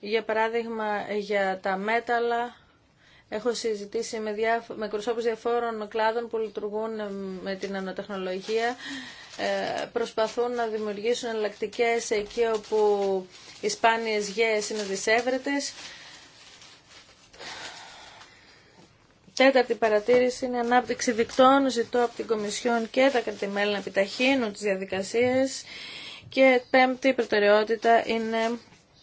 για παράδειγμα για τα μέταλλα έχω συζητήσει με, διά, διαφόρων κλάδων που λειτουργούν ε, με την ανοτεχνολογία ε, προσπαθούν να δημιουργήσουν εναλλακτικέ εκεί όπου οι σπάνιες γέες είναι δυσέβρετες Τέταρτη παρατήρηση είναι ανάπτυξη δικτών. Ζητώ από την Κομισιόν και τα κρατημέλη να επιταχύνουν τις διαδικασίες. Και πέμπτη προτεραιότητα είναι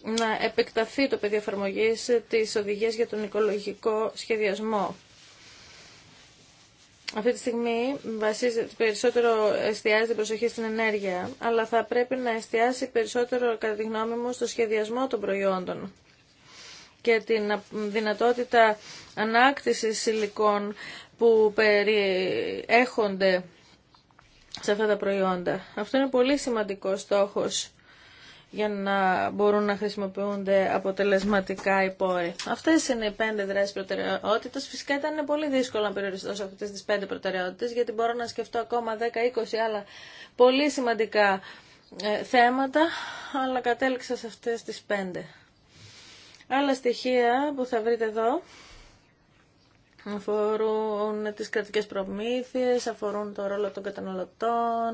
να επεκταθεί το πεδίο εφαρμογή της οδηγίας για τον οικολογικό σχεδιασμό. Αυτή τη στιγμή βασίζεται περισσότερο εστιάζει την προσοχή στην ενέργεια, αλλά θα πρέπει να εστιάσει περισσότερο, κατά τη γνώμη μου, στο σχεδιασμό των προϊόντων και την δυνατότητα ανάκτησης υλικών που περιέχονται σε αυτά τα προϊόντα. Αυτό είναι πολύ σημαντικό στόχος για να μπορούν να χρησιμοποιούνται αποτελεσματικά οι πόροι. Αυτέ είναι οι πέντε δράσει προτεραιότητα. Φυσικά ήταν πολύ δύσκολο να περιοριστώ σε αυτέ τι πέντε προτεραιότητε, γιατί μπορώ να σκεφτώ ακόμα 10-20 άλλα πολύ σημαντικά ε, θέματα, αλλά κατέληξα σε αυτέ τι πέντε. Άλλα στοιχεία που θα βρείτε εδώ αφορούν τις κρατικές προμήθειες, αφορούν το ρόλο των καταναλωτών.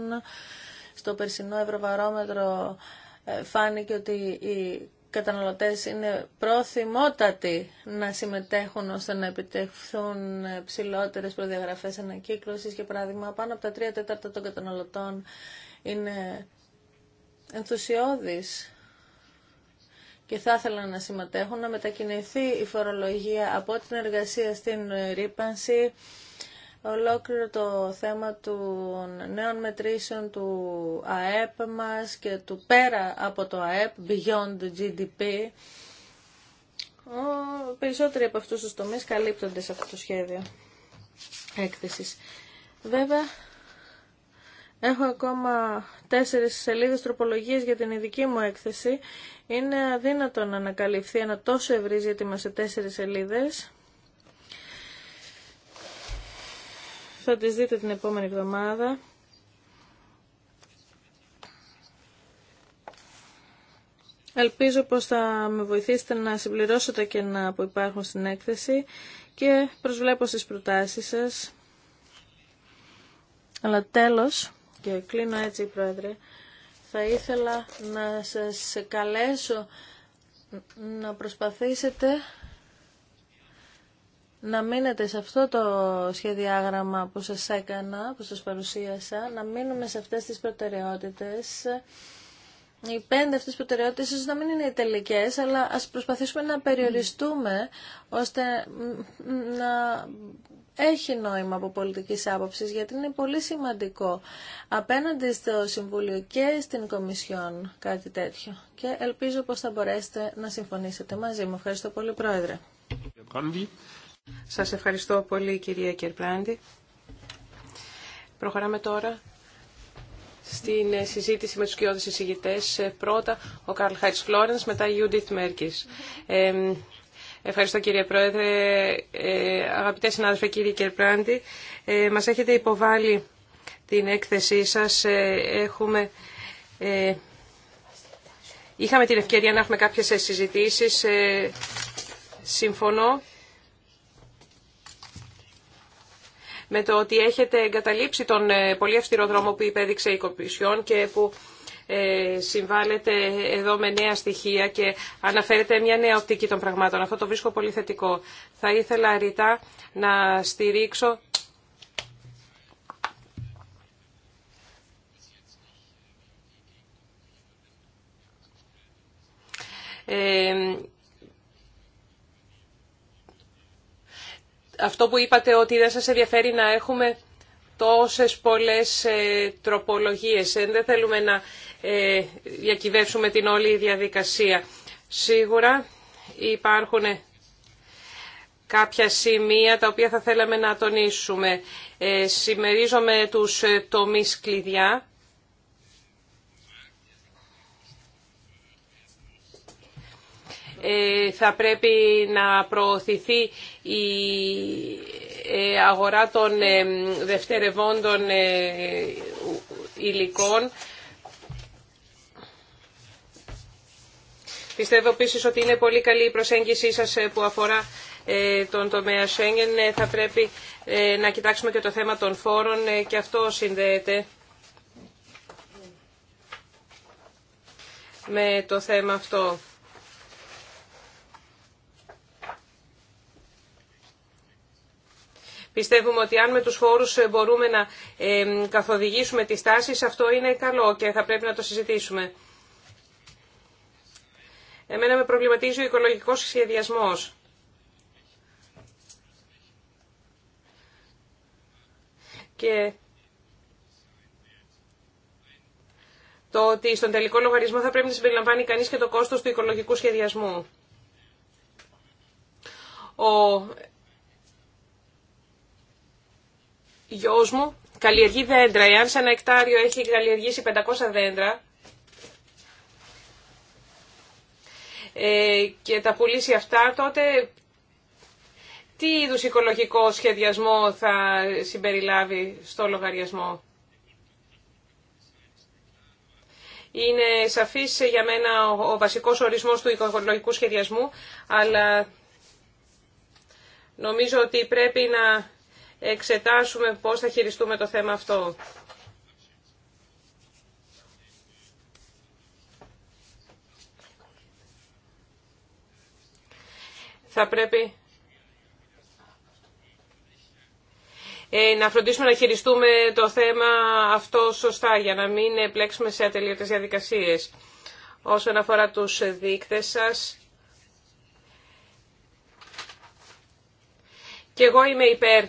Στο περσινό ευρωβαρόμετρο ε, φάνηκε ότι οι καταναλωτές είναι πρόθυμότατοι να συμμετέχουν ώστε να επιτευχθούν ψηλότερες προδιαγραφές ανακύκλωσης. Για παράδειγμα, πάνω από τα 3 τέταρτα των καταναλωτών είναι ενθουσιώδης και θα ήθελα να συμμετέχουν, να μετακινηθεί η φορολογία από την εργασία στην ρήπανση, ολόκληρο το θέμα των νέων μετρήσεων του ΑΕΠ μας και του πέρα από το ΑΕΠ, beyond GDP. Ο, περισσότεροι από αυτούς τους τομείς καλύπτονται σε αυτό το σχέδιο έκθεσης. Βέβαια, Έχω ακόμα τέσσερις σελίδες τροπολογίες για την ειδική μου έκθεση. Είναι αδύνατο να ανακαλυφθεί ένα τόσο ευρύ ζήτημα σε τέσσερις σελίδες. Θα τις δείτε την επόμενη εβδομάδα. Ελπίζω πως θα με βοηθήσετε να συμπληρώσω τα κενά που υπάρχουν στην έκθεση και προσβλέπω στις προτάσεις σας. Αλλά τέλος, και κλείνω έτσι πρόεδρε, θα ήθελα να σας καλέσω να προσπαθήσετε να μείνετε σε αυτό το σχεδιάγραμμα που σας έκανα, που σας παρουσίασα, να μείνουμε σε αυτές τις προτεραιότητες. Οι πέντε αυτές προτεραιότητες ίσως να μην είναι οι τελικές, αλλά ας προσπαθήσουμε να περιοριστούμε ώστε να έχει νόημα από πολιτική άποψη γιατί είναι πολύ σημαντικό απέναντι στο Συμβούλιο και στην Κομισιόν κάτι τέτοιο και ελπίζω πως θα μπορέσετε να συμφωνήσετε μαζί μου. Ευχαριστώ πολύ Πρόεδρε. Σας ευχαριστώ πολύ κυρία Κερπλάντη. Προχωράμε τώρα στην συζήτηση με τους κοιόδες εισηγητές. Πρώτα ο Καρλ Χάιτς Φλόρενς, μετά η Ιούντιθ Μέρκης. Ευχαριστώ κύριε Πρόεδρε. Ε, αγαπητέ συνάδελφε κύριε Κερπράντη, ε, μας έχετε υποβάλει την έκθεσή σας. Ε, έχουμε... Είχαμε την ευκαιρία να έχουμε κάποιες συζητήσεις. Συμφωνώ με το ότι έχετε εγκαταλείψει τον πολύ αυστηρό δρόμο που υπέδειξε η και που ε, συμβάλλεται εδώ με νέα στοιχεία και αναφέρεται μια νέα οπτική των πραγμάτων. Αυτό το βρίσκω πολύ θετικό. Θα ήθελα ρητά να στηρίξω ε, αυτό που είπατε ότι δεν σας ενδιαφέρει να έχουμε τόσες πολλές ε, τροπολογίες. Δεν θέλουμε να ε, διακυβεύσουμε την όλη διαδικασία. Σίγουρα υπάρχουν κάποια σημεία τα οποία θα θέλαμε να τονίσουμε. Ε, συμμερίζομαι τους ε, τομείς κλειδιά. Ε, θα πρέπει να προωθηθεί η αγορά των δευτερευόντων υλικών Πιστεύω επίση ότι είναι πολύ καλή η προσέγγιση σας ε, που αφορά ε, τον τομέα Schengen. Ε, θα πρέπει να κοιτάξουμε και το θέμα των φόρων και αυτό συνδέεται με το θέμα αυτό. Πιστεύουμε ότι αν με τους φόρους μπορούμε να καθοδηγήσουμε τις τάσεις, αυτό είναι καλό και θα πρέπει να το συζητήσουμε. Εμένα με προβληματίζει ο οικολογικός σχεδιασμός. Και το ότι στον τελικό λογαριασμό θα πρέπει να συμπεριλαμβάνει κανείς και το κόστος του οικολογικού σχεδιασμού. Ο γιος μου καλλιεργεί δέντρα. Εάν σε ένα εκτάριο έχει καλλιεργήσει 500 δέντρα, Ε, και τα πουλήσει αυτά, τότε τι είδους οικολογικό σχεδιασμό θα συμπεριλάβει στο λογαριασμό. Είναι σαφής για μένα ο βασικός ορισμός του οικολογικού σχεδιασμού, αλλά νομίζω ότι πρέπει να εξετάσουμε πώς θα χειριστούμε το θέμα αυτό. θα πρέπει ε, να φροντίσουμε να χειριστούμε το θέμα αυτό σωστά για να μην πλέξουμε σε ατελείωτες διαδικασίες. Όσον αφορά τους δείκτες σας, και εγώ είμαι υπέρ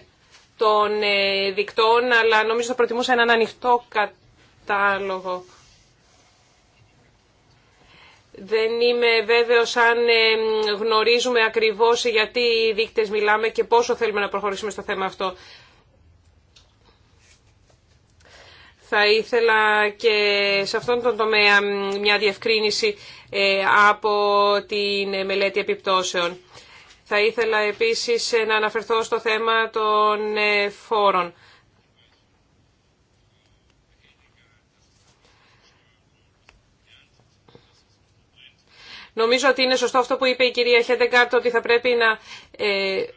των ε, δικτών, αλλά νομίζω θα προτιμούσα έναν ανοιχτό κατάλογο. Δεν είμαι βέβαιος αν γνωρίζουμε ακριβώς γιατί οι δείκτες μιλάμε και πόσο θέλουμε να προχωρήσουμε στο θέμα αυτό. Θα ήθελα και σε αυτόν τον τομέα μια διευκρίνηση ε, από την μελέτη επιπτώσεων. Θα ήθελα επίσης ε, να αναφερθώ στο θέμα των ε, φόρων. Νομίζω ότι είναι σωστό αυτό που είπε η κυρία Χέντεγκάρτ ότι θα πρέπει να, ε, ε,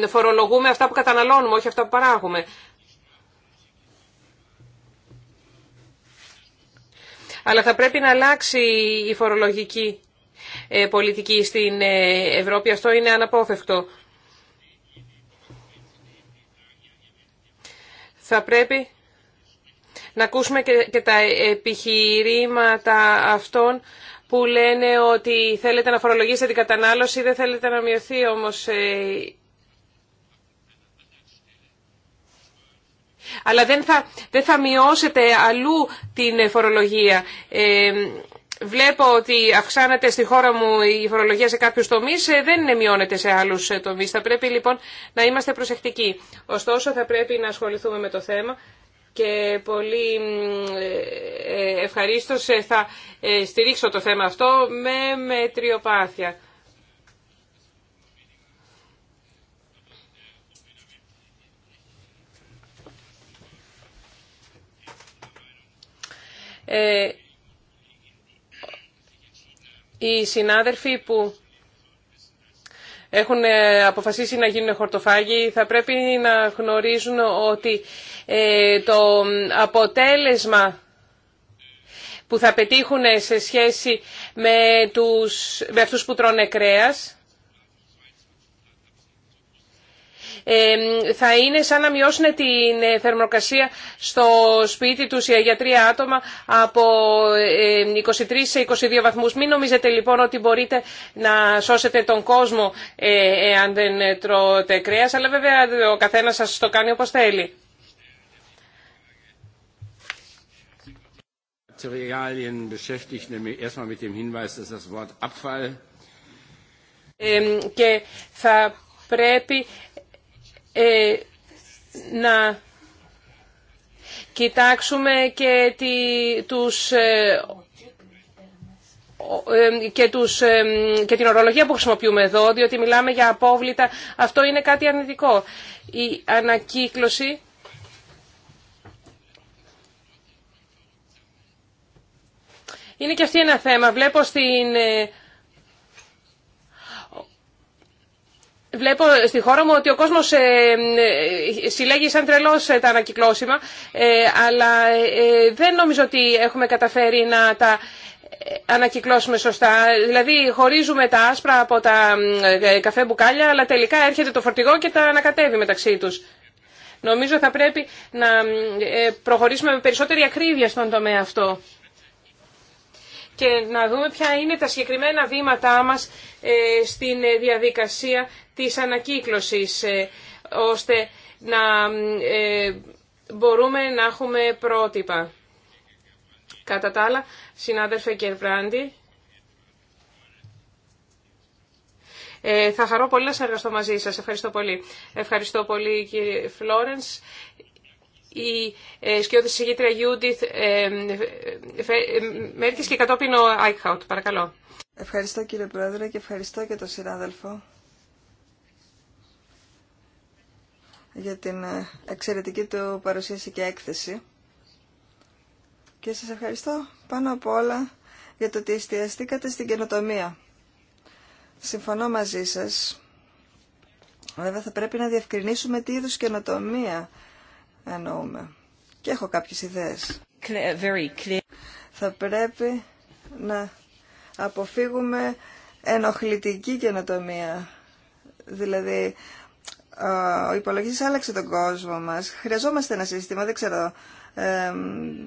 να φορολογούμε αυτά που καταναλώνουμε, όχι αυτά που παράγουμε. Αλλά θα πρέπει να αλλάξει η φορολογική ε, πολιτική στην Ευρώπη. Αυτό είναι αναπόφευκτο. Θα πρέπει να ακούσουμε και τα επιχειρήματα αυτών που λένε ότι θέλετε να φορολογήσετε την κατανάλωση, δεν θέλετε να μειωθεί όμως ε, αλλά δεν θα, δεν θα μειώσετε αλλού την φορολογία. Ε, βλέπω ότι αυξάνεται στη χώρα μου η φορολογία σε κάποιου τομεί, ε, δεν μειώνεται σε άλλου ε, τομείς. Θα πρέπει λοιπόν να είμαστε προσεκτικοί. Ωστόσο, θα πρέπει να ασχοληθούμε με το θέμα και πολύ ε, ε, ευχαρίστως ε, θα στηρίξω το θέμα αυτό με μετριοπάθεια. Ε, οι συνάδελφοι που έχουν αποφασίσει να γίνουν χορτοφάγοι θα πρέπει να γνωρίζουν ότι ε, το αποτέλεσμα που θα πετύχουν σε σχέση με, τους, με αυτούς που τρώνε κρέας ε, θα είναι σαν να μειώσουν την ε, θερμοκρασία στο σπίτι τους για τρία άτομα από 23 σε 22 βαθμούς. Μην νομίζετε λοιπόν ότι μπορείτε να σώσετε τον κόσμο αν δεν τρώτε κρέας, αλλά βέβαια ο καθένας σας το κάνει όπως θέλει. και θα πρέπει ε, να κοιτάξουμε και ε, ε, και την ορολογία που χρησιμοποιούμε εδώ, διότι μιλάμε για απόβλητα. Αυτό είναι κάτι αρνητικό. Η ανακύκλωση Είναι και αυτή ένα θέμα. Βλέπω στην... Ε, βλέπω στη χώρα μου ότι ο κόσμος ε, ε, συλλέγει σαν τρελός τα ανακυκλώσιμα, αλλά δεν νομίζω ότι έχουμε καταφέρει να τα ανακυκλώσουμε σωστά. Δηλαδή χωρίζουμε τα άσπρα από τα καφέ μπουκάλια, αλλά τελικά έρχεται το φορτηγό και τα ανακατεύει μεταξύ τους. Νομίζω θα πρέπει να προχωρήσουμε με περισσότερη ακρίβεια στον τομέα αυτό και να δούμε ποια είναι τα συγκεκριμένα βήματά μας ε, στην ε, διαδικασία της ανακύκλωσης, ε, ώστε να μπορούμε να έχουμε πρότυπα. Κατά τα άλλα, συνάδελφε Κερβράντη, θα χαρώ πολύ να συνεργαστώ μαζί σας. Ευχαριστώ πολύ. Ευχαριστώ πολύ κύριε Φλόρενς η ε, σκιώδη συγγήτρια Γιούντιθ ε, ε, Μέρκης και κατόπιν ο Άικχαουτ. Παρακαλώ. Ευχαριστώ κύριε Πρόεδρε και ευχαριστώ και τον συνάδελφο για την ε, εξαιρετική του παρουσίαση και έκθεση. Και σας ευχαριστώ πάνω απ' όλα για το ότι εστιαστήκατε στην καινοτομία. Συμφωνώ μαζί σας. Βέβαια θα πρέπει να διευκρινίσουμε τι είδους καινοτομία εννοούμε. Και έχω κάποιες ιδέες. Very Θα πρέπει να αποφύγουμε ενοχλητική καινοτομία. Δηλαδή, ο υπολογιστής άλλαξε τον κόσμο μας. Χρειαζόμαστε ένα σύστημα, δεν ξέρω,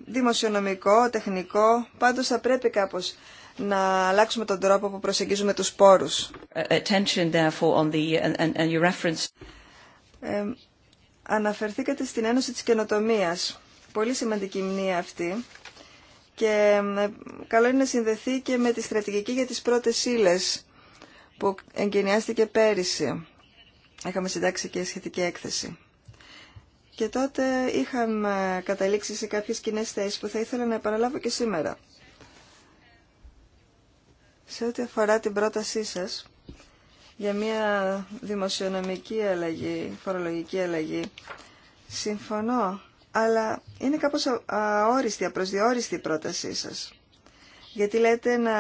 δημοσιονομικό, τεχνικό. Πάντως θα πρέπει κάπως να αλλάξουμε τον τρόπο που προσεγγίζουμε τους πόρους. Attention, therefore, on the, reference. Αναφερθήκατε στην Ένωση της Καινοτομίας. Πολύ σημαντική μνήμα αυτή και ε, καλό είναι να συνδεθεί και με τη στρατηγική για τις πρώτες ύλε που εγκαινιάστηκε πέρυσι. Έχαμε συντάξει και σχετική έκθεση. Και τότε είχαμε καταλήξει σε κάποιες κοινέ θέσει που θα ήθελα να επαναλάβω και σήμερα. Σε ό,τι αφορά την πρότασή σας, για μια δημοσιονομική αλλαγή, φορολογική αλλαγή. Συμφωνώ, αλλά είναι κάπως αόριστη, απροσδιόριστη η πρότασή σας. Γιατί λέτε να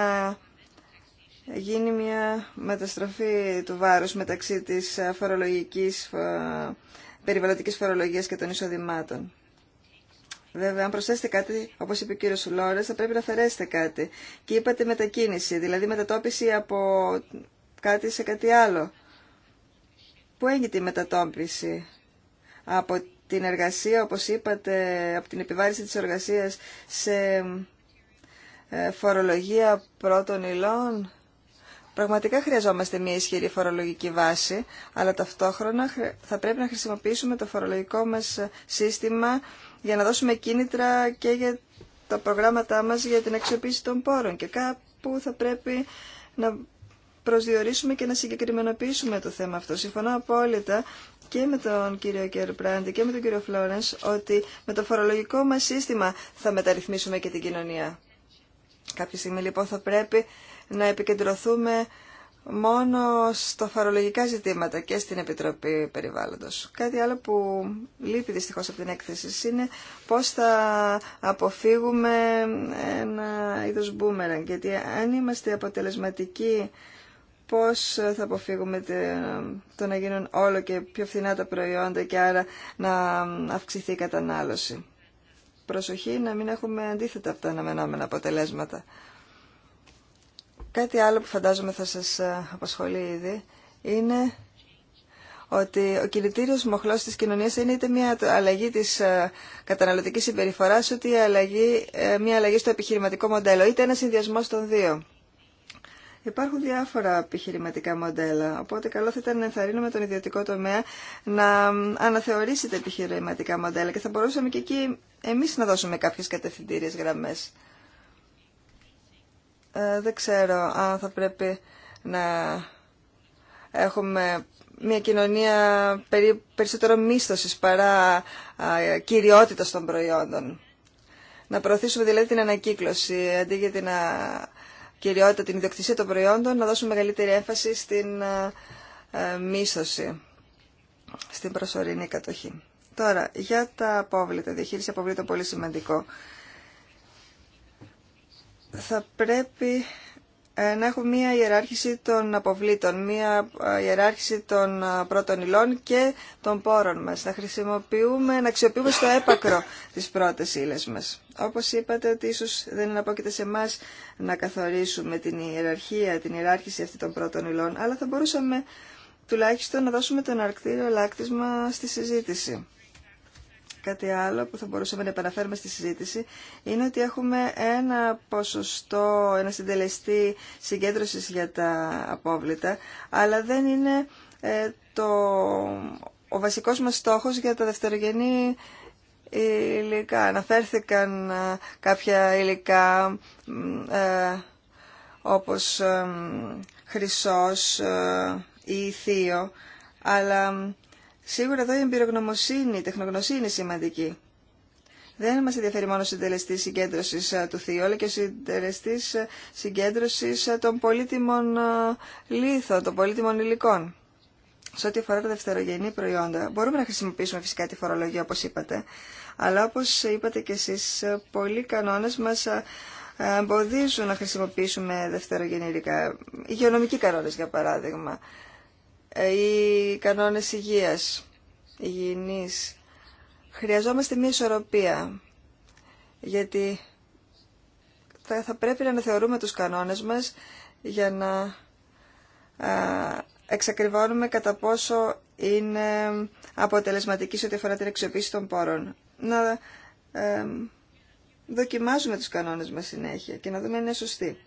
γίνει μια μεταστροφή του βάρους μεταξύ της φορολογικής, περιβαλλοντικής φορολογίας και των εισοδημάτων. Βέβαια, αν προσθέσετε κάτι, όπως είπε ο κύριος Λόρες, θα πρέπει να αφαιρέσετε κάτι. Και είπατε μετακίνηση, δηλαδή μετατόπιση από κάτι σε κάτι άλλο. Πού έγινε η μετατόπιση από την εργασία, όπως είπατε, από την επιβάρηση της εργασίας σε ε, φορολογία πρώτων υλών. Πραγματικά χρειαζόμαστε μια ισχυρή φορολογική βάση, αλλά ταυτόχρονα θα πρέπει να χρησιμοποιήσουμε το φορολογικό μας σύστημα για να δώσουμε κίνητρα και για τα προγράμματά μας για την αξιοποίηση των πόρων και κάπου θα πρέπει να προσδιορίσουμε και να συγκεκριμενοποιήσουμε το θέμα αυτό. Συμφωνώ απόλυτα και με τον κύριο Κερπράντη και με τον κύριο Φλόρενς ότι με το φορολογικό μας σύστημα θα μεταρρυθμίσουμε και την κοινωνία. Κάποια στιγμή λοιπόν θα πρέπει να επικεντρωθούμε μόνο στο φορολογικά ζητήματα και στην Επιτροπή Περιβάλλοντος. Κάτι άλλο που λείπει δυστυχώς από την έκθεση είναι πώς θα αποφύγουμε ένα είδος μπούμεραν. Γιατί αν είμαστε αποτελεσματικοί πώς θα αποφύγουμε το να γίνουν όλο και πιο φθηνά τα προϊόντα και άρα να αυξηθεί η κατανάλωση. Προσοχή να μην έχουμε αντίθετα αυτά τα αναμενόμενα αποτελέσματα. Κάτι άλλο που φαντάζομαι θα σας ε, απασχολεί ήδη είναι ότι ο κινητήριος μοχλός της κοινωνίας είναι είτε μια αλλαγή της ε, καταναλωτικής συμπεριφοράς, είτε ε, μια αλλαγή στο επιχειρηματικό μοντέλο, είτε ένα συνδυασμό των δύο. Υπάρχουν διάφορα επιχειρηματικά μοντέλα, οπότε καλό θα ήταν να ενθαρρύνουμε τον ιδιωτικό τομέα να αναθεωρήσει τα επιχειρηματικά μοντέλα και θα μπορούσαμε και εκεί εμείς να δώσουμε κάποιες κατευθυντήριες γραμμές. Ε, δεν ξέρω αν θα πρέπει να έχουμε μια κοινωνία περι, περισσότερο μίσθωσης παρά α, κυριότητας των προϊόντων. Να προωθήσουμε δηλαδή την ανακύκλωση αντί για την κυριότητα, την ιδιοκτησία των προϊόντων, να δώσουμε μεγαλύτερη έμφαση στην ε, ε, μίσθωση, στην προσωρινή κατοχή. Τώρα, για τα απόβλητα, διαχείριση απόβλητων πολύ σημαντικό. Θα πρέπει ε, να έχουμε μία ιεράρχηση των αποβλήτων, μία ε, ιεράρχηση των ε, πρώτων υλών και των πόρων μας. Να χρησιμοποιούμε, να αξιοποιούμε στο έπακρο τις πρώτες ύλες μας. Όπως είπατε ότι ίσως δεν είναι σε εμά να καθορίσουμε την ιεραρχία, την ιεράρχηση αυτή των πρώτων υλών, αλλά θα μπορούσαμε τουλάχιστον να δώσουμε τον αρκτήριο λάκτισμα στη συζήτηση κάτι άλλο που θα μπορούσαμε να επαναφέρουμε στη συζήτηση είναι ότι έχουμε ένα ποσοστό, ένα συντελεστή συγκέντρωσης για τα απόβλητα, αλλά δεν είναι ε, το, ο βασικός μας στόχος για τα δευτερογενή υλικά. Αναφέρθηκαν ε, κάποια υλικά ε, όπως ε, χρυσός ή θείο, αλλά Σίγουρα εδώ η εμπειρογνωμοσύνη, η τεχνογνωσία είναι σημαντική. Δεν μα ενδιαφέρει μόνο ο συντελέστή συγκέντρωση του θείου, αλλά και ο συντελεστή συγκέντρωση των πολύτιμων λίθων, των πολύτιμων υλικών. Σε ό,τι αφορά τα δευτερογενή προϊόντα, μπορούμε να χρησιμοποιήσουμε φυσικά τη φορολογία, όπω είπατε, αλλά όπω είπατε και εσεί, πολλοί κανόνε μα εμποδίζουν να χρησιμοποιήσουμε δευτερογενή υλικά. Υγειονομικοί κανόνε, για παράδειγμα οι κανόνες υγείας, υγιεινής. Χρειαζόμαστε μια ισορροπία, γιατί θα, πρέπει να θεωρούμε τους κανόνες μας για να εξακριβώνουμε κατά πόσο είναι αποτελεσματική σε ό,τι αφορά την αξιοποίηση των πόρων. Να δοκιμάζουμε τους κανόνες μας συνέχεια και να δούμε αν είναι σωστοί.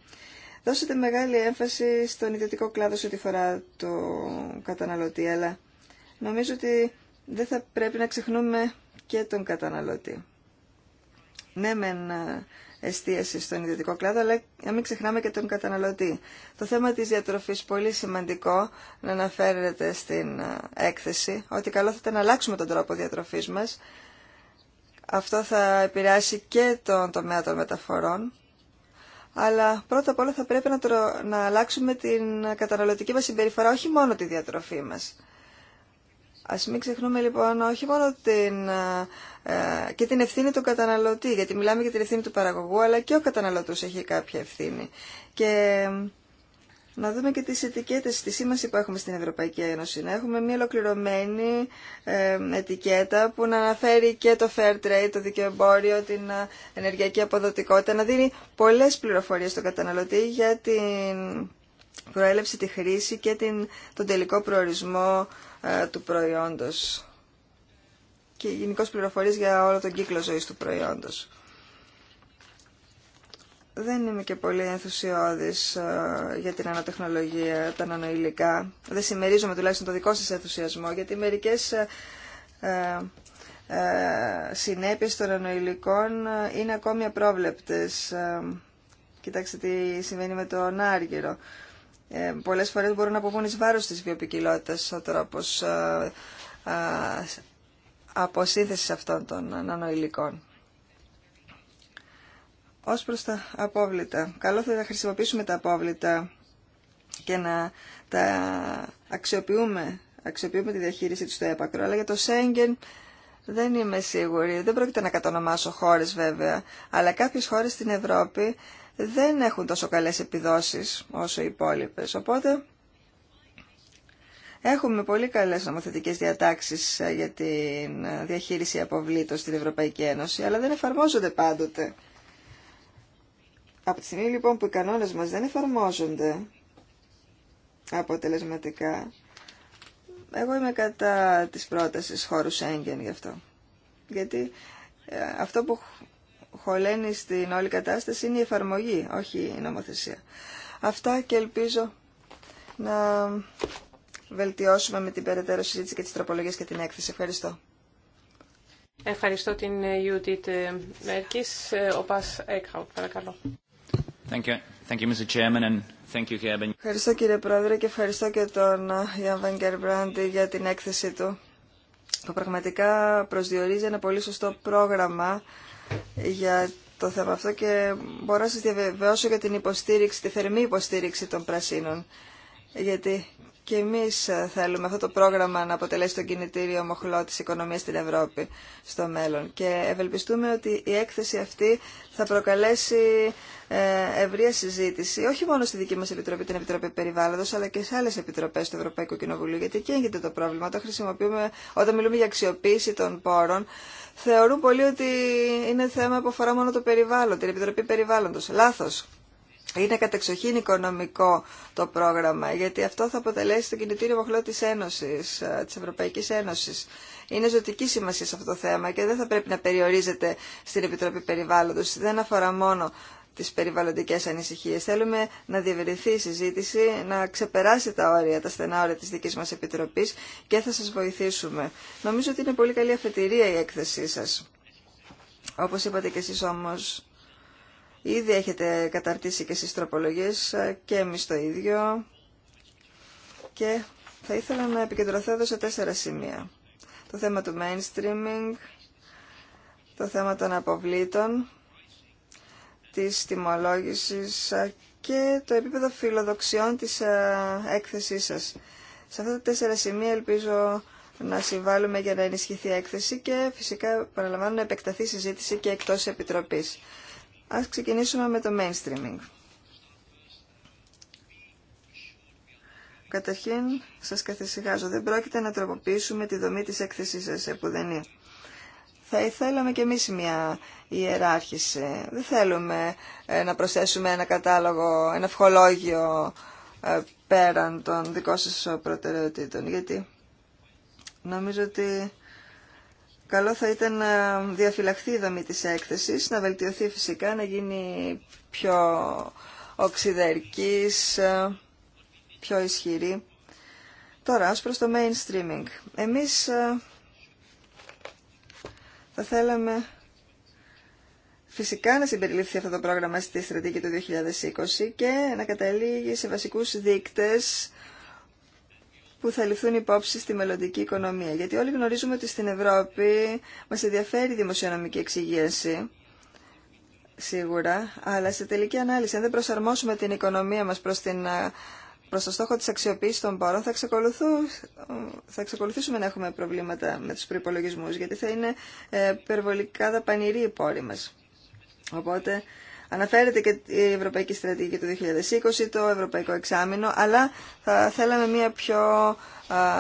Δώσατε μεγάλη έμφαση στον ιδιωτικό κλάδο σε ό,τι φορά το καταναλωτή, αλλά νομίζω ότι δεν θα πρέπει να ξεχνούμε και τον καταναλωτή. Ναι, μεν ε, εστίαση στον ιδιωτικό κλάδο, αλλά να μην ξεχνάμε και τον καταναλωτή. Το θέμα της διατροφής πολύ σημαντικό να αναφέρεται στην ε, έκθεση, ότι καλό θα ήταν να αλλάξουμε τον τρόπο διατροφής μας. Αυτό θα επηρεάσει και τον τομέα των μεταφορών αλλά πρώτα απ' όλα θα πρέπει να, τρο... να αλλάξουμε την καταναλωτική μας συμπεριφορά, όχι μόνο τη διατροφή μας. Ας μην ξεχνούμε λοιπόν όχι μόνο την, ε, ε, και την ευθύνη του καταναλωτή, γιατί μιλάμε για την ευθύνη του παραγωγού, αλλά και ο καταναλωτής έχει κάποια ευθύνη. Και να δούμε και τις ετικέτες, τη σήμανση που έχουμε στην Ευρωπαϊκή Ένωση. Να έχουμε μια ολοκληρωμένη ετικέτα που να αναφέρει και το fair trade, το δικαιομπόριο, την ε, ενεργειακή αποδοτικότητα, να δίνει πολλές πληροφορίες στον καταναλωτή για την προέλευση, τη χρήση και την, τον τελικό προορισμό ε, του προϊόντος και γενικώ πληροφορίες για όλο τον κύκλο ζωής του προϊόντος δεν είμαι και πολύ ενθουσιώδης ε, για την ανατεχνολογία, τα ανανοηλικά. Δεν συμμερίζομαι τουλάχιστον το δικό σας ενθουσιασμό, γιατί μερικές ε, ε, ε συνέπειες των ανανοηλικών ε, είναι ακόμη απρόβλεπτες. κοιτάξτε τι συμβαίνει με τον άργυρο. Ε, πολλές φορές μπορούν να αποβούν εις βάρος της βιοποικιλότητας ο τρόπος ε, ε, αποσύνθεσης αυτών των ανανοηλικών. Ως προς τα απόβλητα. Καλό θα να χρησιμοποιήσουμε τα απόβλητα και να τα αξιοποιούμε, αξιοποιούμε τη διαχείριση του στο έπακρο. Αλλά για το Σέγγεν δεν είμαι σίγουρη. Δεν πρόκειται να κατονομάσω χώρες βέβαια. Αλλά κάποιες χώρες στην Ευρώπη δεν έχουν τόσο καλές επιδόσεις όσο οι υπόλοιπες. Οπότε έχουμε πολύ καλές νομοθετικές διατάξεις ε, για τη ε, διαχείριση αποβλήτων στην Ευρωπαϊκή Ένωση, αλλά δεν εφαρμόζονται πάντοτε. Από τη στιγμή λοιπόν που οι κανόνες μας δεν εφαρμόζονται αποτελεσματικά, εγώ είμαι κατά της πρότασης χώρου Σέγγεν γι' αυτό. Γιατί ε, αυτό που χωλαίνει στην όλη κατάσταση είναι η εφαρμογή, όχι η νομοθεσία. Αυτά και ελπίζω να βελτιώσουμε με την περαιτέρω συζήτηση και τις τροπολογίες και την έκθεση. Ευχαριστώ. Ευχαριστώ την Ιούτιτ Μέρκης. Ε, ο Πας παρακαλώ. Ευχαριστώ κύριε Πρόεδρε και ευχαριστώ και τον ε, Ιαν για την έκθεση του που πραγματικά προσδιορίζει ένα πολύ σωστό πρόγραμμα για το θέμα αυτό και μπορώ να σας διαβεβαιώσω για την υποστήριξη, τη θερμή υποστήριξη των πρασίνων γιατί και εμεί ε, θέλουμε αυτό το πρόγραμμα να αποτελέσει τον κινητήριο μοχλό τη οικονομία στην Ευρώπη στο μέλλον. Και ευελπιστούμε ότι η έκθεση αυτή θα προκαλέσει ε, ευρεία συζήτηση, όχι μόνο στη δική μα Επιτροπή, την Επιτροπή Περιβάλλοντος, αλλά και σε άλλε επιτροπέ του Ευρωπαϊκού Κοινοβουλίου, γιατί εκεί έγινε το πρόβλημα. Το χρησιμοποιούμε όταν μιλούμε για αξιοποίηση των πόρων. Θεωρούν πολλοί ότι είναι θέμα που αφορά μόνο το περιβάλλον, την Επιτροπή περιβάλλοντο. Λάθο είναι κατεξοχήν οικονομικό το πρόγραμμα, γιατί αυτό θα αποτελέσει το κινητήριο μοχλό της Ένωσης, ε, της Ευρωπαϊκής Ένωσης. Είναι ζωτική σημασία σε αυτό το θέμα και δεν θα πρέπει να περιορίζεται στην Επιτροπή Περιβάλλοντος. Δεν αφορά μόνο τις περιβαλλοντικές ανησυχίες. Θέλουμε να διευρυνθεί η συζήτηση, να ξεπεράσει τα όρια, τα στενά όρια της δικής μας Επιτροπής και θα σας βοηθήσουμε. Νομίζω ότι είναι πολύ καλή αφετηρία η έκθεσή σας. Όπως είπατε και εσείς όμως, Ήδη έχετε καταρτήσει και στις τροπολογίες και εμείς το ίδιο. Και θα ήθελα να επικεντρωθώ εδώ σε τέσσερα σημεία. Το θέμα του mainstreaming, το θέμα των αποβλήτων, της τιμολόγησης και το επίπεδο φιλοδοξιών της ε, έκθεσής σας. Σε αυτά τα τέσσερα σημεία ελπίζω να συμβάλλουμε για να ενισχυθεί η έκθεση και φυσικά παραλαμβάνω να επεκταθεί η συζήτηση και εκτός Επιτροπής. Ας ξεκινήσουμε με το mainstreaming. Καταρχήν, σας καθησυχάζω, δεν πρόκειται να τροποποιήσουμε τη δομή της έκθεσής σας, επουδενή. Θα ήθελαμε κι εμείς μια ιεράρχηση. Δεν θέλουμε ε, να προσθέσουμε ένα κατάλογο, ένα ευχολόγιο ε, πέραν των δικών σας προτεραιοτήτων, γιατί νομίζω ότι καλό θα ήταν να διαφυλαχθεί η δομή της έκθεσης, να βελτιωθεί φυσικά, να γίνει πιο οξυδερκής, πιο ισχυρή. Τώρα, ως προς το mainstreaming. Εμείς ε, θα θέλαμε φυσικά να συμπεριληφθεί αυτό το πρόγραμμα στη στρατηγική του 2020 και να καταλήγει σε βασικούς δείκτες που θα ληφθούν υπόψη στη μελλοντική οικονομία. Γιατί όλοι γνωρίζουμε ότι στην Ευρώπη μας ενδιαφέρει η δημοσιονομική εξυγίαση, σίγουρα, αλλά σε τελική ανάλυση, αν δεν προσαρμόσουμε την οικονομία μας προς, την, προς το στόχο της αξιοποίησης των πόρων, θα, θα εξακολουθήσουμε να έχουμε προβλήματα με τους προπολογισμού, γιατί θα είναι ε, υπερβολικά δαπανηροί οι πόροι μας. Οπότε Αναφέρεται και η Ευρωπαϊκή Στρατηγική του 2020, το Ευρωπαϊκό Εξάμεινο, αλλά θα θέλαμε μια πιο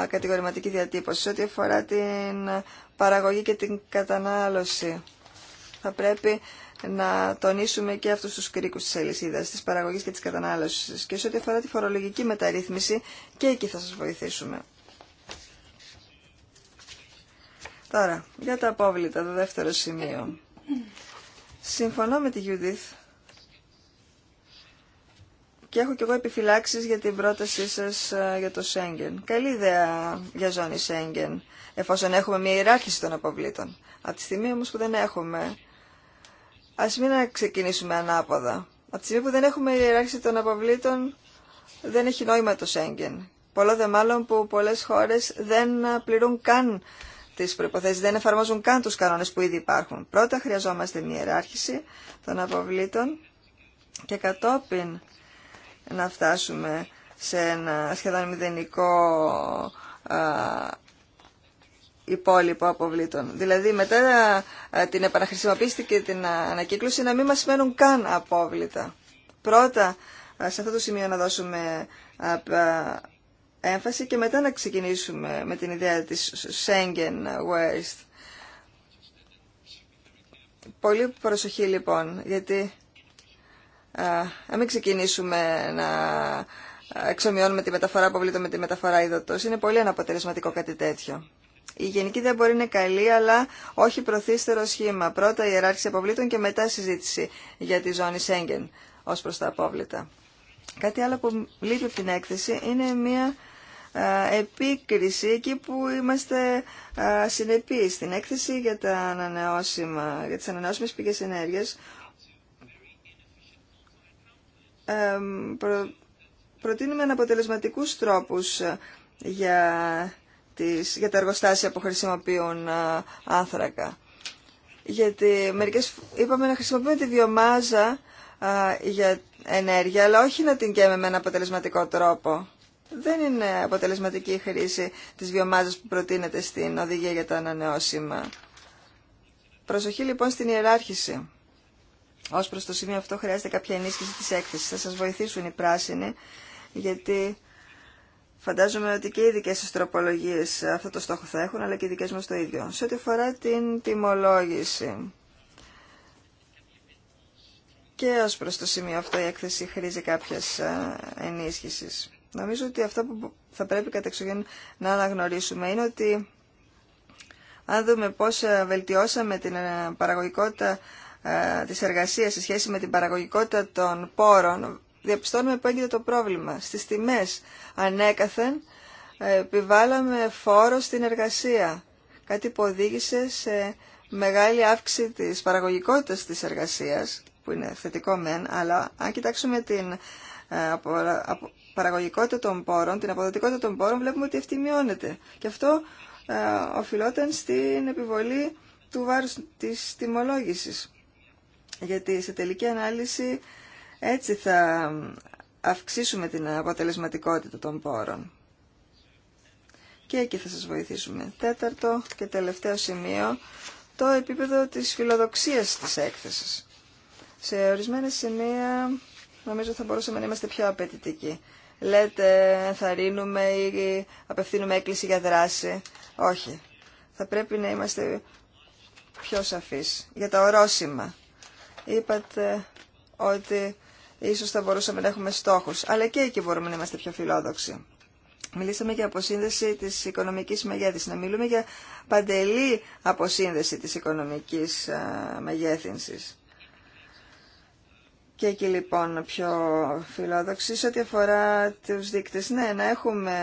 κατηγορηματική διατύπωση ό,τι αφορά την παραγωγή και την κατανάλωση. Θα πρέπει να τονίσουμε και αυτού του κρίκους τη αλυσίδα, τη παραγωγή και τη κατανάλωση. Και σε ό,τι αφορά τη φορολογική μεταρρύθμιση, και εκεί θα σα βοηθήσουμε. Τώρα, για τα απόβλητα, το δεύτερο σημείο. Συμφωνώ με τη Γιούδιθ. Και έχω κι εγώ επιφυλάξεις για την πρότασή σας ε, για το Σέγγεν. Καλή ιδέα για ζώνη Σέγγεν, εφόσον έχουμε μια ιεράρχηση των αποβλήτων. Από τη στιγμή όμως που δεν έχουμε, ας μην ξεκινήσουμε ανάποδα. Από τη στιγμή που δεν έχουμε ιεράρχηση των αποβλήτων, δεν έχει νόημα το Σέγγεν. Πολλό δε μάλλον που πολλές χώρες δεν πληρούν καν τις προποθέσει δεν εφαρμόζουν καν τους κανόνες που ήδη υπάρχουν. Πρώτα χρειαζόμαστε μια ιεράρχηση των αποβλήτων και κατόπιν να φτάσουμε σε ένα σχεδόν μηδενικό υπόλοιπο αποβλήτων. Δηλαδή μετά την επαναχρησιμοποίηση και την ανακύκλωση να μην μας μένουν καν απόβλητα. Πρώτα σε αυτό το σημείο να δώσουμε έμφαση και μετά να ξεκινήσουμε με την ιδέα της Schengen West. Πολύ προσοχή λοιπόν, γιατί να μην ξεκινήσουμε να εξομοιώνουμε τη μεταφορά αποβλήτων με τη μεταφορά ειδωτός. Είναι πολύ αναποτελεσματικό κάτι τέτοιο. Η γενική δεν μπορεί να είναι καλή, αλλά όχι προθύστερο σχήμα. Πρώτα η ιεράρχηση αποβλήτων και μετά συζήτηση για τη ζώνη Σέγγεν ως προς τα απόβλητα. Κάτι άλλο που λείπει από την έκθεση είναι μια ε, επίκριση εκεί που είμαστε ε, συνεπείς στην έκθεση για, τα ανανεώσιμα, για τις ανανεώσιμες πηγές ενέργειας προ, προτείνουμε αναποτελεσματικούς τρόπους για, τις, για τα εργοστάσια που χρησιμοποιούν ε, άνθρακα. Γιατί μερικές, είπαμε να χρησιμοποιούμε τη βιομάζα για ενέργεια, αλλά όχι να την καίμε με ένα αποτελεσματικό τρόπο δεν είναι αποτελεσματική η χρήση της βιομάζας που προτείνεται στην οδηγία για τα ανανεώσιμα. Προσοχή λοιπόν στην ιεράρχηση. Ω προ το σημείο αυτό χρειάζεται κάποια ενίσχυση της έκθεσης. Θα σας βοηθήσουν οι πράσινοι, γιατί φαντάζομαι ότι και οι δικέ σας αυτό το στόχο θα έχουν, αλλά και οι δικές μας το ίδιο. Σε ό,τι αφορά την τιμολόγηση. Και ω προς το σημείο αυτό η έκθεση χρήζει κάποια ε, ενίσχυσης. Νομίζω ότι αυτό που θα πρέπει κατεξοχήν να αναγνωρίσουμε είναι ότι αν δούμε πώς ε, βελτιώσαμε την ε, παραγωγικότητα ε, της εργασίας σε σχέση με την παραγωγικότητα των πόρων, διαπιστώνουμε που έγινε το πρόβλημα. Στις τιμές ανέκαθεν επιβάλαμε φόρο στην εργασία, κάτι που οδήγησε σε μεγάλη αύξηση της παραγωγικότητας της εργασίας, που είναι θετικό μεν, αλλά αν κοιτάξουμε την ε, από παραγωγικότητα των πόρων, την αποδοτικότητα των πόρων, βλέπουμε ότι αυτή μειώνεται. Και αυτό ε, οφειλόταν στην επιβολή του βάρους της τιμολόγησης. Γιατί σε τελική ανάλυση έτσι θα αυξήσουμε την αποτελεσματικότητα των πόρων. Και εκεί θα σας βοηθήσουμε. Τέταρτο και τελευταίο σημείο, το επίπεδο της φιλοδοξίας της έκθεσης. Σε ορισμένα σημεία νομίζω θα μπορούσαμε να είμαστε πιο απαιτητικοί. Λέτε, ενθαρρύνουμε ή απευθύνουμε έκκληση για δράση. Όχι. Θα πρέπει να είμαστε πιο σαφείς. Για τα ορόσημα. Είπατε ότι ίσως θα μπορούσαμε να έχουμε στόχους. Αλλά και εκεί μπορούμε να είμαστε πιο φιλόδοξοι. Μιλήσαμε για αποσύνδεση της οικονομικής μεγέθυνσης. Να μιλούμε για παντελή αποσύνδεση της οικονομικής ε, μεγέθυνσης. Και εκεί λοιπόν πιο φιλόδοξη σε ό,τι αφορά τους δείκτες. Ναι, να έχουμε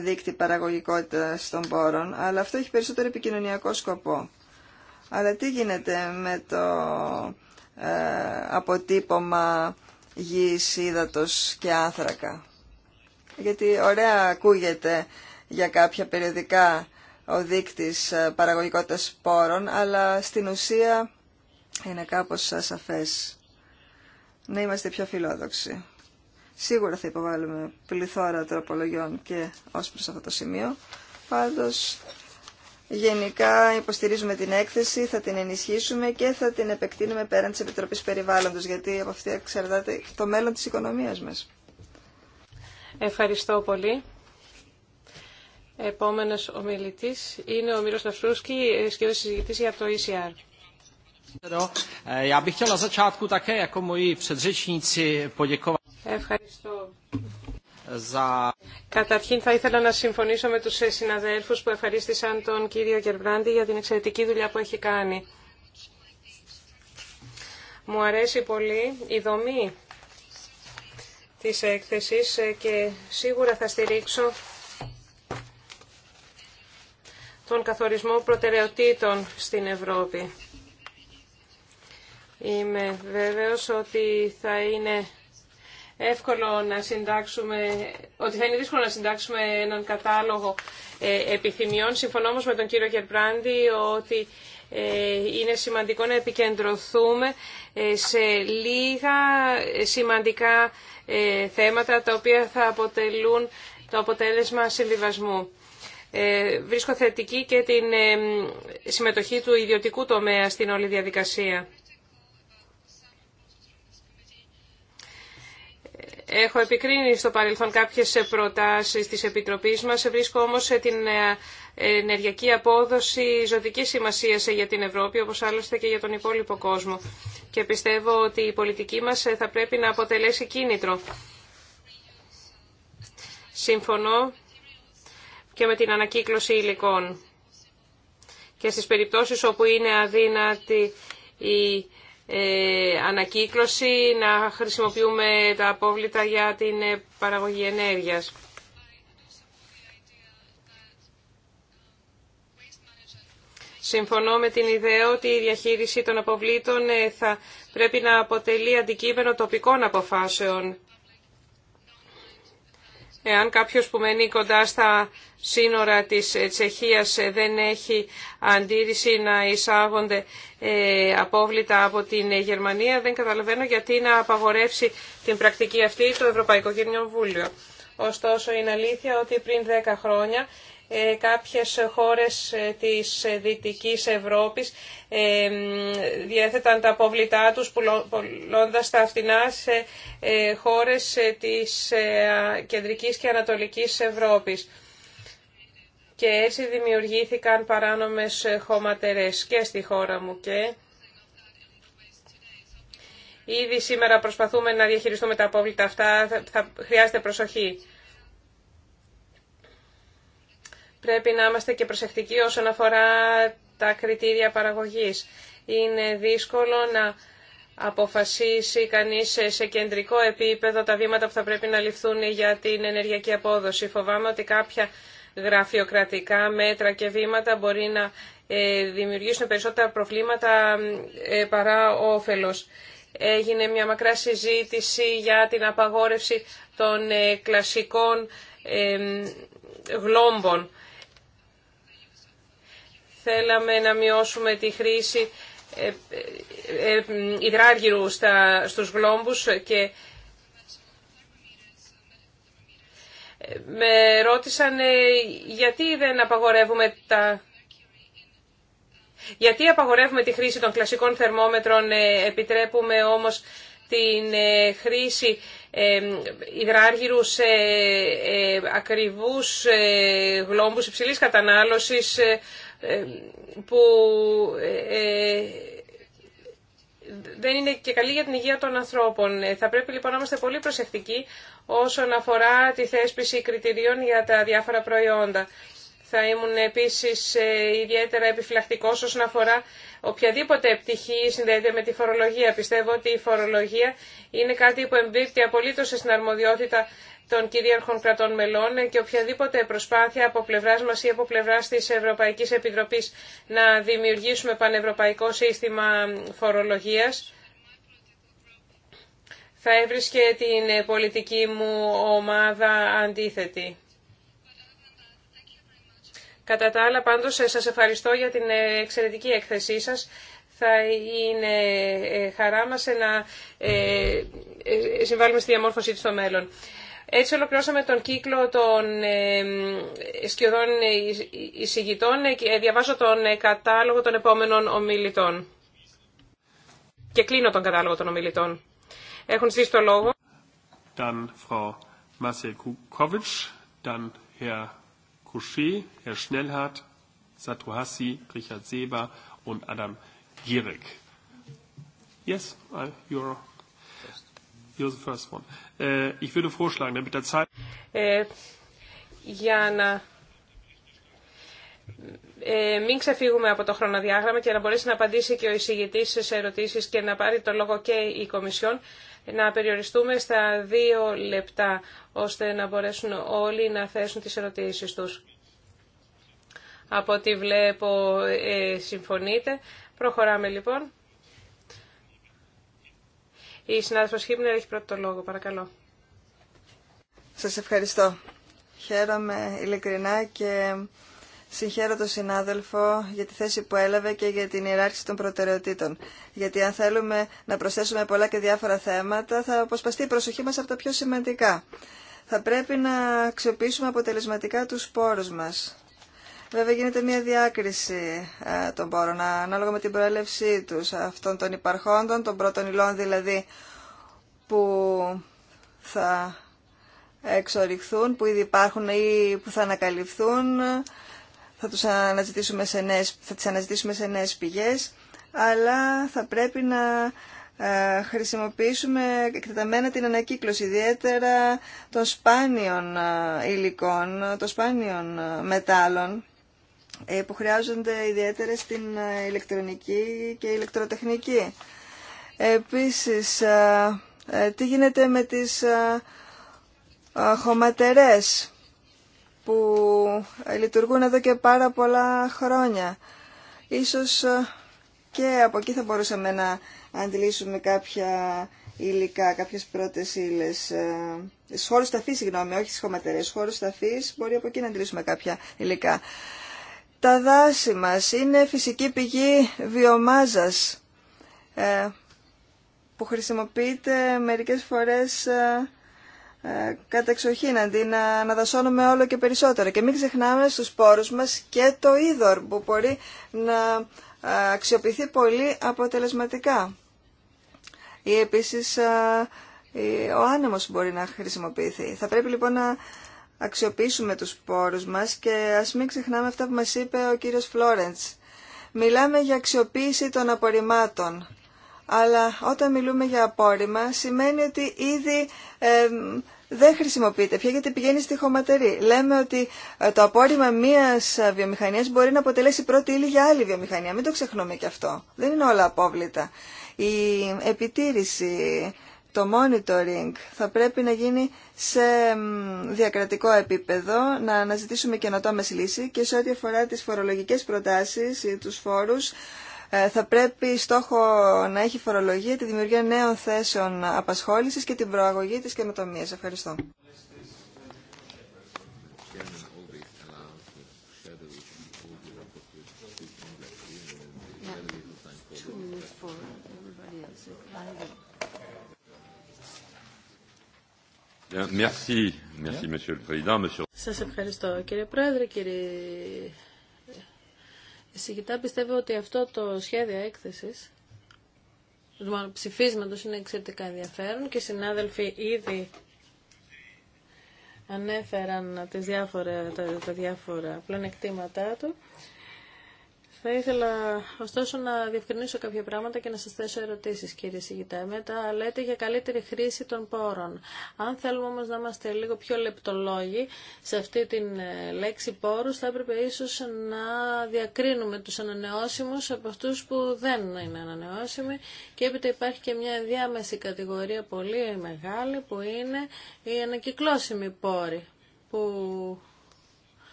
δείκτη παραγωγικότητας των πόρων, αλλά αυτό έχει περισσότερο επικοινωνιακό σκοπό. Αλλά τι γίνεται με το ε, αποτύπωμα γης, ύδατος και άνθρακα. Γιατί ωραία ακούγεται για κάποια περιοδικά ο δείκτης ε, παραγωγικότητας πόρων, αλλά στην ουσία είναι κάπως ασαφές να είμαστε πιο φιλόδοξοι. Σίγουρα θα υποβάλουμε πληθώρα τροπολογιών και ως προς αυτό το σημείο. Πάντως, γενικά υποστηρίζουμε την έκθεση, θα την ενισχύσουμε και θα την επεκτείνουμε πέραν της Επιτροπής Περιβάλλοντος, γιατί από αυτή εξαρτάται το μέλλον της οικονομίας μας. Ευχαριστώ πολύ. Επόμενος ομιλητής είναι ο Μύρος Ναυσρούσκη, σχεδόν συζητητής για το ECR. Ευχαριστώ. Καταρχήν θα ήθελα να συμφωνήσω με τους συναδέλφους που ευχαρίστησαν τον κύριο Γερμπράντη για την εξαιρετική δουλειά που έχει κάνει. Μου αρέσει πολύ η δομή της έκθεσης ε, και σίγουρα θα στηρίξω τον καθορισμό προτεραιοτήτων στην Ευρώπη. Είμαι βέβαιος ότι θα είναι εύκολο να συντάξουμε, ότι θα είναι δύσκολο να συντάξουμε έναν κατάλογο ε, επιθυμιών. Συμφωνώ όμως με τον κύριο Γερμπράντη ότι ε, είναι σημαντικό να επικεντρωθούμε ε, σε λίγα σημαντικά θέματα τα οποία θα αποτελούν το αποτέλεσμα συμβιβασμού. Βρίσκω θετική και την συμμετοχή του ιδιωτικού τομέα στην όλη διαδικασία. Έχω επικρίνει στο παρελθόν κάποιες προτάσεις της Επιτροπής μας, βρίσκω όμως την ε, ενεργειακή απόδοση ζωτική σημασία για την Ευρώπη, όπως άλλωστε και για τον υπόλοιπο κόσμο. Και πιστεύω ότι η πολιτική μας θα πρέπει να αποτελέσει κίνητρο. Συμφωνώ και με την ανακύκλωση υλικών. Και στις περιπτώσεις όπου είναι αδύνατη η ε, ανακύκλωση, να χρησιμοποιούμε τα απόβλητα για την ε, παραγωγή ενέργειας. Συμφωνώ με την ιδέα ότι η διαχείριση των αποβλήτων ε, θα πρέπει να αποτελεί αντικείμενο τοπικών αποφάσεων. Εάν κάποιος που μένει κοντά στα σύνορα της Τσεχίας δεν έχει αντίρρηση να εισάγονται ε, απόβλητα από την Γερμανία, δεν καταλαβαίνω γιατί να απαγορεύσει την πρακτική αυτή το Ευρωπαϊκό Βουλίο. Ωστόσο, είναι αλήθεια ότι πριν 10 χρόνια ε, κάποιες χώρες ε, της ε, Δυτικής Ευρώπης διέθεταν τα αποβλητά τους πουλώντας τα φτηνά σε χώρες της Κεντρικής και Ανατολικής Ευρώπης. Και έτσι δημιουργήθηκαν παράνομες χωματερές και στη χώρα μου και... Ήδη σήμερα προσπαθούμε να διαχειριστούμε τα απόβλητα αυτά, θα χρειάζεται προσοχή. Πρέπει να είμαστε και προσεκτικοί όσον αφορά τα κριτήρια παραγωγής. Είναι δύσκολο να αποφασίσει κανείς σε κεντρικό επίπεδο τα βήματα που θα πρέπει να ληφθούν για την ενεργειακή απόδοση. Φοβάμαι ότι κάποια γραφειοκρατικά μέτρα και βήματα μπορεί να ε, δημιουργήσουν περισσότερα προβλήματα ε, παρά όφελος. Έγινε μια μακρά συζήτηση για την απαγόρευση των ε, κλασικών γλόμπων θέλαμε να μειώσουμε τη χρήση ε, ε, ε, υδράργυρου στα, στους γλόμπους και με ρώτησαν γιατί δεν απαγορεύουμε τα... Γιατί απαγορεύουμε τη χρήση των κλασικών θερμόμετρων, επιτρέπουμε όμως την χρήση υδράργυρου σε ακριβούς γλόμπους υψηλής κατανάλωσης που ε, ε, δεν είναι και καλή για την υγεία των ανθρώπων. Ε, θα πρέπει λοιπόν να είμαστε πολύ προσεκτικοί όσον αφορά τη θέσπιση κριτηρίων για τα διάφορα προϊόντα. Θα ήμουν επίσης ε, ιδιαίτερα επιφυλακτικός όσον αφορά οποιαδήποτε πτυχή συνδέεται με τη φορολογία. Πιστεύω ότι η φορολογία είναι κάτι που εμπίπτει απολύτως στην αρμοδιότητα των κυρίαρχων κρατών μελών και οποιαδήποτε προσπάθεια από πλευρά μα ή από πλευρά τη Ευρωπαϊκή Επιτροπή να δημιουργήσουμε πανευρωπαϊκό σύστημα φορολογία. Θα έβρισκε την πολιτική μου ομάδα αντίθετη. Κατά τα άλλα, πάντως, ε, σας ευχαριστώ για την ε, εξαιρετική έκθεσή σας. Θα είναι ε, χαρά μας να συμβάλλουμε στη διαμόρφωσή της στο μέλλον. Έτσι ολοκληρώσαμε τον κύκλο των σκιωδών εισηγητών και διαβάζω τον κατάλογο των επόμενων ομιλητών. Και κλείνω τον κατάλογο των ομιλητών. Έχουν στήσει το λόγο. Dann Frau dann Herr Couchet, Herr Schnellhardt, Satuhassi, Richard Seber und Adam Gierig. Yes, you're, you're the first one. Äh, ich würde vorschlagen, damit der Zeit... Äh, Jana, ε, μην ξεφύγουμε από το χρονοδιάγραμμα και να μπορέσει να απαντήσει και ο εισηγητής σε ερωτήσεις και να πάρει το λόγο και η Κομισιόν να περιοριστούμε στα δύο λεπτά, ώστε να μπορέσουν όλοι να θέσουν τις ερωτήσεις τους. Από ό,τι βλέπω ε, συμφωνείτε. Προχωράμε λοιπόν. Η συνάδελφος Χίμνερ έχει πρώτο λόγο, παρακαλώ. Σας ευχαριστώ. Χαίρομαι ειλικρινά και Συγχαίρω τον συνάδελφο για τη θέση που έλαβε και για την ιεράρχηση των προτεραιοτήτων. Γιατί αν θέλουμε να προσθέσουμε πολλά και διάφορα θέματα, θα αποσπαστεί η προσοχή μας από τα πιο σημαντικά. Θα πρέπει να αξιοποιήσουμε αποτελεσματικά τους πόρους μας. Βέβαια γίνεται μια διάκριση ε, των πόρων, ανάλογα με την προέλευσή τους, αυτών των υπαρχόντων, των πρώτων υλών δηλαδή, που θα εξοριχθούν, που ήδη υπάρχουν ή που θα ανακαλυφθούν, θα, τους αναζητήσουμε σε νέες, θα τις αναζητήσουμε σε νέες πηγές, αλλά θα πρέπει να ε, χρησιμοποιήσουμε εκτεταμένα την ανακύκλωση, ιδιαίτερα των σπάνιων ε, υλικών, των σπάνιων ε, μετάλλων, που χρειάζονται ιδιαίτερα στην ηλεκτρονική και ηλεκτροτεχνική. Επίσης, τι γίνεται με τις χωματερές που λειτουργούν εδώ και πάρα πολλά χρόνια. Ίσως ε, και από εκεί θα μπορούσαμε να αντιλήσουμε κάποια υλικά, κάποιες πρώτες ύλες. Ε, στους χώρους ταφής, συγγνώμη, όχι στις χωματερές, στους χώρους ταφής μπορεί από εκεί να αντιλήσουμε κάποια υλικά. Τα δάση μας είναι φυσική πηγή βιομάζας ε, που χρησιμοποιείται μερικές φορές ε, κατεξοχήν αντί να αναδασώνουμε όλο και περισσότερο. Και μην ξεχνάμε στους σπόρους μας και το είδωρ που μπορεί να ε, αξιοποιηθεί πολύ αποτελεσματικά. Ή επίσης ε, ο άνεμος μπορεί να χρησιμοποιηθεί. Θα πρέπει λοιπόν να αξιοποιήσουμε τους σπόρους μας και ας μην ξεχνάμε αυτά που μας είπε ο κύριος Φλόρεντς. Μιλάμε για αξιοποίηση των απορριμμάτων αλλά όταν μιλούμε για απόρριμα σημαίνει ότι ήδη δεν χρησιμοποιείται πια γιατί πηγαίνει στη χωματερή. Λέμε ότι ε, το απόρριμα μιας ε, βιομηχανίας μπορεί να αποτελέσει πρώτη ύλη για άλλη βιομηχανία. Μην το ξεχνούμε και αυτό. Δεν είναι όλα απόβλητα. Η επιτήρηση, το monitoring θα πρέπει να γίνει σε διακρατικό επίπεδο, να αναζητήσουμε καινοτόμε λύσει και σε ό,τι αφορά τις φορολογικέ προτάσεις ή του φόρου ε, θα πρέπει στόχο να έχει φορολογία τη δημιουργία νέων θέσεων απασχόλησης και την προαγωγή της καινοτομίας. Ευχαριστώ. Σας ευχαριστώ κύριε Πρόεδρε, κύριε Συγκητά πιστεύω ότι αυτό το σχέδιο έκθεσης του ψηφίσματος είναι εξαιρετικά ενδιαφέρον και οι συνάδελφοι ήδη ανέφεραν τις διάφορα, τα, τα διάφορα πλανεκτήματά του. Θα ήθελα ωστόσο να διευκρινίσω κάποια πράγματα και να σας θέσω ερωτήσεις κύριε Σιγητά. Μετά λέτε για καλύτερη χρήση των πόρων. Αν θέλουμε όμως να είμαστε λίγο πιο λεπτολόγοι σε αυτή την ε, λέξη πόρους θα έπρεπε ίσως να διακρίνουμε τους ανανεώσιμους από αυτούς που δεν είναι ανανεώσιμοι και έπειτα υπάρχει και μια διάμεση κατηγορία πολύ μεγάλη που είναι οι ανακυκλώσιμοι πόροι που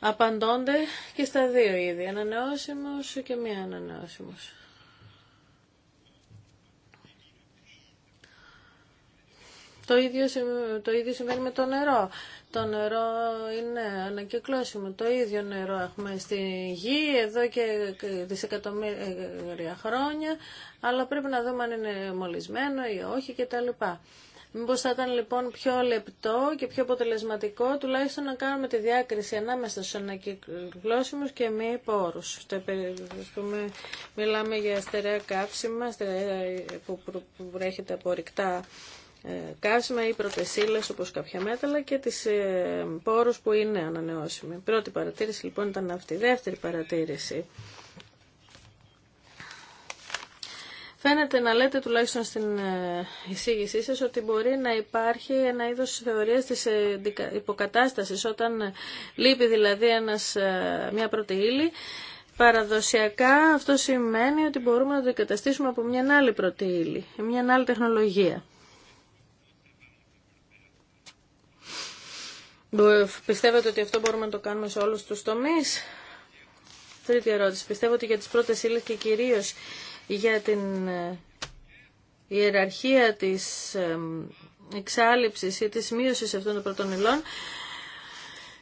απαντώνται και στα δύο ήδη, ανανεώσιμος και μη ανανεώσιμος. Το ίδιο, το ίδιο συμβαίνει με το νερό. Το νερό είναι ανακυκλώσιμο. Το ίδιο νερό έχουμε στη γη εδώ και δισεκατομμύρια χρόνια, αλλά πρέπει να δούμε αν είναι μολυσμένο ή όχι κτλ. Μήπω θα ήταν λοιπόν πιο λεπτό και πιο αποτελεσματικό τουλάχιστον να κάνουμε τη διάκριση ανάμεσα στου ανακυκλώσιμου και μη πόρου. μιλάμε για στερεά καύσιμα στερεά ε, που βρέχεται από ρηκτά ε, καύσιμα ή πρωτεσίλες όπως κάποια μέταλλα και τις ε, πόρους που είναι ανανεώσιμοι. πρώτη παρατήρηση λοιπόν ήταν αυτή. δεύτερη παρατήρηση. Φαίνεται να λέτε τουλάχιστον στην ε, εισήγησή σας ότι μπορεί να υπάρχει ένα είδος θεωρίας της ε, υποκατάστασης όταν ε, λείπει δηλαδή ένας, μια πρώτη ύλη. Παραδοσιακά αυτό σημαίνει ότι μπορούμε να το εγκαταστήσουμε από μια άλλη πρώτη ύλη, μια άλλη τεχνολογία. Πιστεύετε ότι αυτό μπορούμε να το κάνουμε σε όλους τους τομείς. Τρίτη ερώτηση. Πιστεύω ότι για τις πρώτες ύλες και κυρίως για την ε, ιεραρχία της ε, εξάλληψης ή της μείωσης αυτών των πρώτων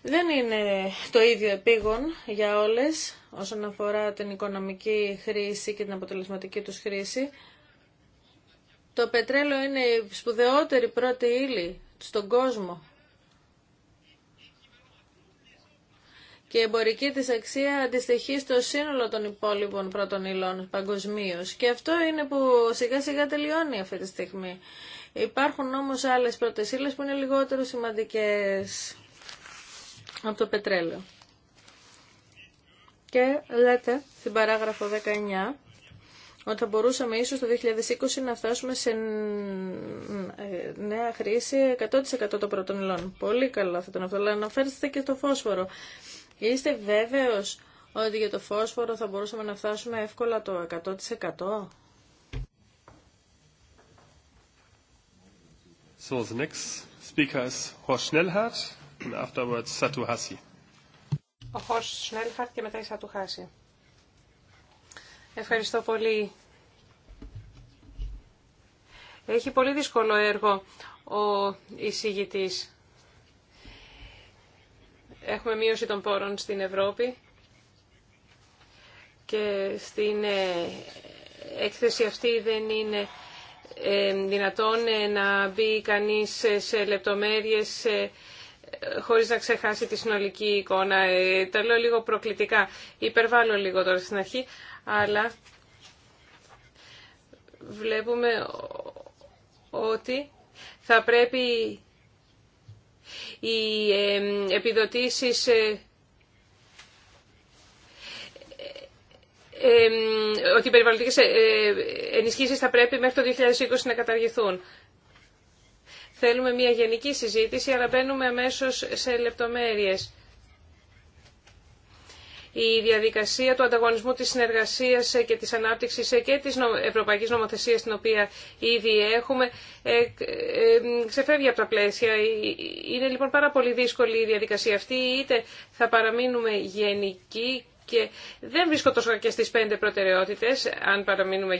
δεν είναι το ίδιο επίγον για όλες όσον αφορά την οικονομική χρήση και την αποτελεσματική τους χρήση. Το πετρέλαιο είναι η σπουδαιότερη πρώτη ύλη στον κόσμο και η εμπορική της αξία αντιστοιχεί στο σύνολο των υπόλοιπων πρώτων υλών παγκοσμίω. Και αυτό είναι που σιγά σιγά τελειώνει αυτή τη στιγμή. Υπάρχουν όμως άλλες πρώτες ύλες που είναι λιγότερο σημαντικές από το πετρέλαιο. Και λέτε στην παράγραφο 19 ότι θα μπορούσαμε ίσως το 2020 να φτάσουμε σε ε, νέα χρήση 100% των πρώτων υλών. Πολύ καλό αυτό, αλλά αναφέρεστε και στο φόσφορο. Είστε βέβαιος ότι για το φόσφορο θα μπορούσαμε να φτάσουμε εύκολα το 100%? So the next speaker is Horst Schnellhardt afterwards Satu Ο Horst Schnellhardt και μετά η Satu Hassi. Ευχαριστώ πολύ. Έχει πολύ δύσκολο έργο ο εισηγητής. Έχουμε μείωση των πόρων στην Ευρώπη και στην ε, έκθεση αυτή δεν είναι ε, δυνατόν ε, να μπει κανείς σε λεπτομέρειες χωρίς να ξεχάσει τη συνολική εικόνα. Τα λέω λίγο προκλητικά. Υπερβάλλω λίγο τώρα στην αρχή, αλλά βλέπουμε ότι θα πρέπει οι επιδοτήσεις ε, ε, ότι οι περιβαλλοντικές ε, ενισχύσεις θα πρέπει μέχρι το 2020 να καταργηθούν. Θέλουμε μια γενική συζήτηση, αλλά μπαίνουμε αμέσως σε λεπτομέρειες η διαδικασία του ανταγωνισμού της συνεργασίας και της ανάπτυξης και της ευρωπαϊκής νομοθεσίας την οποία ήδη έχουμε ε, ε, ξεφεύγει από τα πλαίσια. Ε, είναι λοιπόν πάρα πολύ δύσκολη η διαδικασία αυτή. Είτε θα παραμείνουμε γενικοί και δεν βρίσκω τόσο και στις πέντε προτεραιότητες, αν παραμείνουμε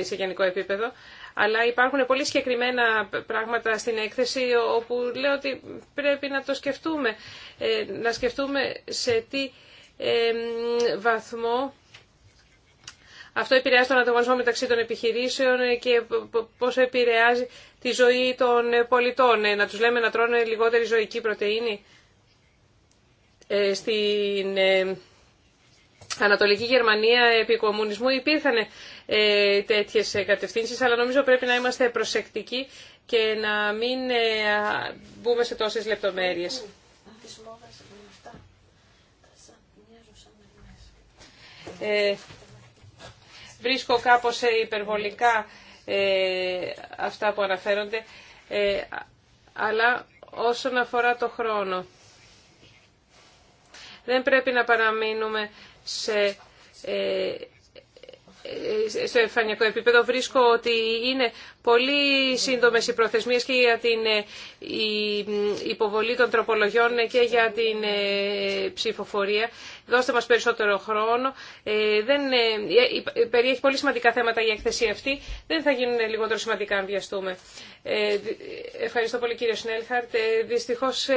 σε γενικό επίπεδο, αλλά υπάρχουν πολύ συγκεκριμένα πράγματα στην έκθεση όπου λέω ότι πρέπει να το σκεφτούμε, να σκεφτούμε σε τι βαθμό αυτό επηρεάζει τον ανταγωνισμό μεταξύ των επιχειρήσεων και πόσο επηρεάζει τη ζωή των πολιτών. Ε, να τους λέμε να τρώνε λιγότερη ζωική πρωτεΐνη. Ε, στην ε, Ανατολική Γερμανία επί κομμουνισμού υπήρχαν τέτοιες κατευθύνσεις, αλλά νομίζω πρέπει να είμαστε προσεκτικοί και να μην μπούμε σε τόσες λεπτομέρειες. ε, βρίσκω κάπως υπερβολικά ε, αυτά που αναφέρονται, ε, αλλά όσον αφορά το χρόνο. Δεν πρέπει να παραμείνουμε σε, ε, ε επίπεδο. Βρίσκω ότι είναι Πολύ σύντομες οι προθεσμίες και για την ε, υποβολή των τροπολογιών ε, και για την ε, ψηφοφορία. Δώστε μας περισσότερο χρόνο. Δεν, περιέχει πολύ σημαντικά θέματα η έκθεση αυτή. Δεν θα γίνουν λιγότερο σημαντικά αν βιαστούμε. Ευχαριστώ πολύ κύριε Σνέλχαρτ. Δυστυχώς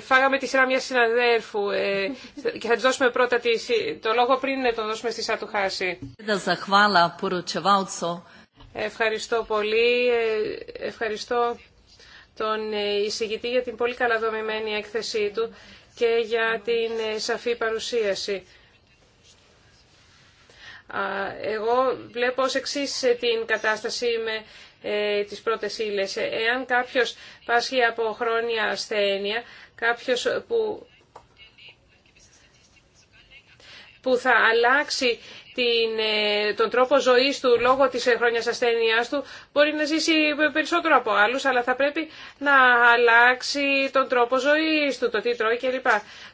φάγαμε τη σειρά μια συναδέρφου και θα τη δώσουμε πρώτα το λόγο πριν το δώσουμε στη Σατουχάση. Ευχαριστώ πολύ. Ε, ευχαριστώ τον ε, εισηγητή για την πολύ καλά δομημένη έκθεσή του και για την ε, σαφή παρουσίαση. Εγώ βλέπω ως εξής την κατάσταση με τις πρώτες ύλες. Εάν κάποιος πάσχει από χρόνια ασθένεια, κάποιος που που θα αλλάξει την, ε, τον τρόπο ζωής του λόγω της χρόνια ασθένειάς του μπορεί να ζήσει περισσότερο από άλλου, αλλά θα πρέπει να αλλάξει τον τρόπο ζωής του, το τι τρώει κλπ.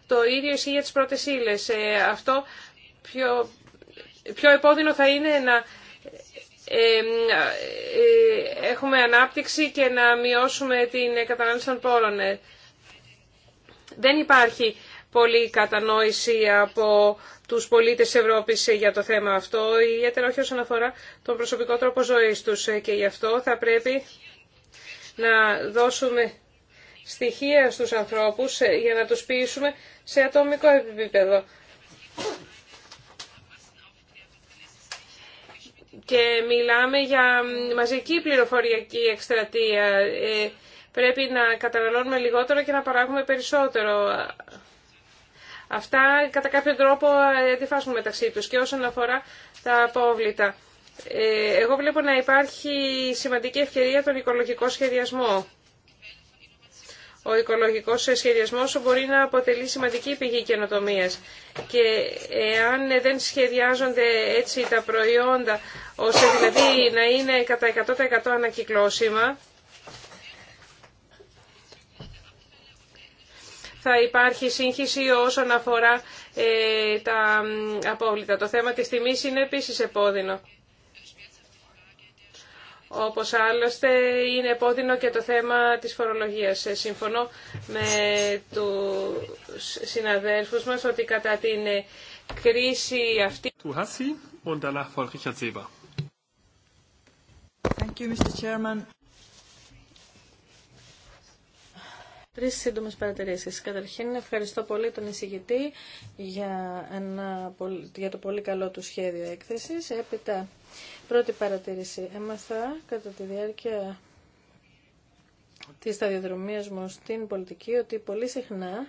Το ίδιο ισχύει για τις πρώτες ύλες. Ε, αυτό πιο, πιο επώδυνο θα είναι να ε, έχουμε ανάπτυξη και να μειώσουμε την κατανάλωση των πόρων. Δεν υπάρχει πολύ κατανόηση από τους πολίτες Ευρώπης για το θέμα αυτό, ιδιαίτερα όχι όσον αφορά τον προσωπικό τρόπο ζωής τους. Και γι' αυτό θα πρέπει να δώσουμε στοιχεία στους ανθρώπους για να τους πείσουμε σε ατομικό επίπεδο. Και μιλάμε για μαζική πληροφοριακή εκστρατεία. Ε, πρέπει να καταναλώνουμε λιγότερο και να παράγουμε περισσότερο. Αυτά κατά κάποιο τρόπο ε, αντιφάσουν μεταξύ τους και όσον αφορά τα απόβλητα. Ε, εγώ βλέπω να υπάρχει σημαντική ευκαιρία τον οικολογικό σχεδιασμό. Ο οικολογικός σχεδιασμός μπορεί να αποτελεί σημαντική πηγή καινοτομίας και εάν δεν σχεδιάζονται έτσι τα προϊόντα ώστε δηλαδή να είναι κατά 100% ανακυκλώσιμα, θα υπάρχει σύγχυση όσον αφορά ε, τα απόβλητα. Το θέμα της τιμής είναι επίσης επώδυνο. Όπως άλλωστε είναι επώδυνο και το θέμα της φορολογίας. Ε, συμφωνώ με τους συναδέλφους μας ότι κατά την ε, κρίση αυτή... Τρει σύντομε παρατηρήσει. Καταρχήν, ευχαριστώ πολύ τον εισηγητή για, ένα, για το πολύ καλό του σχέδιο έκθεσης. Έπειτα, πρώτη παρατήρηση. Έμαθα κατά τη διάρκεια της σταδιοδρομία μου στην πολιτική ότι πολύ συχνά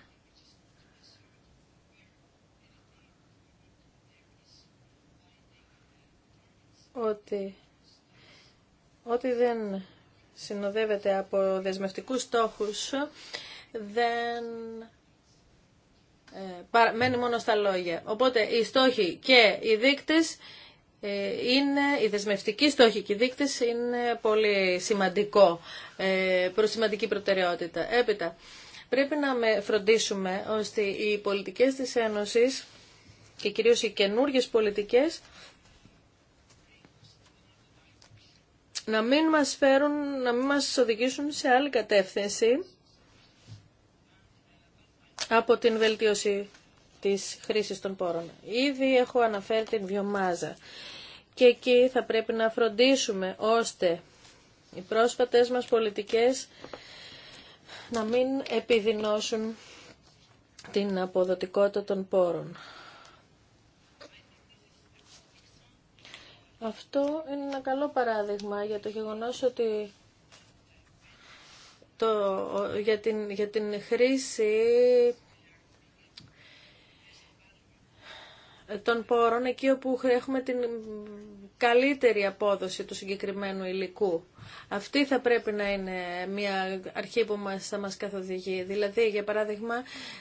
ότι ό,τι δεν συνοδεύεται από δεσμευτικούς στόχους δεν ε, μένει μόνο στα λόγια. Οπότε οι στόχοι και οι δείκτες ε, είναι, οι δεσμευτικοί στόχοι και οι δείκτες είναι πολύ σημαντικό, ε, προς σημαντική προτεραιότητα. Έπειτα, πρέπει να με φροντίσουμε ώστε οι πολιτικές της Ένωσης και κυρίως οι καινούργιες πολιτικές να μην μας φέρουν, να μην μας οδηγήσουν σε άλλη κατεύθυνση από την βελτίωση της χρήσης των πόρων. Ήδη έχω αναφέρει την βιομάζα και εκεί θα πρέπει να φροντίσουμε ώστε οι πρόσφατες μας πολιτικές να μην επιδεινώσουν την αποδοτικότητα των πόρων. Αυτό είναι ένα καλό παράδειγμα για το γεγονός ότι το, για, την, για την χρήση των πόρων εκεί όπου έχουμε την καλύτερη απόδοση του συγκεκριμένου υλικού. Αυτή θα πρέπει να είναι μια αρχή που μας, θα μας καθοδηγεί. Δηλαδή, για παράδειγμα,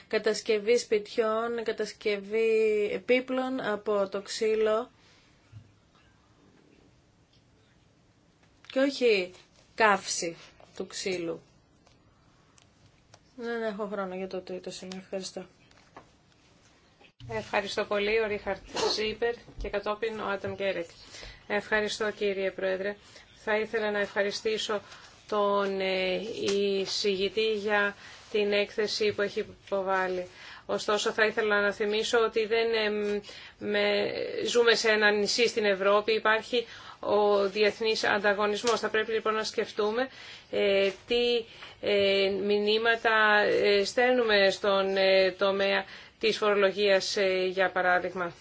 κατασκευή σπιτιών, κατασκευή επίπλων από το ξύλο, και όχι καύση του ξύλου. Δεν έχω χρόνο για το τρίτο σήμερα. Ευχαριστώ. Ευχαριστώ πολύ ο Ρίχαρτ Ζήπερ και κατόπιν ο άτομ Κέρεκ. Ευχαριστώ κύριε Πρόεδρε. Θα ήθελα να ευχαριστήσω τον ε, εισηγητή για την έκθεση που έχει υποβάλει. Ωστόσο θα ήθελα να θυμίσω ότι δεν με, ζούμε σε ένα νησί στην Ευρώπη. Υπάρχει ο διεθνής ανταγωνισμός. Θα πρέπει λοιπόν να σκεφτούμε ε, τι ε, μηνύματα ε, στέλνουμε στον τομέα της φορολογίας, για παράδειγμα.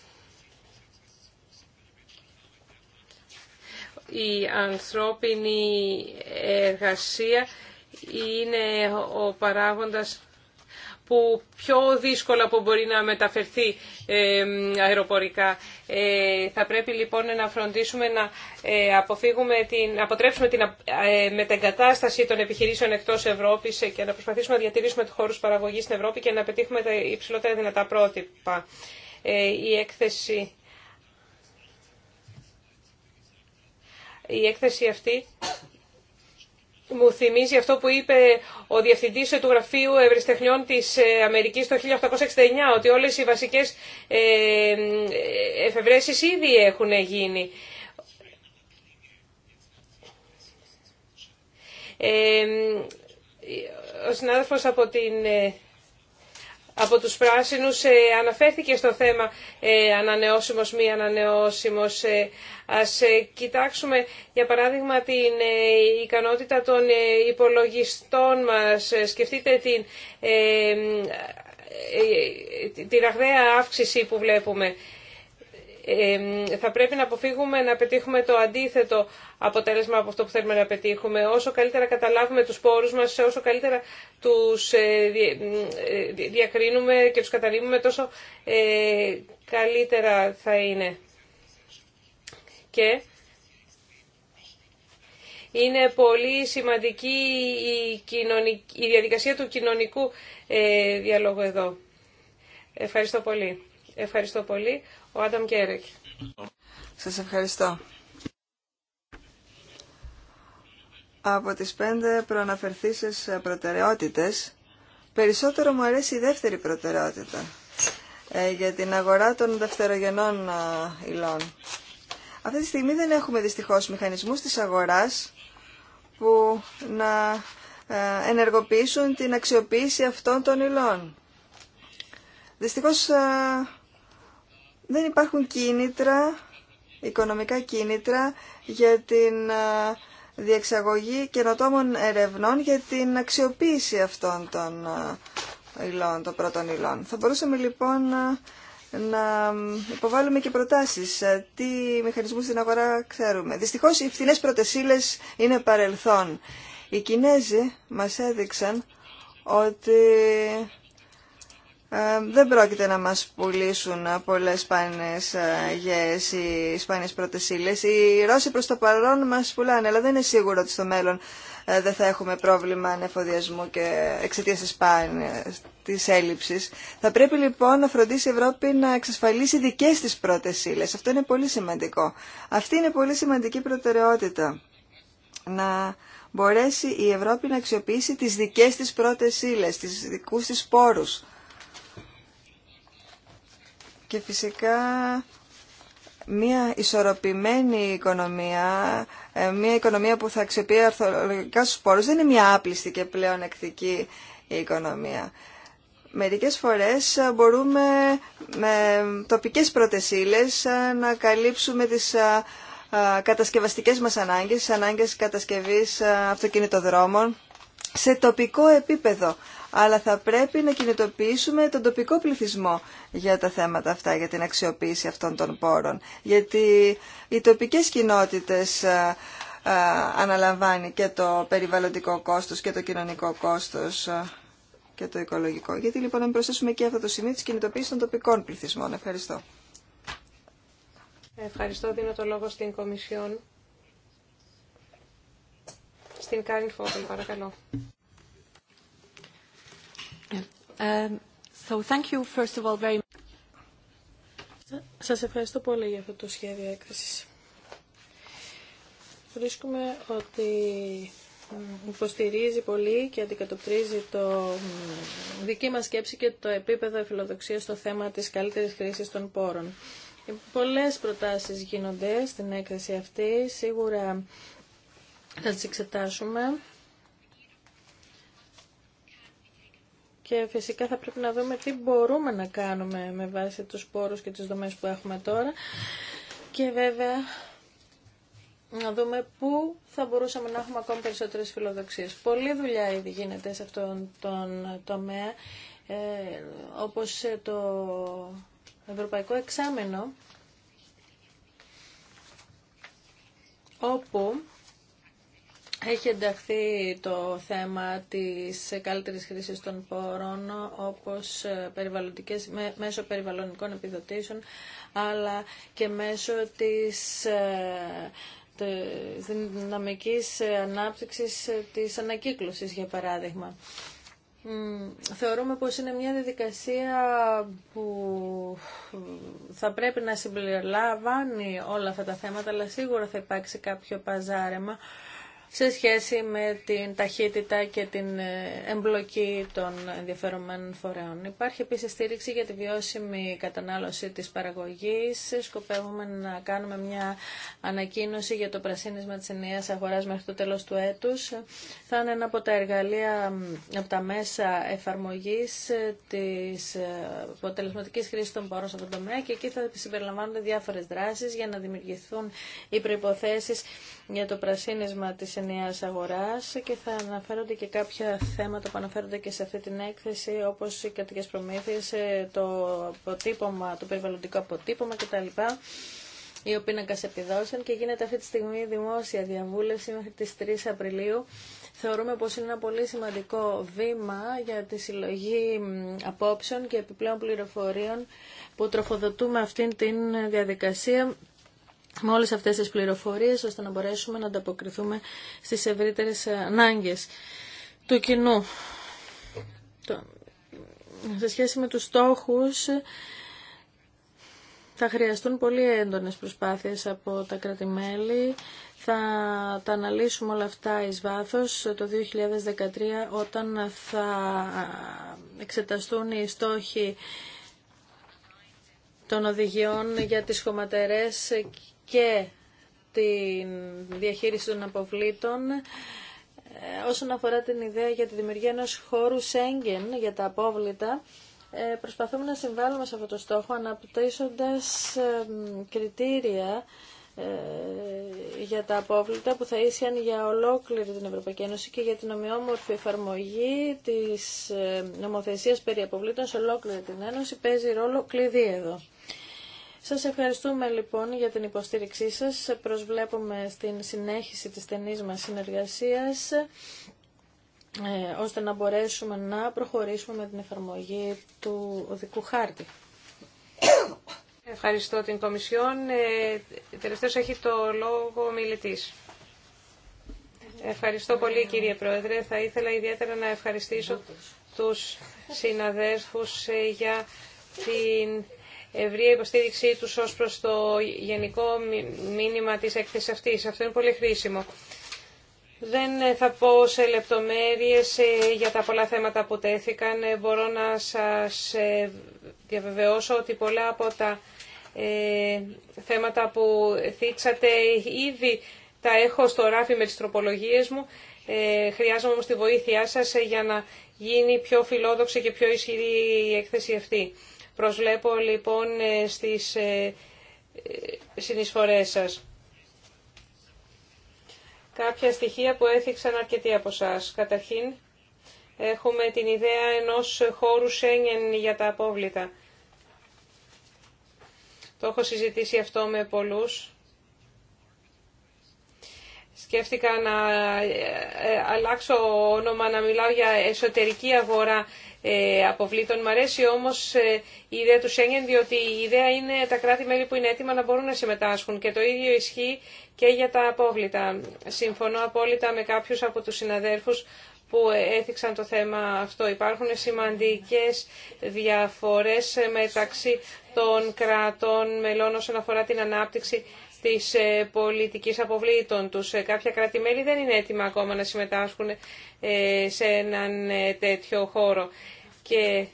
Η ανθρώπινη εργασία είναι ο παράγοντας που πιο δύσκολα που μπορεί να μεταφερθεί ε, αεροπορικά. Ε, θα πρέπει λοιπόν να φροντίσουμε να ε, αποφύγουμε την, αποτρέψουμε την μετεγκατάσταση των επιχειρήσεων εκτός Ευρώπης και να προσπαθήσουμε να διατηρήσουμε τους χώρους παραγωγής στην Ευρώπη και να πετύχουμε τα υψηλότερα δυνατά πρότυπα. Η έκθεση... Η έκθεση αυτή μου θυμίζει αυτό που είπε ο Διευθυντή του Γραφείου Ευρυστεχνιών της ε, Αμερικής το 1869, ότι όλες οι βασικές ε, εφευρέσει ήδη έχουν γίνει. Ε, ο συνάδελφος από την από τους πράσινους ε, αναφέρθηκε στο θέμα ε, ανανεώσιμος μη ανανεώσιμος. Ε, ας κοιτάξουμε για παράδειγμα την ικανότητα των υπολογιστών μας. Σκεφτείτε την, την αύξηση που βλέπουμε θα πρέπει να αποφύγουμε να πετύχουμε το αντίθετο αποτέλεσμα από αυτό που θέλουμε να πετύχουμε. Όσο καλύτερα καταλάβουμε τους πόρους μας, όσο καλύτερα τους ε, ε, διακρίνουμε και τους καταλήμουμε, τόσο ε, καλύτερα θα είναι. Και είναι πολύ σημαντική η διαδικασία του κοινωνικού διαλόγου εδώ. Ευχαριστώ πολύ. Ευχαριστώ πολύ. Ο Άνταμ Κέρεκ. Σας ευχαριστώ. Από τις πέντε προαναφερθήσεις ε, προτεραιότητες, περισσότερο μου αρέσει η δεύτερη προτεραιότητα ε, για την αγορά των δευτερογενών ε, υλών. Αυτή τη στιγμή δεν έχουμε δυστυχώς μηχανισμούς της αγοράς που να ενεργοποιήσουν την αξιοποίηση αυτών των υλών. Δυστυχώς δεν υπάρχουν κίνητρα, οικονομικά κίνητρα για την ε, διεξαγωγή καινοτόμων ερευνών για την αξιοποίηση αυτών των ε, υλών, των πρώτων υλών. Θα μπορούσαμε λοιπόν ε, να υποβάλουμε και προτάσεις. Τι μηχανισμούς στην αγορά ξέρουμε. Δυστυχώς οι φθηνές πρωτεσίλες είναι παρελθόν. Οι Κινέζοι μας έδειξαν ότι ε, δεν πρόκειται να μας πουλήσουν πολλές σπάνιες ε, γέες ή σπάνιες πρώτες ύλες. Οι Ρώσοι προς το παρόν μας πουλάνε, αλλά δεν είναι σίγουρο ότι στο μέλλον ε, δεν θα έχουμε πρόβλημα ανεφοδιασμού και εξαιτίας της σπάνιας, της έλλειψης. Θα πρέπει λοιπόν να φροντίσει η Ευρώπη να εξασφαλίσει δικές της πρώτες ύλες. Αυτό είναι πολύ σημαντικό. Αυτή είναι πολύ σημαντική προτεραιότητα. Να μπορέσει η Ευρώπη να αξιοποιήσει τις δικές της πρώτες ύλες, τις δικούς της πόρους και φυσικά μια ισορροπημένη οικονομία, ε, μια οικονομία που θα αξιοποιεί αρθολογικά στους πόρους, δεν είναι μια άπλιστη και πλέον εκτική οικονομία. Μερικές φορές μπορούμε με τοπικές πρωτεσίλες ε, να καλύψουμε τις ε, κατασκευαστικές μας ανάγκες, τις ανάγκες κατασκευής αυτοκινητοδρόμων σε τοπικό επίπεδο αλλά θα πρέπει να κινητοποιήσουμε τον τοπικό πληθυσμό για τα θέματα αυτά, για την αξιοποίηση αυτών των πόρων. Γιατί οι τοπικές κοινότητες ε, ε, αναλαμβάνει και το περιβαλλοντικό κόστος και το κοινωνικό κόστος ε, και το οικολογικό. Γιατί λοιπόν να μην προσθέσουμε και αυτό το σημείο της κινητοποίησης των τοπικών πληθυσμών. Ευχαριστώ. Ευχαριστώ. Δίνω το λόγο στην Κομισιόν. Στην Κάριν Φόβελ, παρακαλώ. Um, Σας ευχαριστώ πολύ για αυτό το σχέδιο έκθεσης. Βρίσκουμε ότι υποστηρίζει πολύ και αντικατοπτρίζει το δική μας σκέψη και το επίπεδο φιλοδοξίας στο θέμα της καλύτερης χρήσης των πόρων. Πολλές προτάσεις γίνονται στην έκθεση αυτή, σίγουρα θα τις εξετάσουμε. και φυσικά θα πρέπει να δούμε τι μπορούμε να κάνουμε με βάση τους πόρους και τις δομές που έχουμε τώρα και βέβαια να δούμε πού θα μπορούσαμε να έχουμε ακόμη περισσότερες φιλοδοξίες. Πολλή δουλειά ήδη γίνεται σε αυτόν τον τομέα, ε, όπως το Ευρωπαϊκό Εξάμενο, όπου έχει ενταχθεί το θέμα της καλύτερης χρήσης των πόρων όπως ε, περιβαλλοντικές, μέσω περιβαλλοντικών επιδοτήσεων αλλά και μέσω της ε, της δυναμικής ανάπτυξης της ανακύκλωσης, για παράδειγμα. Θεωρούμε πως είναι μια διαδικασία που θα πρέπει να συμπεριλαμβάνει όλα αυτά τα θέματα, αλλά σίγουρα θα υπάρξει κάποιο παζάρεμα σε σχέση με την ταχύτητα και την ε, εμπλοκή των ενδιαφερομένων φορέων. Υπάρχει επίσης στήριξη για τη βιώσιμη κατανάλωση της παραγωγής. Σκοπεύουμε να κάνουμε μια ανακοίνωση για το πρασίνισμα της ενιαίας αγοράς μέχρι το τέλος του έτους. Θα είναι ένα από τα εργαλεία, από τα μέσα εφαρμογής ε, της ε, αποτελεσματική χρήση των πόρων στον το τομέα και εκεί θα συμπεριλαμβάνονται διάφορες δράσεις για να δημιουργηθούν οι προϋποθέσεις για το πρασίνισμα της νέα αγορά και θα αναφέρονται και κάποια θέματα που αναφέρονται και σε αυτή την έκθεση όπω οι κρατικέ προμήθειε, ε, το, αποτύπωμα, το περιβαλλοντικό αποτύπωμα κτλ. Η πίνακα επιδόσεων και γίνεται αυτή τη στιγμή δημόσια διαβούλευση μέχρι τι 3 Απριλίου. Θεωρούμε πω είναι ένα πολύ σημαντικό βήμα για τη συλλογή απόψεων και επιπλέον πληροφοριών που τροφοδοτούμε αυτήν την διαδικασία με όλες αυτές τις πληροφορίες ώστε να μπορέσουμε να ανταποκριθούμε στις ευρύτερες ανάγκες του κοινού. Σε σχέση με τους στόχους θα χρειαστούν πολύ έντονες προσπάθειες από τα κρατημέλη. Θα τα αναλύσουμε όλα αυτά εις βάθος το 2013 όταν θα εξεταστούν οι στόχοι των οδηγιών για τις χωματερές και τη διαχείριση των αποβλήτων ε, όσον αφορά την ιδέα για τη δημιουργία ενός χώρου Σέγγεν για τα απόβλητα ε, προσπαθούμε να συμβάλλουμε σε αυτό το στόχο αναπτύσσοντας κριτήρια ε, για τα απόβλητα που θα ίσιαν για ολόκληρη την Ευρωπαϊκή Ένωση και για την ομοιόμορφη εφαρμογή της νομοθεσίας περί αποβλήτων σε ολόκληρη την Ένωση παίζει ρόλο κλειδί εδώ. Σας ευχαριστούμε λοιπόν για την υποστήριξή σας. Προσβλέπουμε στην συνέχιση της στενής μας συνεργασίας ε, ώστε να μπορέσουμε να προχωρήσουμε με την εφαρμογή του οδικού χάρτη. Ευχαριστώ την Κομισιόν. Ε, τελευταίος έχει το λόγο ο μιλητής. Ευχαριστώ πολύ κύριε Πρόεδρε. Θα ήθελα ιδιαίτερα να ευχαριστήσω τους συναδέλφους ε, για την ευρεία υποστήριξή τους ω προς το γενικό μήνυμα της έκθεσης αυτής. Αυτό είναι πολύ χρήσιμο. Δεν ε, θα πω σε λεπτομέρειες ε, για τα πολλά θέματα που τέθηκαν. Ε, μπορώ να σας διαβεβαιώσω ότι πολλά από τα θέματα που θίξατε ήδη τα έχω στο ράφι με τις τροπολογίες μου. Χρειάζομαι όμως τη βοήθειά σας για να γίνει πιο φιλόδοξη και πιο ισχυρή η έκθεση αυτή. Προσβλέπω λοιπόν ε, στις ε, ε, συνεισφορές σας. Κάποια στοιχεία που έθιξαν αρκετοί από εσά. Καταρχήν, έχουμε την ιδέα ενός χώρου Σέγγεν για τα απόβλητα. Το έχω συζητήσει αυτό με πολλούς. Σκέφτηκα να αλλάξω όνομα, να μιλάω για εσωτερική αγορά ε, αποβλήτων. Μ' αρέσει όμως ε, η ιδέα του Σέγγεν, διότι η ιδέα είναι τα κράτη-μέλη που είναι έτοιμα να μπορούν να συμμετάσχουν και το ίδιο ισχύει και για τα απόβλητα. Συμφωνώ απόλυτα με κάποιους από τους συναδέρφους που έθιξαν το θέμα αυτό. Υπάρχουν σημαντικές διαφορές μεταξύ των κρατών μελών όσον αφορά την ανάπτυξη Τη ε, πολιτική αποβλήτων τους. Ε, κάποια κράτη-μέλη δεν είναι έτοιμα ακόμα να συμμετάσχουν ε, σε έναν τέτοιο χώρο. Και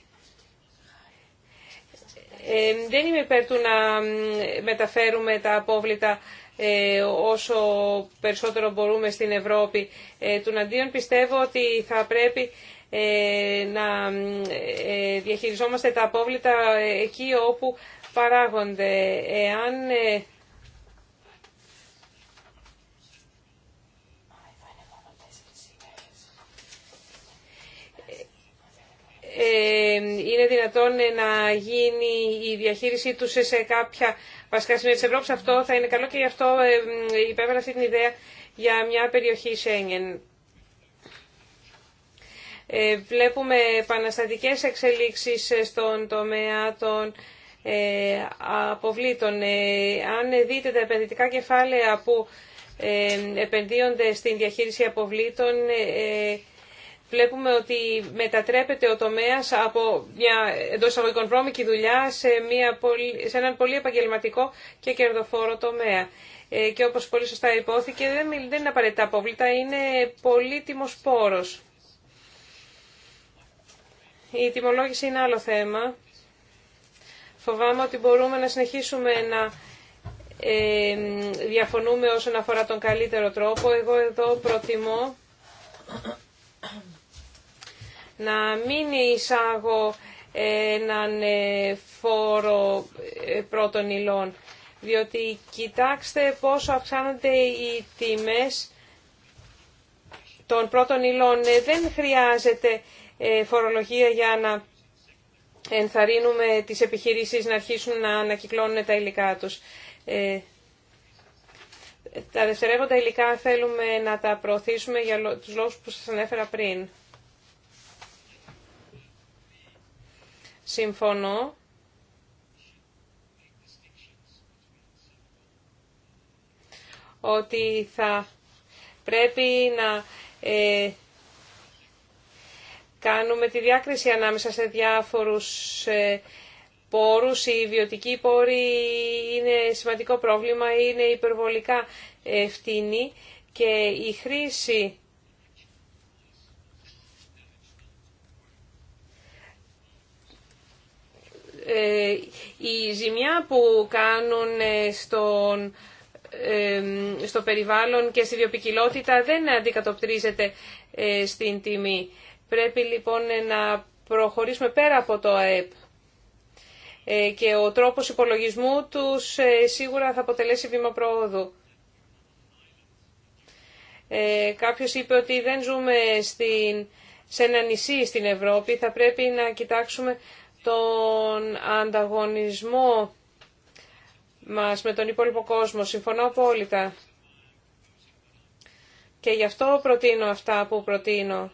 δεν είμαι υπέρ του να μεταφέρουμε τα απόβλητα όσο περισσότερο μπορούμε στην Ευρώπη. Του αντίον πιστεύω ότι θα πρέπει να διαχειριζόμαστε τα απόβλητα εκεί όπου παράγονται. Εάν Ε, είναι δυνατόν ε, να γίνει η διαχείρισή τους σε κάποια βασικά σημεία της Αυτό θα είναι καλό και γι' αυτό ε, υπέβαλα αυτή την ιδέα για μια περιοχή Σέγγεν. Βλέπουμε επαναστατικέ εξελίξεις στον τομέα των αποβλήτων. Αν δείτε τα επενδυτικά κεφάλαια που επενδύονται στην διαχείριση αποβλήτων, βλέπουμε ότι μετατρέπεται ο τομέας από μια εντό εισαγωγικών βρώμικη δουλειά σε, μια, σε έναν πολύ επαγγελματικό και κερδοφόρο τομέα. Ε, και όπως πολύ σωστά υπόθηκε, δεν, δεν είναι απαραίτητα απόβλητα, είναι πολύτιμος πόρος. Η τιμολόγηση είναι άλλο θέμα. Φοβάμαι ότι μπορούμε να συνεχίσουμε να ε, διαφωνούμε όσον αφορά τον καλύτερο τρόπο. Εγώ εδώ προτιμώ να μην εισάγω έναν ε, φόρο ε, πρώτων υλών. Διότι κοιτάξτε πόσο αυξάνονται οι τιμές των πρώτων υλών. Ε, δεν χρειάζεται φορολογία για να ενθαρρύνουμε τις επιχειρήσεις να αρχίσουν να ανακυκλώνουν τα υλικά τους. Τα δευτερεύοντα υλικά θέλουμε να τα προωθήσουμε για τους λόγους που σας ανέφερα πριν. Συμφωνώ ότι θα πρέπει να ε, κάνουμε τη διάκριση ανάμεσα σε διάφορους ε, πόρους. Οι ιδιωτικοί πόροι είναι σημαντικό πρόβλημα, είναι υπερβολικά ε, φτηνοί και η χρήση Ε, η ζημιά που κάνουν ε, στον ε, στο περιβάλλον και στη βιοπικιλότητα δεν αντικατοπτρίζεται στην τιμή. Πρέπει λοιπόν να προχωρήσουμε πέρα από το ΑΕΠ και ο τρόπος υπολογισμού τους σίγουρα θα αποτελέσει βήμα προόδου. Κάποιος είπε ότι δεν ζούμε στην, σε ένα νησί στην Ευρώπη, θα πρέπει να κοιτάξουμε τον ανταγωνισμό μας με τον υπόλοιπο κόσμο. Συμφωνώ απόλυτα. Και γι' αυτό προτείνω αυτά που προτείνω.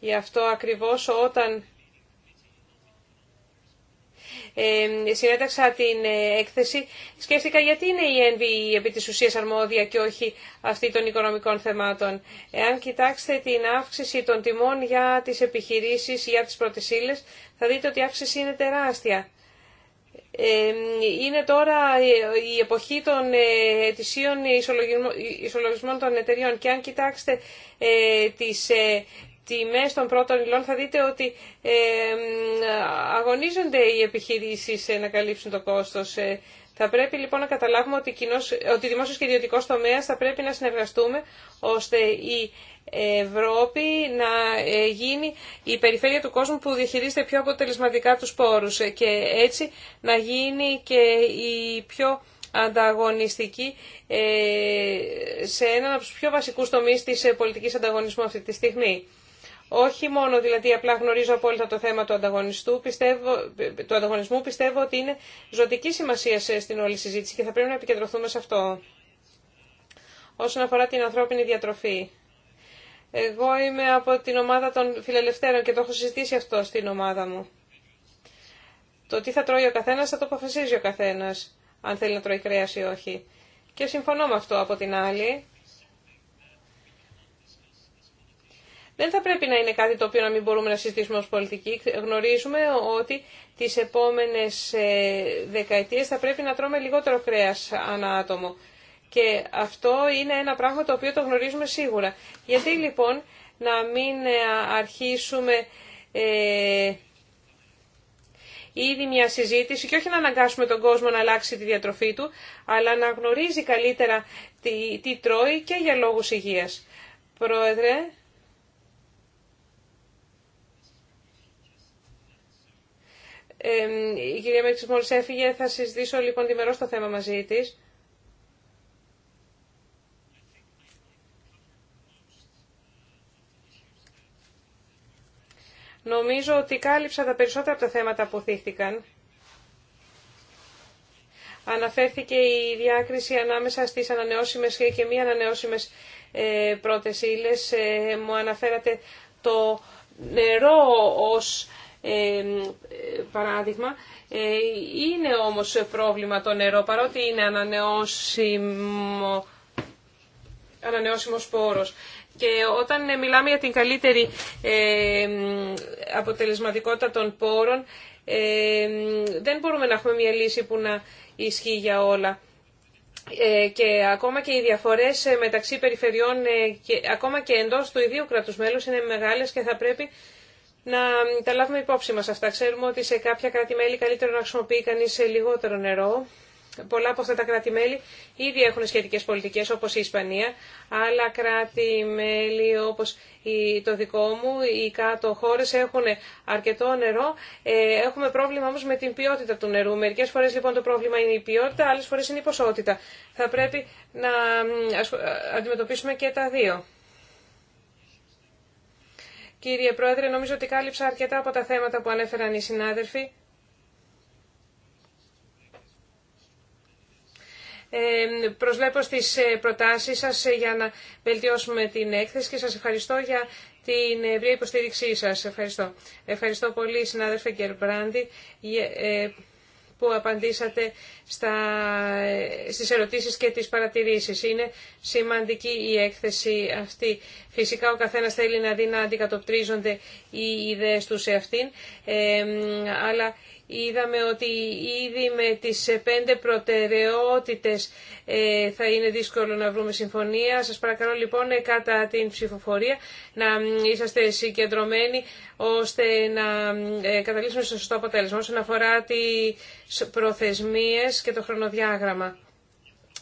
Γι' αυτό ακριβώς όταν συνέταξα την ε, έκθεση, σκέφτηκα γιατί είναι η ΕΝΒΗ επί της ουσίας αρμόδια και όχι αυτή των οικονομικών θεμάτων. Εάν κοιτάξετε την αύξηση των τιμών για τις επιχειρήσεις, για τις πρώτες ύλες, θα δείτε ότι η αύξηση είναι τεράστια. Είναι τώρα ε, η εποχή των ε, ετησίων ισολογισμών των εταιριών και αν κοιτάξετε τις τιμές των πρώτων υλών θα δείτε ότι αγωνίζονται οι επιχειρήσεις ε, να καλύψουν το κόστος. Ε. Θα πρέπει λοιπόν να καταλάβουμε ότι, κοινός, ότι δημόσιος και ιδιωτικός τομέας θα πρέπει να συνεργαστούμε ώστε η Ευρώπη να ε, γίνει η περιφέρεια του κόσμου που διαχειρίζεται πιο αποτελεσματικά τους πόρους και έτσι να γίνει και η πιο ανταγωνιστική σε έναν από τους πιο βασικούς τομείς της πολιτικής ανταγωνισμού αυτή τη στιγμή όχι μόνο δηλαδή απλά γνωρίζω απόλυτα το θέμα του, ανταγωνιστού, πιστεύω, του ανταγωνισμού, πιστεύω ότι είναι ζωτική σημασία στην όλη συζήτηση και θα πρέπει να επικεντρωθούμε σε αυτό. Όσον αφορά την ανθρώπινη διατροφή. Εγώ είμαι από την ομάδα των φιλελευθέρων και το έχω συζητήσει αυτό στην ομάδα μου. Το τι θα τρώει ο καθένα, θα το αποφασίζει ο καθένα αν θέλει να τρώει κρέα ή όχι. Και συμφωνώ με αυτό από την άλλη, δεν θα πρέπει να είναι κάτι το οποίο να μην μπορούμε να συζητήσουμε ως πολιτικοί. Γνωρίζουμε ότι τις επόμενες ε, δεκαετίες θα πρέπει να τρώμε λιγότερο κρέας ανά άτομο. Και αυτό είναι ένα πράγμα το οποίο το γνωρίζουμε σίγουρα. Γιατί λοιπόν να μην ε, αρχίσουμε ε, ήδη μια συζήτηση και όχι να αναγκάσουμε τον κόσμο να αλλάξει τη διατροφή του, αλλά να γνωρίζει καλύτερα τι, τι τρώει και για λόγους υγείας. Πρόεδρε, η κυρία Μέξης μόλις έφυγε, θα συζητήσω λοιπόν μερό το θέμα μαζί της. Νομίζω ότι κάλυψα τα περισσότερα από τα θέματα που θύχτηκαν. Αναφέρθηκε η διάκριση ανάμεσα στις ανανεώσιμες και μη ανανεώσιμες ε, πρώτες ύλες. Ε, μου αναφέρατε το νερό ως παράδειγμα. Ε, είναι όμως πρόβλημα το νερό, παρότι είναι ανανεώσιμο, ανανεώσιμος πόρος. Και όταν ε, μιλάμε για την καλύτερη αποτελεσματικότητα των πόρων, δεν μπορούμε να έχουμε μια λύση που να ισχύει για όλα. Ε, και ακόμα και οι διαφορές μεταξύ περιφερειών, και ακόμα και εντός του ιδίου κράτους μέλους, είναι μεγάλες και θα πρέπει να τα λάβουμε υπόψη μας αυτά. Ξέρουμε ότι σε κάποια κράτη-μέλη καλύτερο να χρησιμοποιεί κανείς ε, λιγότερο νερό. Πολλά από αυτά τα κράτη-μέλη ήδη έχουν σχετικές πολιτικές όπως η Ισπανία. Άλλα κράτη-μέλη όπως το δικό μου, οι κάτω χώρες έχουν αρκετό νερό. Ε, έχουμε πρόβλημα όμως με την ποιότητα του νερού. Μερικές φορές λοιπόν το πρόβλημα είναι η ποιότητα, άλλες φορές είναι η ποσότητα. Θα πρέπει να αντιμετωπίσουμε και τα δύο. Κύριε Πρόεδρε, νομίζω ότι κάλυψα αρκετά από τα θέματα που ανέφεραν οι συνάδελφοι. Ε, προσλέπω στις ε, προτάσεις σας ε, για να βελτιώσουμε την έκθεση και σας ευχαριστώ για την ευρία υποστήριξή σας. Ευχαριστώ. Ευχαριστώ πολύ, συνάδελφε Γκερμπράντη. Ε, που απαντήσατε στα, στις ερωτήσεις και τις παρατηρήσεις. Είναι σημαντική η έκθεση αυτή. Φυσικά ο καθένας θέλει να δει να αντικατοπτρίζονται οι ιδέες του σε αυτήν, ε, αλλά Είδαμε ότι ήδη με τις ε, πέντε προτεραιότητες ε, θα είναι δύσκολο να βρούμε συμφωνία. Σας παρακαλώ λοιπόν ε, κατά την ψηφοφορία να είσαστε συγκεντρωμένοι ώστε να καταλήξουμε στο σωστό αποτέλεσμα όσον αφορά τις προθεσμίες και το χρονοδιάγραμμα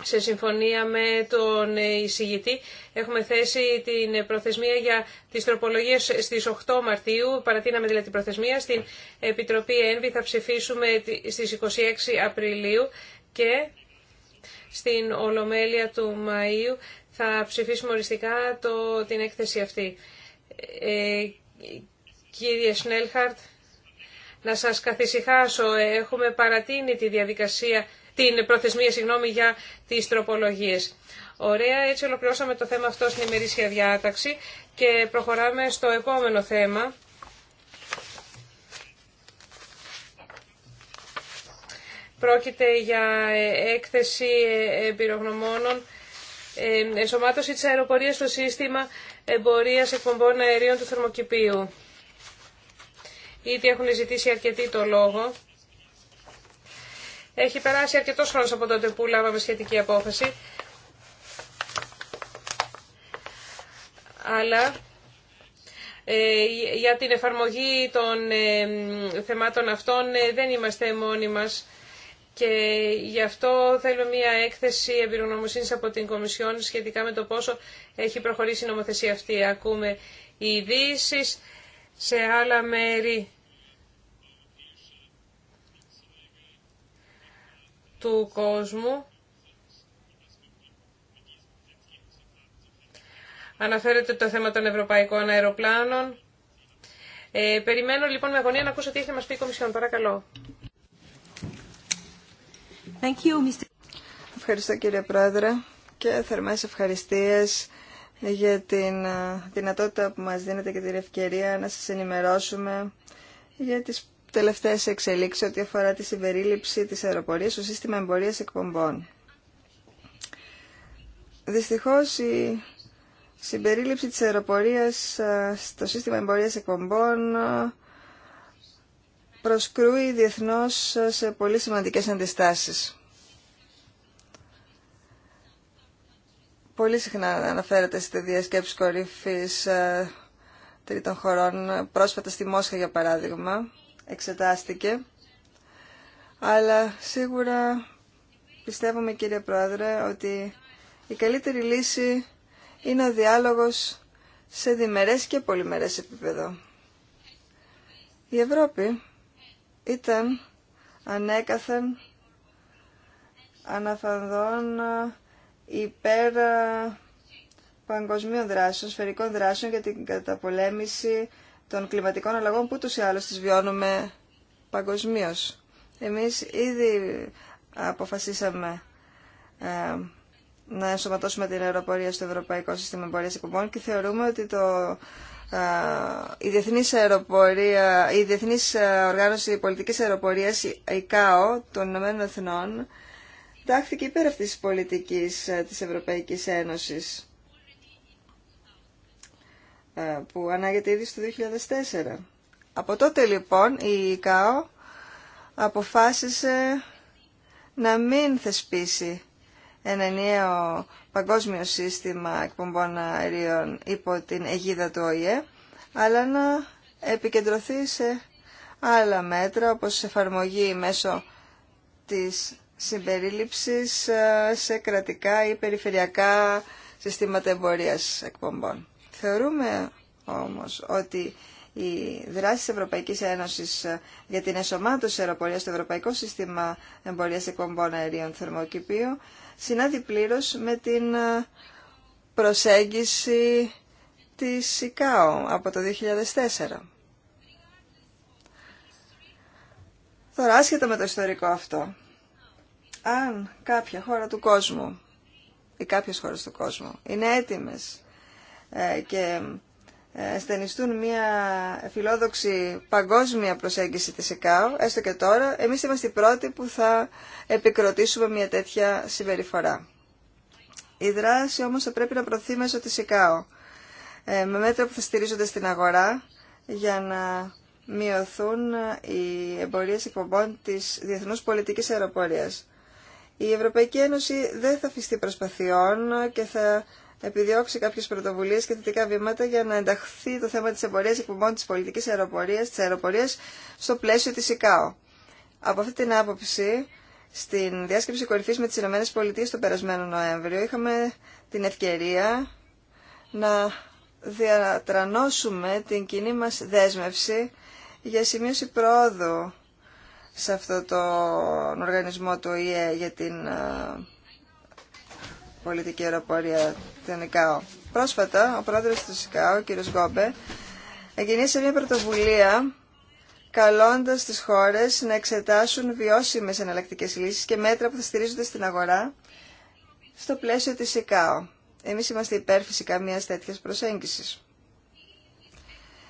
σε συμφωνία με τον εισηγητή έχουμε θέσει την προθεσμία για τις τροπολογίες στις 8 Μαρτίου. Παρατείναμε δηλαδή την προθεσμία. Στην Επιτροπή ΕΝΒΗ θα ψηφίσουμε στις 26 Απριλίου και στην Ολομέλεια του Μαΐου θα ψηφίσουμε οριστικά το, την έκθεση αυτή. Ε, κύριε Σνέλχαρτ, να σας καθησυχάσω. Έχουμε παρατείνει τη διαδικασία την προθεσμία συγγνώμη, για τις τροπολογίες. Ωραία, έτσι ολοκληρώσαμε το θέμα αυτό στην ημερήσια διάταξη και προχωράμε στο επόμενο θέμα. Πρόκειται για έκθεση εμπειρογνωμόνων ε, ενσωμάτωση της αεροπορίας στο σύστημα εμπορίας εκπομπών αερίων του θερμοκηπίου. Ήδη έχουν ζητήσει αρκετοί το λόγο. Έχει περάσει αρκετός χρόνος από τότε που λάβαμε σχετική απόφαση. Αλλά ε, για την εφαρμογή των ε, θεμάτων αυτών ε, δεν είμαστε μόνοι μας και γι' αυτό θέλω μια έκθεση εμπειρογνωμοσύνης από την Κομισιόν σχετικά με το πόσο έχει προχωρήσει η νομοθεσία αυτή. Ακούμε ειδήσει σε άλλα μέρη του κόσμου Αναφέρεται το θέμα των ευρωπαϊκών αεροπλάνων. Ε, περιμένω λοιπόν με αγωνία να ακούσω τι έχει να μας πει η Κομισιόν. Παρακαλώ. Thank you, Mr. Ευχαριστώ κύριε Πρόεδρε και θερμές ευχαριστίες για την ε, δυνατότητα που μας δίνετε και την ευκαιρία να σας ενημερώσουμε για τις τελευταίε εξελίξει ό,τι αφορά τη συμπερίληψη της αεροπορία στο σύστημα εμπορίας εκπομπών. Δυστυχώ, η συμπερίληψη της αεροπορία στο σύστημα εμπορίας εκπομπών προσκρούει διεθνώ σε πολύ σημαντικέ αντιστάσεις. Πολύ συχνά αναφέρεται στη διασκέψη κορυφής τρίτων χωρών, πρόσφατα στη Μόσχα για παράδειγμα, εξετάστηκε. Αλλά σίγουρα πιστεύουμε κύριε Πρόεδρε ότι η καλύτερη λύση είναι ο διάλογος σε διμερές και πολυμερές επίπεδο. Η Ευρώπη ήταν ανέκαθεν αναφανδόν υπέρ ε, παγκοσμίων δράσεων, σφαιρικών δράσεων για την καταπολέμηση των κλιματικών αλλαγών που ούτως ή άλλως τις βιώνουμε παγκοσμίως. Εμείς ήδη αποφασίσαμε να ενσωματώσουμε την αεροπορία στο Ευρωπαϊκό Σύστημα Εμπορίας Υπομόνων και θεωρούμε ότι ή άλλως τις βιώνουμε παγκοσμίω. Εμείς ήδη αποφασίσαμε ε, να ενσωματώσουμε την αεροπορία στο Ευρωπαϊκό Σύστημα Εμπορίας Εκπομπών και θεωρούμε ότι το, ε, η Διεθνής, αεροπορία, η Διεθνής Οργάνωση Πολιτικής Αεροπορίας, η ΚΑΟ των Ηνωμένων Εθνών, τάχθηκε υπέρ αυτής της πολιτικής ε, της Ευρωπαϊκής Ένωσης ε, που ανάγεται ήδη στο 2004. Από τότε λοιπόν η ΚΑΟ αποφάσισε να μην θεσπίσει ένα νέο παγκόσμιο σύστημα εκπομπών αερίων υπό την αιγίδα του ΟΗΕ, αλλά να επικεντρωθεί σε άλλα μέτρα, όπως εφαρμογή μέσω της συμπερίληψης ε, σε κρατικά ή περιφερειακά συστήματα εμπορίας εκπομπών. Θεωρούμε όμως ότι οι δράσεις Ευρωπαϊκής Ένωσης για την εσωμάτωση αεροπορία στο Ευρωπαϊκό Σύστημα Εμπορίας Εκπομπών Αερίων Θερμοκηπίου συνάδει πλήρως με την ε, προσέγγιση της ΙΚΑΟ από το 2004. Τώρα, άσχετα με το ιστορικό αυτό, αν κάποια χώρα του κόσμου ή κάποιες χώρες του κόσμου είναι έτοιμες ε, και ε, στενιστούν μια φιλόδοξη παγκόσμια προσέγγιση της ΕΚΑΟ, έστω και τώρα, εμείς είμαστε οι πρώτοι που θα επικροτήσουμε μια τέτοια συμπεριφορά. Η δράση όμως θα πρέπει να προωθεί μέσω της ΕΚΑΟ, ε, με μέτρα που θα στηρίζονται στην αγορά για να μειωθούν οι εμπορίες εκπομπών της διεθνούς πολιτικής αεροπορίας. Η Ευρωπαϊκή Ένωση δεν θα αφιστεί προσπαθειών και θα επιδιώξει κάποιε πρωτοβουλίε και θετικά βήματα για να ενταχθεί το θέμα τη εμπορία εκπομπών τη πολιτική αεροπορία της αεροπορίας στο πλαίσιο τη ΙΚΑΟ. Από αυτή την άποψη, στην διάσκεψη κορυφή με τι ΗΠΑ το περασμένο Νοέμβριο, είχαμε την ευκαιρία να διατρανώσουμε την κοινή μα δέσμευση για σημείωση πρόοδου σε αυτό τον οργανισμό του ΙΕ για την ε, πολιτική αεροπορία των ΕΚΑΟ. Πρόσφατα, ο πρόεδρος του ΕΚΑΟ, κ. Γκόμπε, εγκινήσε μια πρωτοβουλία καλώντας τις χώρες να εξετάσουν βιώσιμες εναλλακτικές λύσεις και μέτρα που θα στηρίζονται στην αγορά στο πλαίσιο της ΕΚΑΟ. Εμείς είμαστε υπέρ φυσικά μιας τέτοιας προσέγγισης.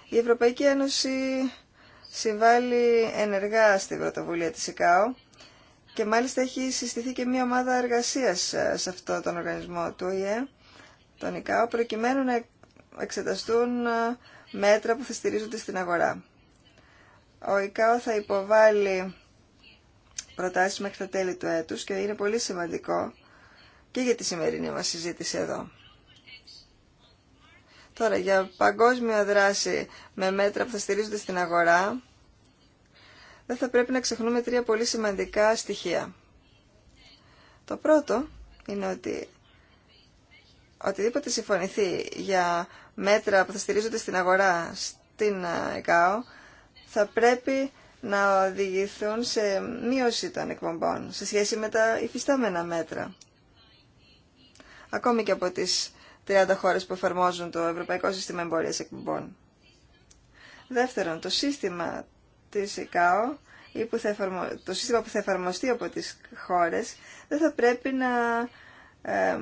Η Ευρωπαϊκή Ένωση συμβάλλει ενεργά στην πρωτοβουλία της ΕΚΑΟ και μάλιστα έχει συστηθεί και μια ομάδα εργασίας ε, σε αυτό τον οργανισμό του ΟΗΕ, τον ΙΚΑΟ, προκειμένου να εξεταστούν ε, μέτρα που θα στηρίζονται στην αγορά. Ο ΙΚΑΟ θα υποβάλει προτάσεις μέχρι τα τέλη του έτους και είναι πολύ σημαντικό και για τη σημερινή μας συζήτηση εδώ. Τώρα, για παγκόσμια δράση με μέτρα που θα στηρίζονται στην αγορά, δεν θα πρέπει να ξεχνούμε τρία πολύ σημαντικά στοιχεία. Το πρώτο είναι ότι οτιδήποτε συμφωνηθεί για μέτρα που θα στηρίζονται στην αγορά στην ΕΚΑΟ θα πρέπει να οδηγηθούν σε μείωση των εκπομπών σε σχέση με τα υφιστάμενα μέτρα. Ακόμη και από τις 30 χώρες που εφαρμόζουν το Ευρωπαϊκό Σύστημα Εμπορίας Εκπομπών. Δεύτερον, το σύστημα της ή που εφαρμο... το σύστημα που θα εφαρμοστεί από τις χώρες δεν θα πρέπει να ε,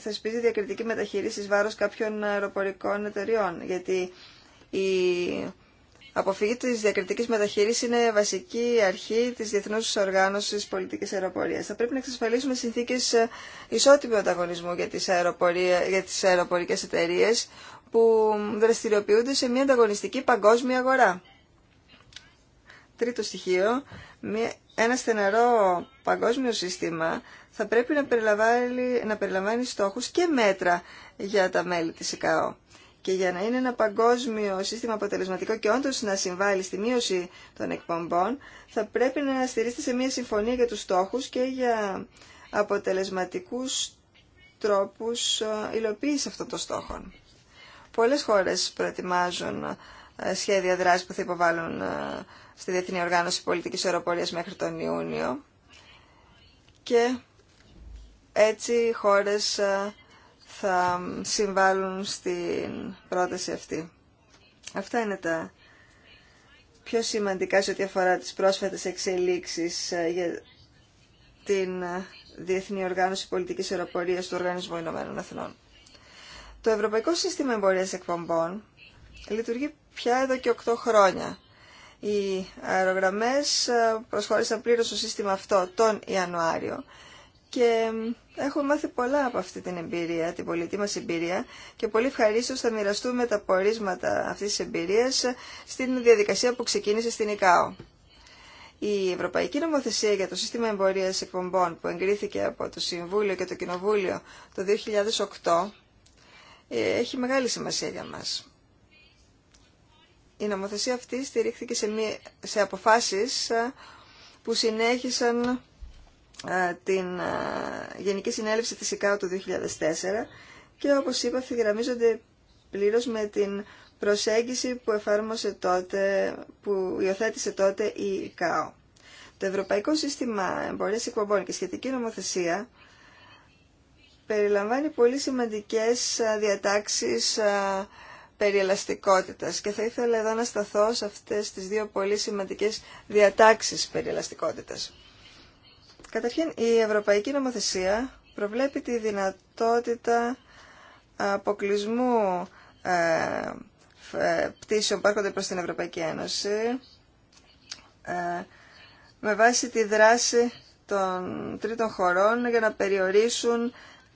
θεσπίζει διακριτική μεταχείριση βάρος κάποιων αεροπορικών εταιριών γιατί η αποφυγή της διακριτικής μεταχείρισης είναι βασική αρχή της Διεθνούς Οργάνωσης Πολιτικής Αεροπορίας. Θα πρέπει να εξασφαλίσουμε συνθήκες ισότιμου ανταγωνισμού για τις, αεροπορία, για τις αεροπορικές εταιρείες που δραστηριοποιούνται σε μια ανταγωνιστική παγκόσμια αγορά. Τρίτο στοιχείο, ένα στεναρό παγκόσμιο σύστημα θα πρέπει να περιλαμβάνει, να περιλαμβάνει στόχους και μέτρα για τα μέλη της ΕΚΑΟ. Και για να είναι ένα παγκόσμιο σύστημα αποτελεσματικό και όντως να συμβάλλει στη μείωση των εκπομπών, θα πρέπει να στηρίζεται σε μια συμφωνία για τους στόχους και για αποτελεσματικούς τρόπους ε, υλοποίησης αυτών των στόχων. Πολλές χώρες προετοιμάζουν ε, σχέδια δράσης που θα υποβάλουν ε, στη Διεθνή Οργάνωση Πολιτικής Αεροπορίας μέχρι τον Ιούνιο και έτσι οι χώρες ε, θα συμβάλλουν στην πρόταση αυτή. Αυτά είναι τα πιο σημαντικά σε ό,τι αφορά τις πρόσφατες εξελίξεις για την Διεθνή Οργάνωση Πολιτικής Αεροπορίας του Οργανισμού Ηνωμένων Εθνών. Το Ευρωπαϊκό Σύστημα Εμπορίας Εκπομπών λειτουργεί πια εδώ και 8 χρόνια. Οι αερογραμμέ ε, προσχώρησαν πλήρω στο σύστημα αυτό τον Ιανουάριο και έχουμε μάθει πολλά από αυτή την εμπειρία, την πολιτή μα εμπειρία και πολύ ευχαριστώ θα μοιραστούμε τα πορίσματα αυτή τη εμπειρία ε, στην διαδικασία που ξεκίνησε στην ΙΚΑΟ. Η Ευρωπαϊκή Νομοθεσία για το Σύστημα Εμπορία Εκπομπών που εγκρίθηκε από το Συμβούλιο και το Κοινοβούλιο το 2008 ε, έχει μεγάλη σημασία για μας. Η νομοθεσία αυτή στηρίχθηκε σε, μία, σε αποφάσεις ε, που συνέχισαν ε, την Γενική Συνέλευση της ΙΚΑΟ του 2004 και όπως είπα φυγραμμίζονται πλήρως με την προσέγγιση που εφάρμοσε τότε, που υιοθέτησε τότε η ΙΚΑΟ. Το Ευρωπαϊκό Σύστημα Εμπορίας Εκπομπών και Σχετική Νομοθεσία περιλαμβάνει πολύ σημαντικές διατάξεις περιελαστικότητας και θα ήθελα εδώ να σταθώ σε αυτές τις δύο πολύ σημαντικές διατάξεις περιελαστικότητας. Καταρχήν, η Ευρωπαϊκή Νομοθεσία προβλέπει τη δυνατότητα αποκλεισμού ε, ε, πτήσεων που έρχονται προς την Ευρωπαϊκή Ένωση ε, με βάση τη δράση των τρίτων χωρών για να περιορίσουν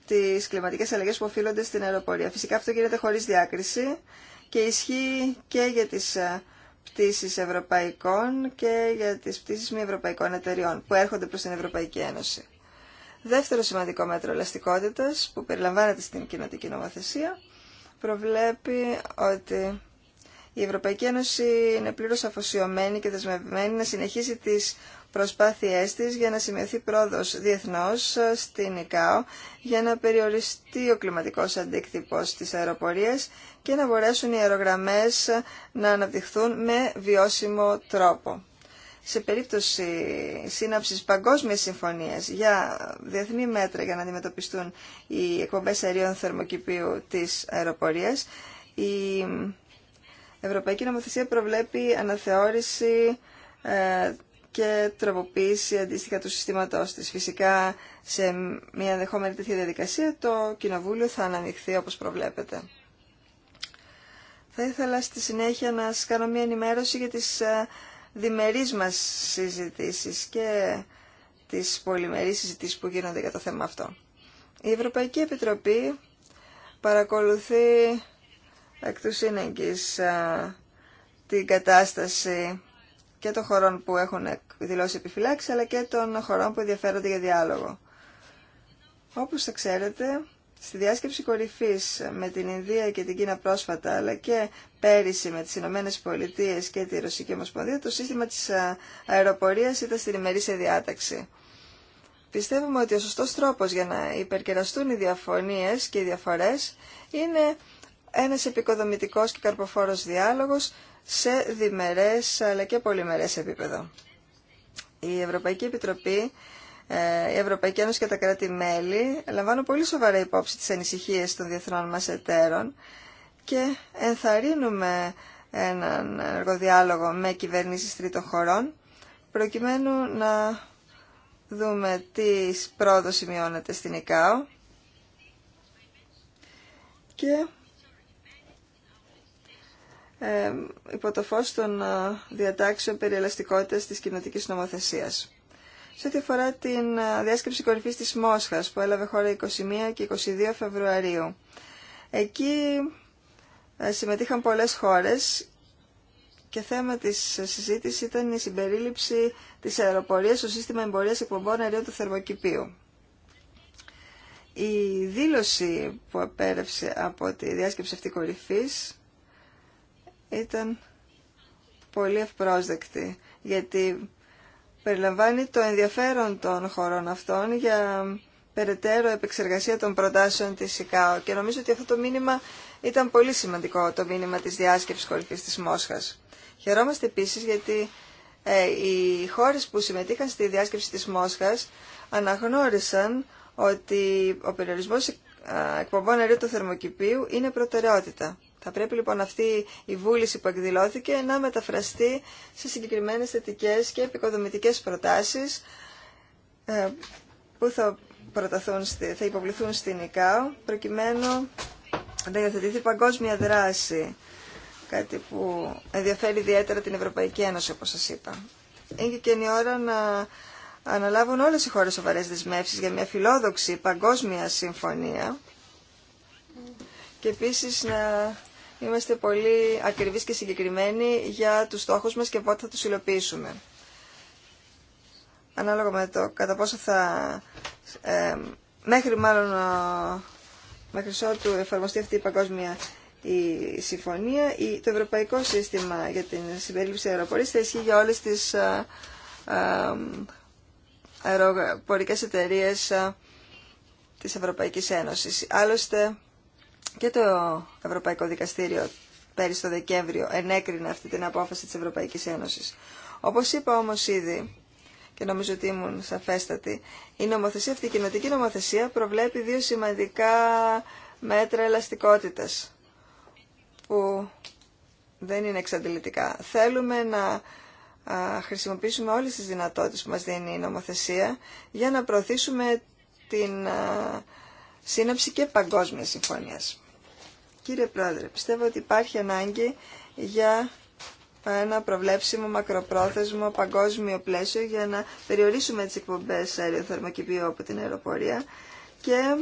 τι κλιματικές αλλαγές που οφείλονται στην αεροπορία. Φυσικά αυτό γίνεται χωρίς διάκριση και ισχύει και για τις ε, πτήσεις ευρωπαϊκών και για τις πτήσεις μη ευρωπαϊκών εταιριών που έρχονται προς την Ευρωπαϊκή Ένωση. Δεύτερο σημαντικό μέτρο ελαστικότητα που περιλαμβάνεται στην κοινοτική νομοθεσία προβλέπει ότι η Ευρωπαϊκή Ένωση είναι πλήρω αφοσιωμένη και δεσμευμένη να συνεχίσει τις προσπάθειές της για να σημειωθεί πρόοδος διεθνώς ε, στην ΙΚΑΟ για να περιοριστεί ο κλιματικός αντίκτυπος της αεροπορίας και να μπορέσουν οι αερογραμμές ε, να αναπτυχθούν με βιώσιμο τρόπο. Σε περίπτωση σύναψης παγκόσμιας συμφωνίας για διεθνή μέτρα για να αντιμετωπιστούν οι εκπομπές αερίων θερμοκηπίου της αεροπορίας, η Ευρωπαϊκή Νομοθεσία προβλέπει αναθεώρηση ε, και τροποποίηση αντίστοιχα του συστήματό τη. Φυσικά σε μια ενδεχόμενη τέτοια διαδικασία το Κοινοβούλιο θα ανανοιχθεί όπω προβλέπεται. Θα ήθελα στη συνέχεια να σα κάνω μια ενημέρωση για τι ε, διμερεί μα συζητήσει και τι πολυμερεί συζητήσει που γίνονται για το θέμα αυτό. Η Ευρωπαϊκή Επιτροπή παρακολουθεί εκ του σύνεγγης ε, την κατάσταση και των χωρών που έχουν δηλώσει επιφυλάξει αλλά και των χωρών που ενδιαφέρονται για διάλογο. Όπως θα ξέρετε, στη διάσκεψη κορυφής με την Ινδία και την Κίνα πρόσφατα αλλά και πέρυσι με τις Ηνωμένε Πολιτείε και τη Ρωσική Ομοσπονδία το σύστημα της ε, αεροπορίας ήταν στην σε διάταξη. Πιστεύουμε ότι ο σωστός τρόπος για να υπερκεραστούν οι διαφωνίες και οι διαφορές είναι ένας επικοδομητικός και καρποφόρος διάλογος σε διμερές αλλά και πολυμερές επίπεδο. Η Ευρωπαϊκή Επιτροπή, ε, η Ευρωπαϊκή Ένωση και τα κράτη-μέλη λαμβάνουν πολύ σοβαρά υπόψη τις ανησυχίες των διεθνών μας εταίρων και ενθαρρύνουμε έναν εργοδιάλογο με κυβερνήσεις τρίτων χωρών προκειμένου να δούμε τι πρόοδο σημειώνεται στην ΕΚΑΟ και ε, υπό το φως των ε, διατάξεων περί ελαστικότητας της κοινοτικής νομοθεσίας. Σε ό,τι αφορά την ε, διάσκεψη κορυφής της Μόσχας που έλαβε χώρα 21 και 22 Φεβρουαρίου. Εκεί ε, συμμετείχαν πολλές χώρες και θέμα της συζήτησης ήταν η συμπερίληψη της αεροπορίας στο σύστημα εμπορίας εκπομπών αερίων του θερμοκηπίου. Η δήλωση που απέρευσε από τη διάσκεψη αυτή κορυφής ήταν πολύ ευπρόσδεκτη, γιατί περιλαμβάνει το ενδιαφέρον των χωρών αυτών για περαιτέρω επεξεργασία των προτάσεων της ΙΚΑΟ και νομίζω ότι αυτό το μήνυμα ήταν πολύ σημαντικό, το μήνυμα της διάσκεψης κορυφής της Μόσχας. Χαιρόμαστε επίσης γιατί ε, οι χώρες που συμμετείχαν στη διάσκεψη της Μόσχας αναγνώρισαν ότι ο περιορισμός ε, εκπομπών αερίου του θερμοκηπίου είναι προτεραιότητα. Θα πρέπει λοιπόν αυτή η βούληση που εκδηλώθηκε να μεταφραστεί σε συγκεκριμένες θετικέ και επικοδομητικές προτάσεις ε, που θα, προταθούν, θα υποβληθούν στην ΙΚΑΟ προκειμένου να διαθετήθει παγκόσμια δράση κάτι που ενδιαφέρει ιδιαίτερα την Ευρωπαϊκή Ένωση όπως σας είπα. Είναι και η ώρα να αναλάβουν όλες οι χώρες σοβαρές δεσμεύσεις για μια φιλόδοξη παγκόσμια συμφωνία και επίσης να είμαστε πολύ ακριβείς και συγκεκριμένοι για τους στόχους μας και πότε θα τους υλοποιήσουμε. Ανάλογα με το κατά πόσο θα... μέχρι μάλλον μέχρι ότου εφαρμοστεί αυτή η παγκόσμια η συμφωνία, το ευρωπαϊκό σύστημα για την συμπερίληψη αεροπορίας θα ισχύει για όλες τις ε, αεροπορικές εταιρείες ε, της Ευρωπαϊκής Ένωσης. Άλλωστε, και το Ευρωπαϊκό Δικαστήριο πέρυσι το Δεκέμβριο ενέκρινε αυτή την απόφαση της Ευρωπαϊκής Ένωσης. Όπως είπα όμως ήδη, και νομίζω ότι ήμουν σαφέστατη, η νομοθεσία αυτή, η κοινοτική νομοθεσία προβλέπει δύο σημαντικά μέτρα ελαστικότητας που δεν είναι εξαντλητικά. Θέλουμε να χρησιμοποιήσουμε όλες τις δυνατότητες που μας δίνει η νομοθεσία για να προωθήσουμε την σύναψη και παγκόσμια συμφωνίας. Κύριε Πρόεδρε, πιστεύω ότι υπάρχει ανάγκη για ένα προβλέψιμο μακροπρόθεσμο παγκόσμιο πλαίσιο για να περιορίσουμε τις εκπομπές αεροθερμοκηπίου από την αεροπορία και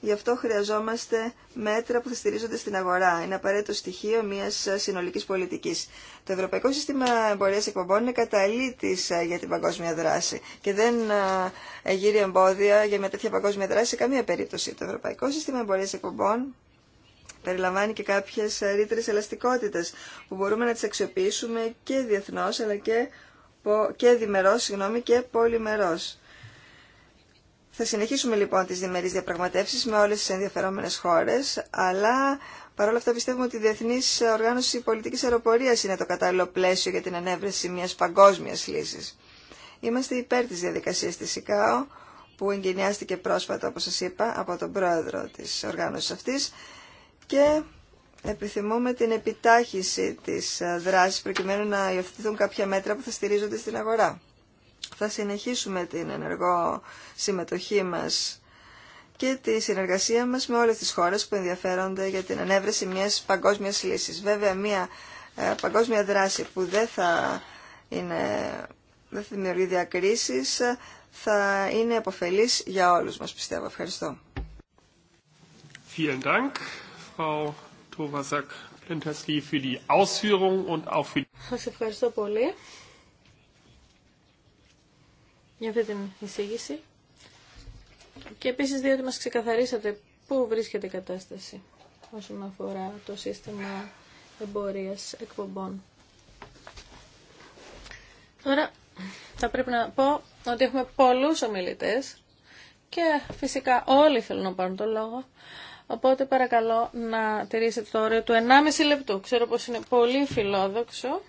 γι' αυτό χρειαζόμαστε μέτρα που θα στηρίζονται στην αγορά. Είναι απαραίτητο στοιχείο μιας συνολικής πολιτικής. Το Ευρωπαϊκό Σύστημα Εμπορίας Εκπομπών είναι καταλήτης ε, για την παγκόσμια δράση και δεν ε, γύρει εμπόδια για μια τέτοια παγκόσμια δράση σε καμία περίπτωση. Το Ευρωπαϊκό Σύστημα Εμπορίας Εκπομπών περιλαμβάνει και κάποιε ρήτρε ελαστικότητας που μπορούμε να τι αξιοποιήσουμε και διεθνώ αλλά και, και συγγνώμη, και πολυμερό. Θα συνεχίσουμε λοιπόν τι διμερεί διαπραγματεύσει με όλε τι ενδιαφερόμενες χώρε, αλλά παρόλα αυτά πιστεύουμε ότι η διεθνή Οργάνωση πολιτική Αεροπορία είναι το κατάλληλο πλαίσιο για την ανέβρεση μια παγκόσμια λύση. Είμαστε υπέρ τη διαδικασία τη ΙΚΑΟ, που εγκαινιάστηκε πρόσφατα, όπω σα είπα, από τον πρόεδρο τη οργάνωση αυτή και επιθυμούμε την επιτάχυση της ε, δράσης προκειμένου να υιοθετηθούν κάποια μέτρα που θα στηρίζονται στην αγορά. Θα συνεχίσουμε την ενεργό συμμετοχή μας και τη συνεργασία μας με όλες τις χώρες που ενδιαφέρονται για την ανέβρεση μιας παγκόσμιας λύσης. Βέβαια, μια ε, παγκόσμια δράση που δεν θα, είναι, δεν θα δημιουργεί διακρίσεις θα είναι επωφελής για όλους μας, πιστεύω. Ευχαριστώ. Σας ευχαριστώ πολύ για αυτή την εισήγηση και επίσης διότι μας ξεκαθαρίσατε πού βρίσκεται η κατάσταση όσον αφορά το σύστημα εμπορίας εκπομπών. Τώρα θα πρέπει να πω ότι έχουμε πολλούς ομιλητές και φυσικά όλοι θέλουν να πάρουν το λόγο. Οπότε παρακαλώ να τηρήσετε το όριο του 1,5 λεπτού. Ξέρω πως είναι πολύ φιλόδοξο.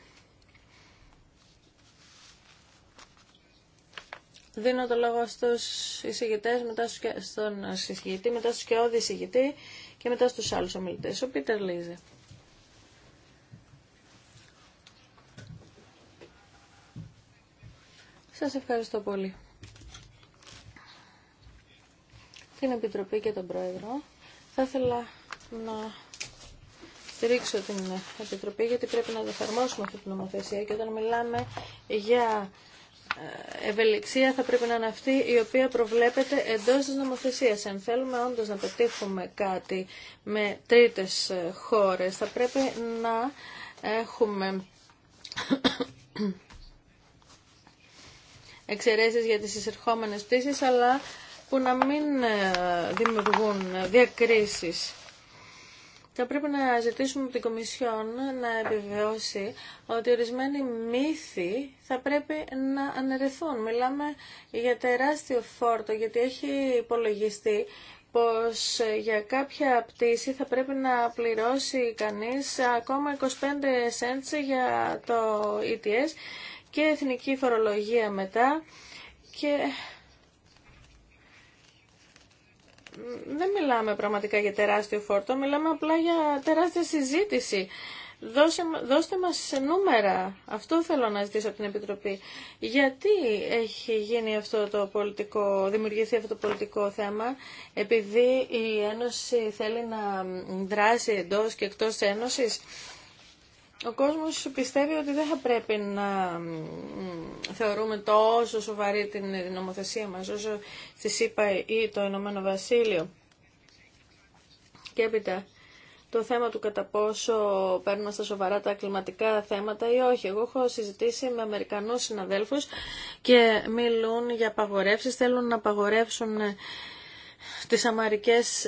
Δίνω το λόγο στους εισηγητές, μετά στον εισηγητή, μετά στους σκιώδη εισηγητή και μετά στους άλλους ομιλητές. Ο Πίτερ Λίζε. Σας ευχαριστώ πολύ. Την Επιτροπή και τον Πρόεδρο. Θα ήθελα να στηρίξω την Επιτροπή γιατί πρέπει να εφαρμόσουμε αυτή την νομοθεσία και όταν μιλάμε για ε, ευελιξία θα πρέπει να είναι αυτή η οποία προβλέπεται εντός της νομοθεσίας. Αν θέλουμε όντως να πετύχουμε κάτι με τρίτες ε, χώρες θα πρέπει να έχουμε εξαιρέσεις για τις εισερχόμενες πτήσεις αλλά που να μην ε, δημιουργούν διακρίσεις. Θα πρέπει να ζητήσουμε από την Κομισιόν να επιβεβαιώσει ότι ορισμένοι μύθοι θα πρέπει να αναιρεθούν. Μιλάμε για τεράστιο φόρτο, γιατί έχει υπολογιστεί πως ε, για κάποια πτήση θα πρέπει να πληρώσει κανείς ακόμα 25 cents για το ETS και εθνική φορολογία μετά και δεν μιλάμε πραγματικά για τεράστιο φόρτο, μιλάμε απλά για τεράστια συζήτηση. Δώσε, δώστε μας νούμερα. Αυτό θέλω να ζητήσω από την Επιτροπή. Γιατί έχει γίνει αυτό το πολιτικό, δημιουργηθεί αυτό το πολιτικό θέμα, επειδή η Ένωση θέλει να δράσει εντός και εκτός Ένωσης ο κόσμος πιστεύει ότι δεν θα πρέπει να θεωρούμε τόσο σοβαρή την νομοθεσία μας όσο στη ΣΥΠΑ ή το Ηνωμένο Βασίλειο. Και έπειτα το θέμα του κατά πόσο παίρνουμε στα σοβαρά τα κλιματικά θέματα ή όχι. Εγώ έχω συζητήσει με Αμερικανούς συναδέλφους και μιλούν για απαγορεύσεις, θέλουν να απαγορεύσουν τις αμαρικές,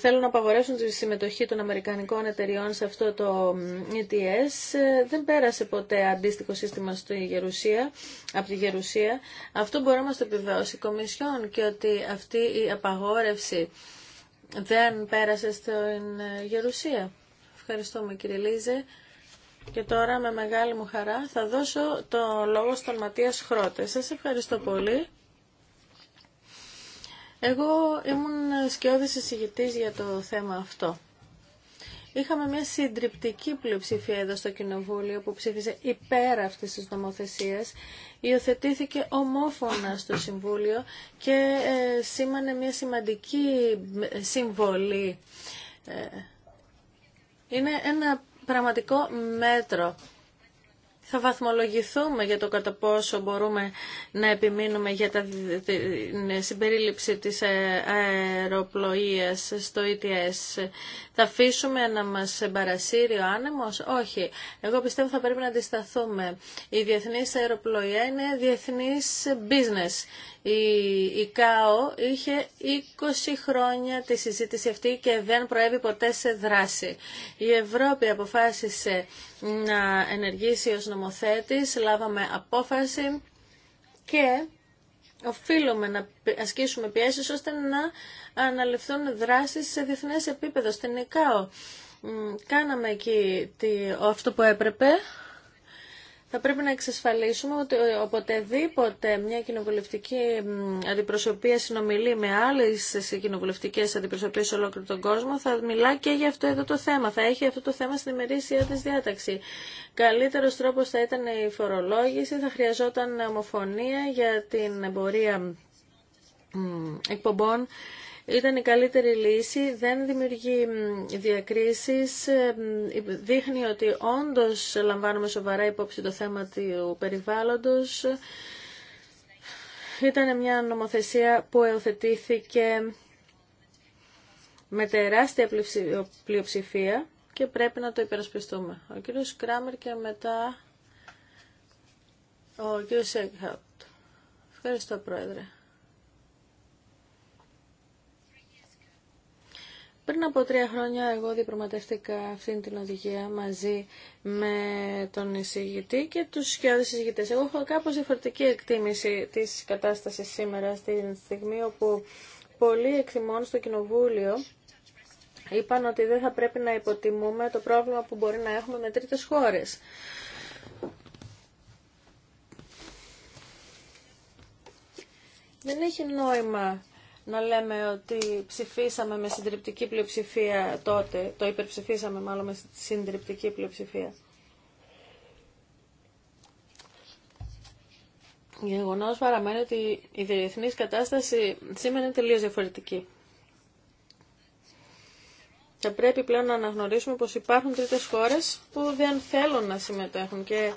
θέλουν να απαγορεύσουν τη συμμετοχή των αμερικανικών εταιριών σε αυτό το ETS. Ε, δεν πέρασε ποτέ αντίστοιχο σύστημα στη Γερουσία, από τη Γερουσία. Αυτό μπορεί να το επιβεβαιώσει η Κομισιόν και ότι αυτή η απαγόρευση δεν πέρασε στην ε, Γερουσία. Ευχαριστώ, κύριε Λίζε. Και τώρα με μεγάλη μου χαρά θα δώσω το λόγο στον Ματίας Χρότε. Σας ευχαριστώ πολύ. Εγώ ήμουν σκιώδης εισηγητής για το θέμα αυτό. Είχαμε μια συντριπτική πλειοψηφία εδώ στο Κοινοβούλιο που ψήφισε υπέρ αυτής της νομοθεσίας. Υιοθετήθηκε ομόφωνα στο Συμβούλιο και ε, σήμανε μια σημαντική ε, συμβολή. Ε, είναι ένα πραγματικό μέτρο θα βαθμολογηθούμε για το κατά πόσο μπορούμε να επιμείνουμε για την συμπερίληψη της αεροπλοείας στο ETS. Θα αφήσουμε να μας παρασύρει ο άνεμος. Όχι. Εγώ πιστεύω θα πρέπει να αντισταθούμε. Η διεθνής αεροπλοεία είναι διεθνής business. Η ΚΑΟ είχε 20 χρόνια τη συζήτηση αυτή και δεν προέβη ποτέ σε δράση. Η Ευρώπη αποφάσισε να ενεργήσει ως νομοθέτης, λάβαμε απόφαση και οφείλουμε να ασκήσουμε πιέσεις ώστε να αναλυφθούν δράσεις σε διεθνές επίπεδο, στην ΕΚΑΟ. Κάναμε εκεί αυτό που έπρεπε θα πρέπει να εξασφαλίσουμε ότι οποτεδήποτε μια κοινοβουλευτική αντιπροσωπεία συνομιλεί με άλλε κοινοβουλευτικέ αντιπροσωπείες σε ολόκληρο τον κόσμο θα μιλά και για αυτό εδώ το θέμα. Θα έχει αυτό το θέμα στην ημερήσια της διάταξη. Καλύτερο τρόπο θα ήταν η φορολόγηση, θα χρειαζόταν ομοφωνία για την εμπορία εκπομπών ήταν η καλύτερη λύση, δεν δημιουργεί διακρίσεις, ε, δείχνει ότι όντως λαμβάνουμε σοβαρά υπόψη το θέμα του περιβάλλοντος. Ήταν μια νομοθεσία που εωθετήθηκε με τεράστια πλειοψηφία και πρέπει να το υπερασπιστούμε. Ο κύριος Κράμερ και μετά ο κύριος Σέγκχαουτ. Ευχαριστώ πρόεδρε. Πριν από τρία χρόνια εγώ διαπραγματεύτηκα αυτή την οδηγία μαζί με τον εισηγητή και τους σκιώδες εισηγητές. Εγώ έχω κάπως διαφορετική εκτίμηση της κατάστασης σήμερα στην στιγμή όπου πολλοί εκτιμών στο Κοινοβούλιο είπαν ότι δεν θα πρέπει να υποτιμούμε το πρόβλημα που μπορεί να έχουμε με τρίτες χώρες. Δεν έχει νόημα να λέμε ότι ψηφίσαμε με συντριπτική πλειοψηφία τότε, το υπερψηφίσαμε μάλλον με συντριπτική πλειοψηφία. Γεγονό παραμένει ότι η διεθνής κατάσταση σήμερα είναι τελείως διαφορετική. Θα πρέπει πλέον να αναγνωρίσουμε πως υπάρχουν τρίτες χώρες που δεν θέλουν να συμμετέχουν και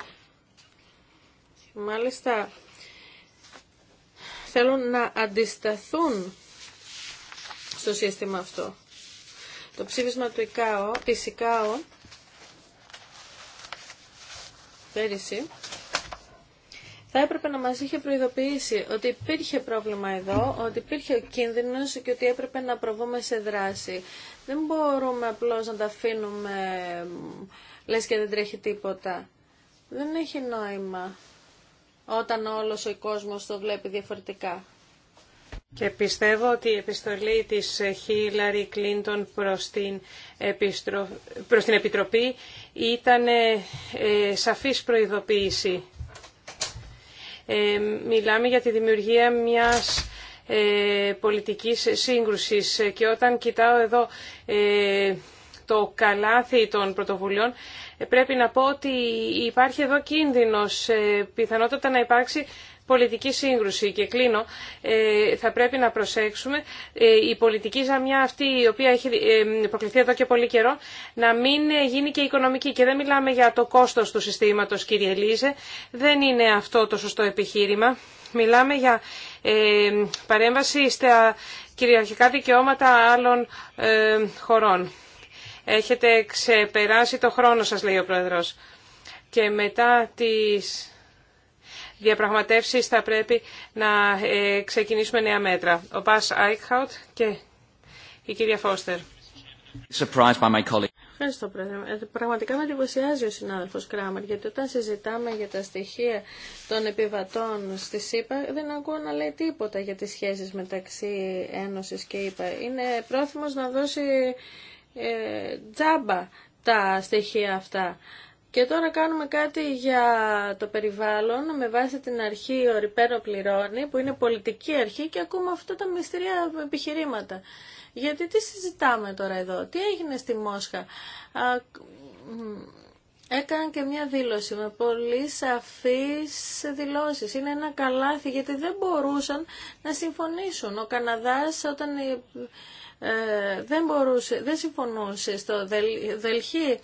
μάλιστα θέλουν να αντισταθούν στο σύστημα αυτό. Το ψήφισμα του ΙΚΑΟ, της ΙΚΑΟ πέρυσι θα έπρεπε να μας είχε προειδοποιήσει ότι υπήρχε πρόβλημα εδώ, ότι υπήρχε κίνδυνος και ότι έπρεπε να προβούμε σε δράση. Δεν μπορούμε απλώς να τα αφήνουμε λες και δεν τρέχει τίποτα. Δεν έχει νόημα όταν όλος ο κόσμος το βλέπει διαφορετικά. Και πιστεύω ότι η επιστολή της Χίλαρη Κλίντον προς την, επιστρο... προς την Επιτροπή ήταν ε, σαφής προειδοποίηση. Ε, μιλάμε για τη δημιουργία μιας ε, πολιτικής σύγκρουσης και όταν κοιτάω εδώ το καλάθι των πρωτοβουλειών πρέπει να πω ότι υπάρχει εδώ κίνδυνος πιθανότατα να υπάρξει πολιτική σύγκρουση. Και κλείνω, ε, θα πρέπει να προσέξουμε ε, η πολιτική ζαμιά αυτή η οποία έχει υποκληθεί ε, εδώ και πολύ καιρό να μην γίνει και οικονομική. Και δεν μιλάμε για το κόστος του συστήματος κύριε Λίζε, δεν είναι αυτό το σωστό επιχείρημα. Μιλάμε για παρέμβαση στα κυριαρχικά δικαιώματα άλλων χωρών. Έχετε ξεπεράσει το χρόνο σας, λέει ο Πρόεδρος. Και μετά τις διαπραγματεύσεις θα πρέπει να ε, ξεκινήσουμε νέα μέτρα. Ο Πας Άικχαουτ και η κυρία Φώστερ. Ευχαριστώ, Πρόεδρε. Ε, πραγματικά με εντυπωσιάζει ο συνάδελφο Κράμερ, γιατί όταν συζητάμε για τα στοιχεία των επιβατών στη ΣΥΠΑ, δεν ακούω να λέει τίποτα για τι σχέσει μεταξύ Ένωση και ΗΠΑ. Είναι πρόθυμο να δώσει ε, τζάμπα τα στοιχεία αυτά. Και τώρα κάνουμε κάτι για το περιβάλλον με βάση την αρχή ο Ριπέρο πληρώνει, που είναι πολιτική αρχή και ακούμε αυτά τα μυστηρία επιχειρήματα. Γιατί τι συζητάμε τώρα εδώ, τι έγινε στη Μόσχα. Έκαναν και μια δήλωση με πολύ σαφείς δηλώσεις. Είναι ένα καλάθι γιατί δεν μπορούσαν να συμφωνήσουν. Ο Καναδάς όταν ε, ε, δεν, μπορούσε, δεν συμφωνούσε στο Δελχή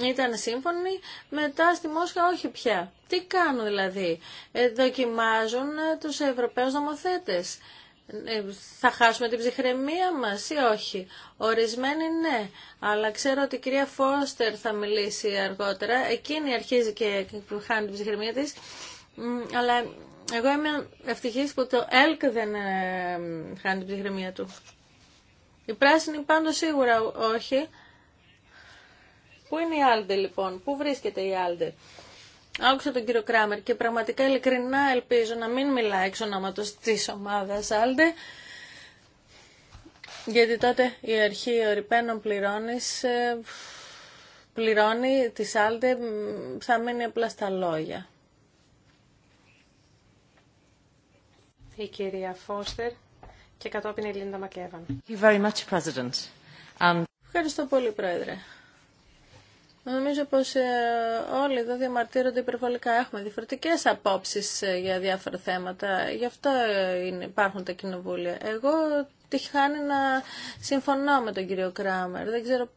ήταν σύμφωνοι, μετά στη Μόσχα όχι πια. Τι κάνουν δηλαδή, ε, δοκιμάζουν ε, τους Ευρωπαίους νομοθέτες. Ε, θα χάσουμε την ψυχραιμία μας ή όχι. Ορισμένοι ναι, αλλά ξέρω ότι η κυρία Φώστερ θα μιλήσει αργότερα. Εκείνη αρχίζει και χάνει την ψυχραιμία της. Αλλά εγώ είμαι ευτυχής που το ΕΛΚ δεν χάνει την ψυχραιμία του. Η πράσινη πάντως σίγουρα όχι. Πού είναι η Άλντε λοιπόν, πού βρίσκεται η Άλντε. Άκουσα τον κύριο Κράμερ και πραγματικά ειλικρινά ελπίζω να μην μιλάει εξ ονόματος της ομάδας Άλντε. Γιατί τότε η αρχή ορυπαίνων πληρώνεις, ε, πληρώνει τη Άλντε, θα μείνει απλά στα λόγια. Η κυρία Φώστερ και κατόπιν η Λίντα Μακέβαν. Um, Ευχαριστώ πολύ, Πρόεδρε. Νομίζω πως ε, όλοι εδώ διαμαρτύρονται υπερβολικά. Έχουμε διαφορετικές απόψεις ε, για διάφορα θέματα. Γι' αυτό ε, υπάρχουν τα κοινοβούλια. Εγώ τυχάνει να συμφωνώ με τον κύριο Κράμερ. Δεν ξέρω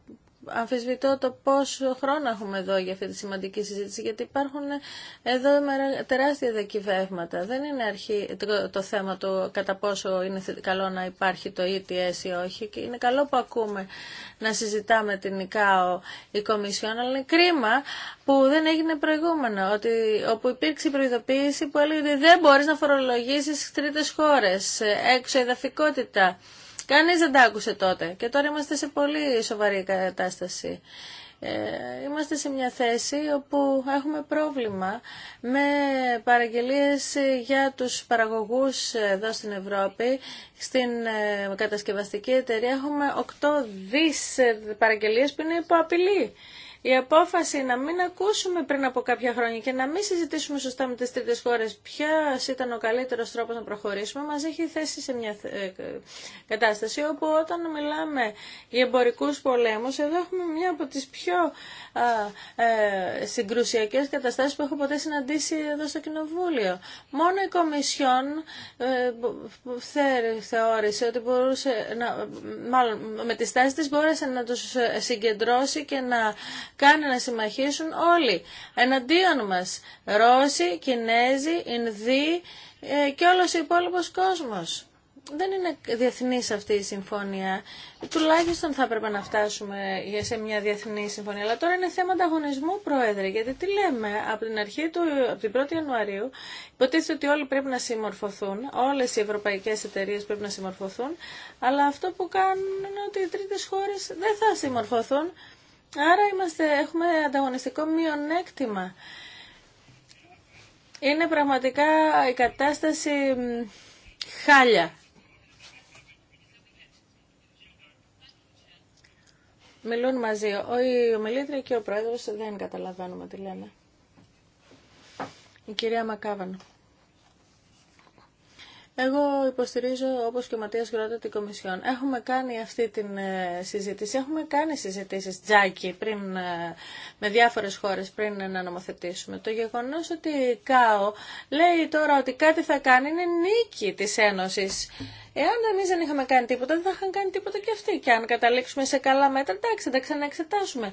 αμφισβητώ το πόσο χρόνο έχουμε εδώ για αυτή τη σημαντική συζήτηση, γιατί υπάρχουν εδώ τεράστια δεκυβεύματα. Δεν είναι αρχή, το, το θέμα του κατά πόσο είναι καλό να υπάρχει το ETS ή όχι. Και είναι καλό που ακούμε να συζητάμε την ΙΚΑΟ η Κομισιόν, αλλά είναι κρίμα που δεν έγινε προηγούμενα, ότι, όπου υπήρξε προειδοποίηση που έλεγε ότι δεν μπορείς να φορολογήσεις τρίτες χώρες, ε, έξω εδαφικότητα. Κανείς δεν τα άκουσε τότε και τώρα είμαστε σε πολύ σοβαρή κατάσταση. Ε, είμαστε σε μια θέση όπου έχουμε πρόβλημα με παραγγελίες για τους παραγωγούς εδώ στην Ευρώπη. Στην ε, κατασκευαστική εταιρεία έχουμε 8 δις ε, παραγγελίες που είναι υπό απειλή. Η απόφαση να μην ακούσουμε πριν από κάποια χρόνια και να μην συζητήσουμε σωστά με τις τρίτες χώρες ποιο ήταν ο καλύτερος τρόπος να προχωρήσουμε μας έχει θέσει σε μια ε, κατάσταση όπου όταν μιλάμε για εμπορικούς πολέμους εδώ έχουμε μια από τις πιο α, ε, συγκρουσιακές καταστάσεις που έχω ποτέ συναντήσει εδώ στο Κοινοβούλιο. Μόνο η Κομισιόν ε, θεώρησε ότι μπορούσε μάλλον με τη στάση της μπόρεσε να τους ε, συγκεντρώσει και να κάνει να συμμαχήσουν όλοι εναντίον μας. Ρώσοι, Κινέζοι, Ινδοί ε, και όλος ο υπόλοιπος κόσμος. Δεν είναι διεθνή αυτή η συμφωνία. Τουλάχιστον θα έπρεπε να φτάσουμε σε μια διεθνή συμφωνία. Αλλά τώρα είναι θέμα ανταγωνισμού, Πρόεδρε. Γιατί τι λέμε, από την αρχή του, από την 1η Ιανουαρίου, υποτίθεται ότι όλοι πρέπει να συμμορφωθούν. Όλε οι ευρωπαϊκέ εταιρείε πρέπει να συμμορφωθούν. Αλλά αυτό που κάνουν είναι ότι οι τρίτε χώρε δεν θα συμμορφωθούν. Άρα είμαστε, έχουμε ανταγωνιστικό μειονέκτημα. Είναι πραγματικά η κατάσταση χάλια. Μιλούν μαζί. Ο, η και ο πρόεδρος δεν καταλαβαίνουμε τι λένε. Η κυρία Μακάβανο. Εγώ υποστηρίζω, όπως και ο Ματία Γκρότα την Κομισιόν. Έχουμε κάνει αυτή την ε, συζήτηση. Έχουμε κάνει συζητήσεις, τζάκι, πριν, ε, με διάφορες χώρες πριν να νομοθετήσουμε. Το γεγονός ότι η ΚΑΟ λέει τώρα ότι κάτι θα κάνει είναι νίκη της Ένωσης. Εάν εμεί δεν είχαμε κάνει τίποτα, δεν θα είχαν κάνει τίποτα και αυτοί. Και αν καταλήξουμε σε καλά μέτρα, εντάξει, τα ξαναεξετάσουμε.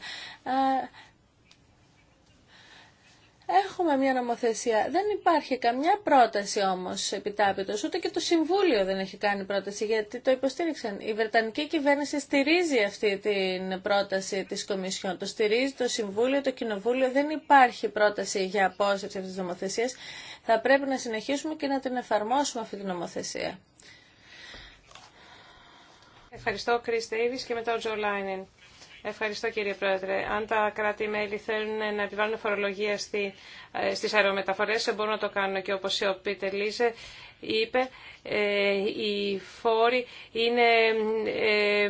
Έχουμε μια νομοθεσία. Δεν υπάρχει καμιά πρόταση όμως επιτάπητο. ούτε και το Συμβούλιο δεν έχει κάνει πρόταση, γιατί το υποστήριξαν. Η Βρετανική κυβέρνηση στηρίζει αυτή την πρόταση της Κομισιόν. Το στηρίζει το Συμβούλιο, το Κοινοβούλιο. Δεν υπάρχει πρόταση για απόσυρση αυτή τη νομοθεσία. Θα πρέπει να συνεχίσουμε και να την εφαρμόσουμε αυτή τη νομοθεσία. Ευχαριστώ, Κρί Davis και μετά ο Τζο Λάινεν. Ευχαριστώ κύριε Πρόεδρε. Αν τα κράτη-μέλη θέλουν να επιβάλλουν φορολογία στι, ε, στις αερομεταφορές, μπορούν να το κάνουν και όπως ο Πίτερ Λίζε είπε, ε, οι φόροι είναι ε,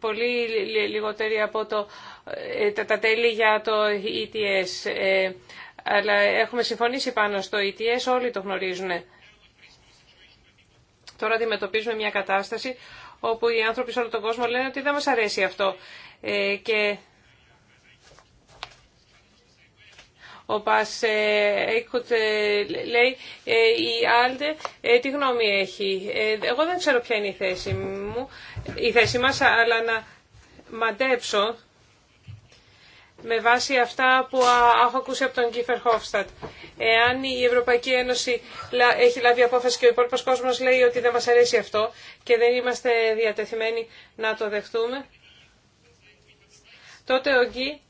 πολύ λιγότεροι από το, τα τέλη για το ETS. Αλλά έχουμε συμφωνήσει πάνω στο ETS, όλοι το γνωρίζουν. Τώρα αντιμετωπίζουμε μια κατάσταση όπου οι άνθρωποι σε όλο τον κόσμο λένε ότι δεν μας αρέσει αυτό. Ε, και ο Πας ε, ε, λέει η Άλντε τι γνώμη έχει. Εγώ δεν ξέρω ποια είναι η θέση μου, η θέση μας, αλλά να μαντέψω με βάση αυτά που έχω ακούσει από τον Κίφερ Χόφστατ. Εάν η Ευρωπαϊκή Ένωση έχει λάβει απόφαση και ο υπόλοιπο κόσμος λέει ότι δεν μας αρέσει αυτό και δεν είμαστε διατεθειμένοι να το δεχτούμε, τότε ο Γκί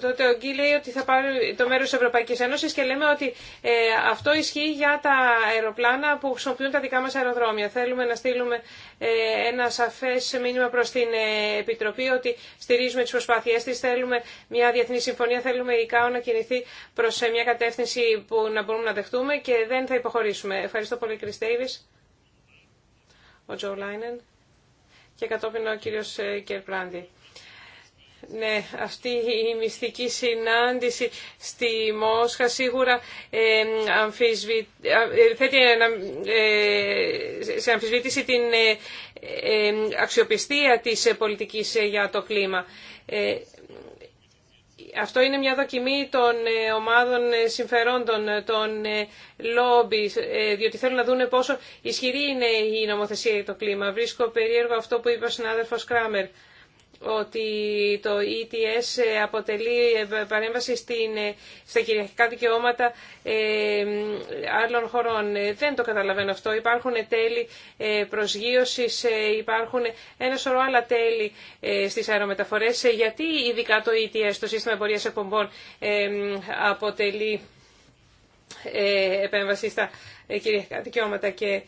τότε λέει ότι θα πάρει το μέρος της Ευρωπαϊκής Ένωσης και λέμε ότι ε, αυτό ισχύει για τα αεροπλάνα που χρησιμοποιούν τα δικά μας αεροδρόμια. Θέλουμε να στείλουμε ε, ένα σαφές μήνυμα προς την ε, Επιτροπή ότι στηρίζουμε τις προσπάθειές της, θέλουμε μια διεθνή συμφωνία, θέλουμε η ΚΑΟ να κινηθεί προς μια κατεύθυνση που να μπορούμε να δεχτούμε και δεν θα υποχωρήσουμε. Ευχαριστώ πολύ, Κριστέιβης. Ο Τζο Λάινεν και κατόπιν ο κύριος ε, Κερπράντη. Ναι, αυτή η μυστική συνάντηση στη Μόσχα σίγουρα ε, ε θέτει ε, σε αμφισβήτηση την αξιοπιστία της πολιτικής για το κλίμα αυτό είναι μια δοκιμή των ε, ομάδων ε, συμφερόντων, ε, των λόμπι, διότι θέλουν να δουν πόσο ισχυρή είναι η νομοθεσία για το κλίμα. Βρίσκω περίεργο αυτό που είπε ο συνάδελφος Κράμερ ότι το ETS αποτελεί ε, παρέμβαση στην, ε, στα κυριαρχικά δικαιώματα ε, άλλων χωρών. Δεν το καταλαβαίνω αυτό. Υπάρχουν τέλη προσγείωσης, υπάρχουν ένα σωρό άλλα τέλη στις αερομεταφορές. Γιατί ειδικά το ETS, το σύστημα εμπορίας εκπομπών, αποτελεί επέμβαση στα κυριαρχικά δικαιώματα και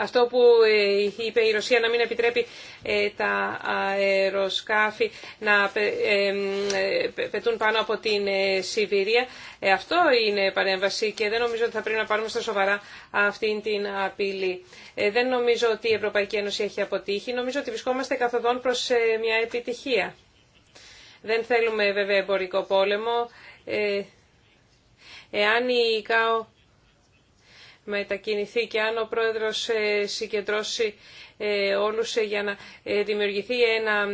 αυτό που ε, είπε η Ρωσία να μην επιτρέπει ε, τα αεροσκάφη να ε, πετούν πάνω από την Σιβηρία, αυτό είναι παρέμβαση και δεν νομίζω ότι θα πρέπει να πάρουμε στα σοβαρά αυτή την απειλή. Δεν νομίζω ότι η Ευρωπαϊκή Ένωση έχει αποτύχει. Νομίζω ότι βρισκόμαστε καθοδόν προς μια επιτυχία. Δεν θέλουμε βέβαια εμπορικό πόλεμο. Εάν η ΚΑΟ μετακινηθεί και αν ο πρόεδρος ε, συγκεντρώσει ε, όλους ε, για να δημιουργηθεί ένα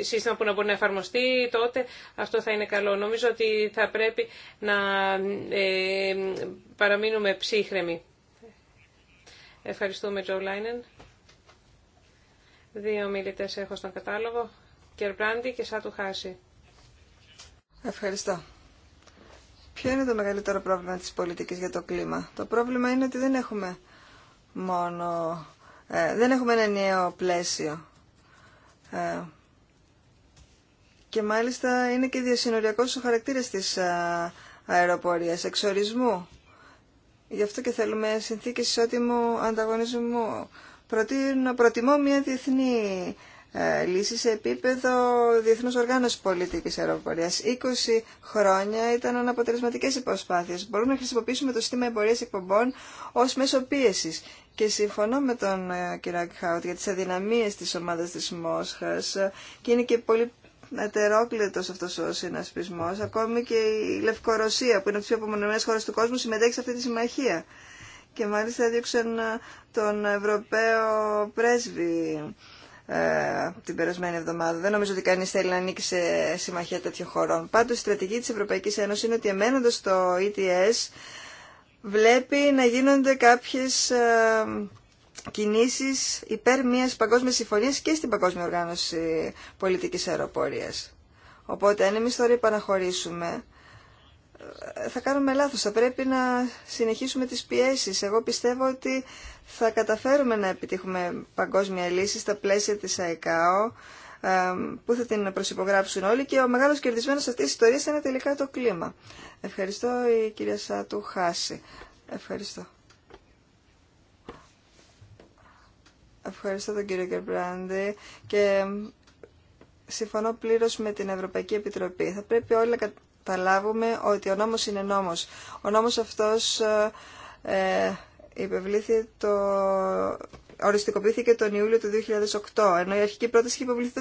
σύστημα που να μπορεί να εφαρμοστεί, τότε αυτό θα είναι καλό. Νομίζω ότι θα πρέπει να παραμείνουμε ψύχρεμοι. Ευχαριστούμε, Τζο Λάινεν. Δύο μιλητές έχω στον κατάλογο. Κερπράντι και Σάτου Χάση. Ευχαριστώ. Ποιο είναι το μεγαλύτερο πρόβλημα της πολιτικής για το κλίμα. Το πρόβλημα είναι ότι δεν έχουμε μόνο... Ε, δεν έχουμε ένα νέο πλαίσιο. Ε, και μάλιστα είναι και διασυνοριακός ο χαρακτήρας της α, ε, αεροπορίας, εξορισμού. Γι' αυτό και θέλουμε συνθήκες ισότιμου ανταγωνισμού. Προτείνω, προτιμώ μια διεθνή ε, λύσει σε επίπεδο Διεθνού Οργάνωση Πολιτική Αεροπορία. 20 χρόνια ήταν αναποτελεσματικέ οι Μπορούμε να χρησιμοποιήσουμε το σύστημα εμπορία εκπομπών ω μέσο πίεση. Και συμφωνώ με τον ε, κ. Ακχάουτ για τι αδυναμίε τη ομάδα τη Μόσχα ε, και είναι και πολύ ατερόκλητο αυτό ο συνασπισμό. Ακόμη και η Λευκορωσία, που είναι από τι πιο απομονωμένε χώρε του κόσμου, συμμετέχει σε αυτή τη συμμαχία. Και μάλιστα έδιωξαν τον Ευρωπαίο πρέσβη ε, την περασμένη εβδομάδα. Δεν νομίζω ότι κανεί θέλει να ανοίξει σε συμμαχία τέτοιων χωρών. Πάντω, η στρατηγική τη Ευρωπαϊκή Ένωση είναι ότι εμένοντα το ETS βλέπει να γίνονται κάποιε κινήσει υπέρ μια παγκόσμια συμφωνία και στην Παγκόσμια Οργάνωση Πολιτική Αεροπορία. Οπότε, αν εμεί τώρα υπαναχωρήσουμε, θα κάνουμε λάθος, θα πρέπει να συνεχίσουμε τις πιέσεις. Εγώ πιστεύω ότι θα καταφέρουμε να επιτύχουμε παγκόσμια λύση στα πλαίσια της ΑΕΚΑΟ που θα την προσυπογράψουν όλοι και ο μεγάλος κερδισμένος αυτής της ιστορίας είναι τελικά το κλίμα. Ευχαριστώ η κυρία Σάτου Χάση. Ευχαριστώ. Ευχαριστώ τον κύριο Κερμπράντη και συμφωνώ πλήρως με την Ευρωπαϊκή Επιτροπή. Θα πρέπει όλοι καταλάβουμε ότι ο νόμος είναι νόμος. Ο νόμος αυτός ε, ε το... οριστικοποιήθηκε τον Ιούλιο του 2008, ενώ η αρχική πρόταση είχε υποβληθεί το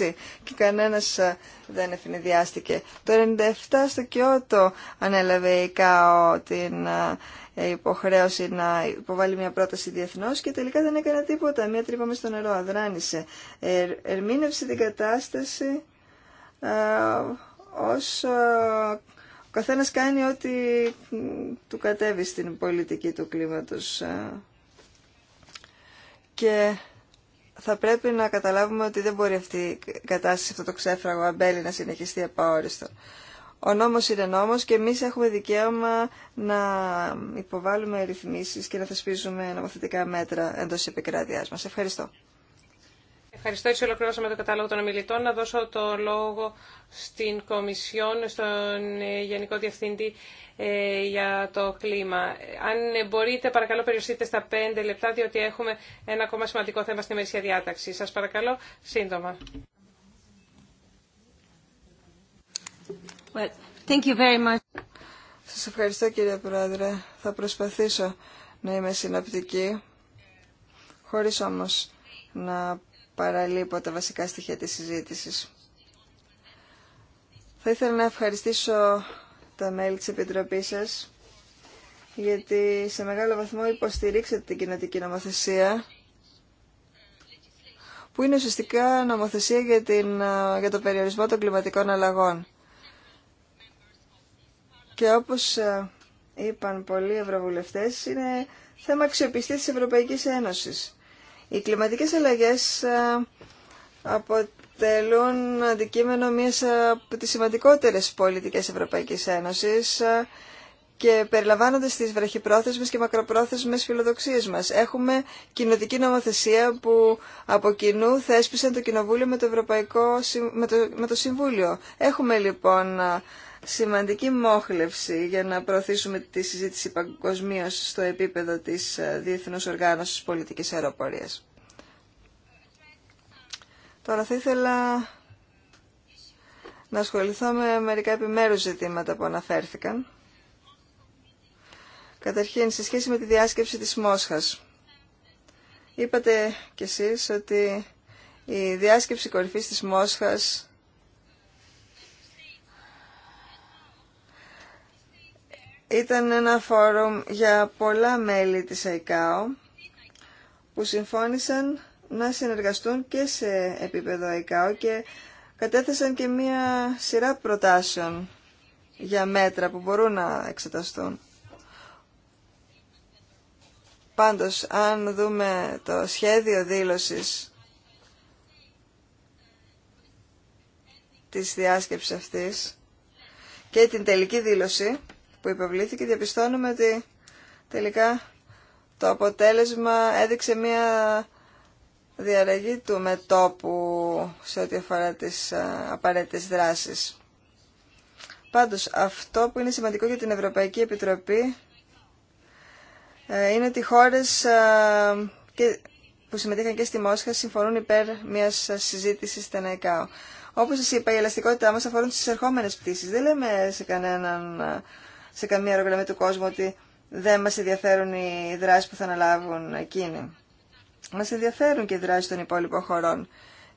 2006 και κανένας ε, δεν εφηνεδιάστηκε. Το 1997 στο Κιώτο ανέλαβε η ΚΑΟ την ε, υποχρέωση να υποβάλει μια πρόταση διεθνώς και τελικά δεν έκανε τίποτα. Μια τρύπα μες στο νερό αδράνησε. Ε, ερμήνευσε την κατάσταση ως ε, ο καθένας κάνει ό,τι του κατέβει στην πολιτική του κλίματος. Ε. Και θα πρέπει να καταλάβουμε ότι δεν μπορεί αυτή η κατάσταση, αυτό το ξέφραγο αμπέλι να συνεχιστεί επαόριστο. Ο νόμος είναι νόμος και εμείς έχουμε δικαίωμα να υποβάλουμε ρυθμίσεις και να θεσπίζουμε νομοθετικά μέτρα εντός επικράτειάς μας. Ευχαριστώ. Ευχαριστώ. Έτσι ολοκληρώσαμε το κατάλογο των ομιλητών. Να δώσω το λόγο στην Κομισιόν, στον ε, Γενικό Διευθυντή ε, για το κλίμα. Αν ε, μπορείτε, παρακαλώ, περιοριστείτε στα πέντε λεπτά, διότι έχουμε ένα ακόμα σημαντικό θέμα στην ημερήσια διάταξη. Σας παρακαλώ, σύντομα. Well, thank you very much. Σας ευχαριστώ, κύριε Πρόεδρε. Θα προσπαθήσω να είμαι συναπτική χωρίς όμως να παραλείπω τα βασικά στοιχεία της συζήτησης. Θα ήθελα να ευχαριστήσω τα μέλη της Επιτροπής σας, γιατί σε μεγάλο βαθμό υποστηρίξατε την κοινοτική νομοθεσία, που είναι ουσιαστικά νομοθεσία για, την, για το περιορισμό των κλιματικών αλλαγών. Και όπως ε, είπαν πολλοί ευρωβουλευτές, είναι θέμα αξιοπιστίας της Ευρωπαϊκής Ένωσης. Οι κλιματικές αλλαγές ε, αποτελούν αντικείμενο μιας ε, από τις σημαντικότερες πολιτικές Ευρωπαϊκής Ένωσης ε, και περιλαμβάνονται στις βραχυπρόθεσμες και μακροπρόθεσμες φιλοδοξίες μας. Έχουμε κοινοτική νομοθεσία που από κοινού θέσπισαν το Κοινοβούλιο με το, Ευρωπαϊκό, με το, με το Συμβούλιο. Έχουμε λοιπόν σημαντική μόχλευση για να προωθήσουμε τη συζήτηση παγκοσμίω στο επίπεδο της ε, Διεθνούς Οργάνωσης Πολιτικής Αεροπορίας. Τώρα θα ήθελα να ασχοληθώ με μερικά επιμέρους ζητήματα που αναφέρθηκαν. Καταρχήν, σε σχέση με τη διάσκεψη της Μόσχας. Είπατε κι εσείς ότι η διάσκεψη κορυφής της Μόσχας Ήταν ένα φόρουμ για πολλά μέλη της ΑΙΚΑΟ που συμφώνησαν να συνεργαστούν και σε επίπεδο ΑΙΚΑΟ και κατέθεσαν και μία σειρά προτάσεων για μέτρα που μπορούν να εξεταστούν. Πάντως, αν δούμε το σχέδιο δήλωσης της διάσκεψης αυτής και την τελική δήλωση, που υπευλήθηκε διαπιστώνουμε ότι τελικά το αποτέλεσμα έδειξε μια διαραγή του μετόπου σε ό,τι αφορά τις απαραίτητες δράσεις. Πάντως, αυτό που είναι σημαντικό για την Ευρωπαϊκή Επιτροπή ε, είναι ότι οι χώρες που συμμετείχαν και στη Μόσχα συμφωνούν υπέρ μιας συζήτησης στην ΕΚΑΟ. Όπως σας είπα, η ελαστικότητά μας αφορούν τις ερχόμενες πτήσεις. Δεν λέμε σε κανέναν σε καμία αερογραμμή του κόσμου ότι δεν μας ενδιαφέρουν οι δράσεις που θα αναλάβουν εκείνοι. Μας ενδιαφέρουν και οι δράσεις των υπόλοιπων χωρών.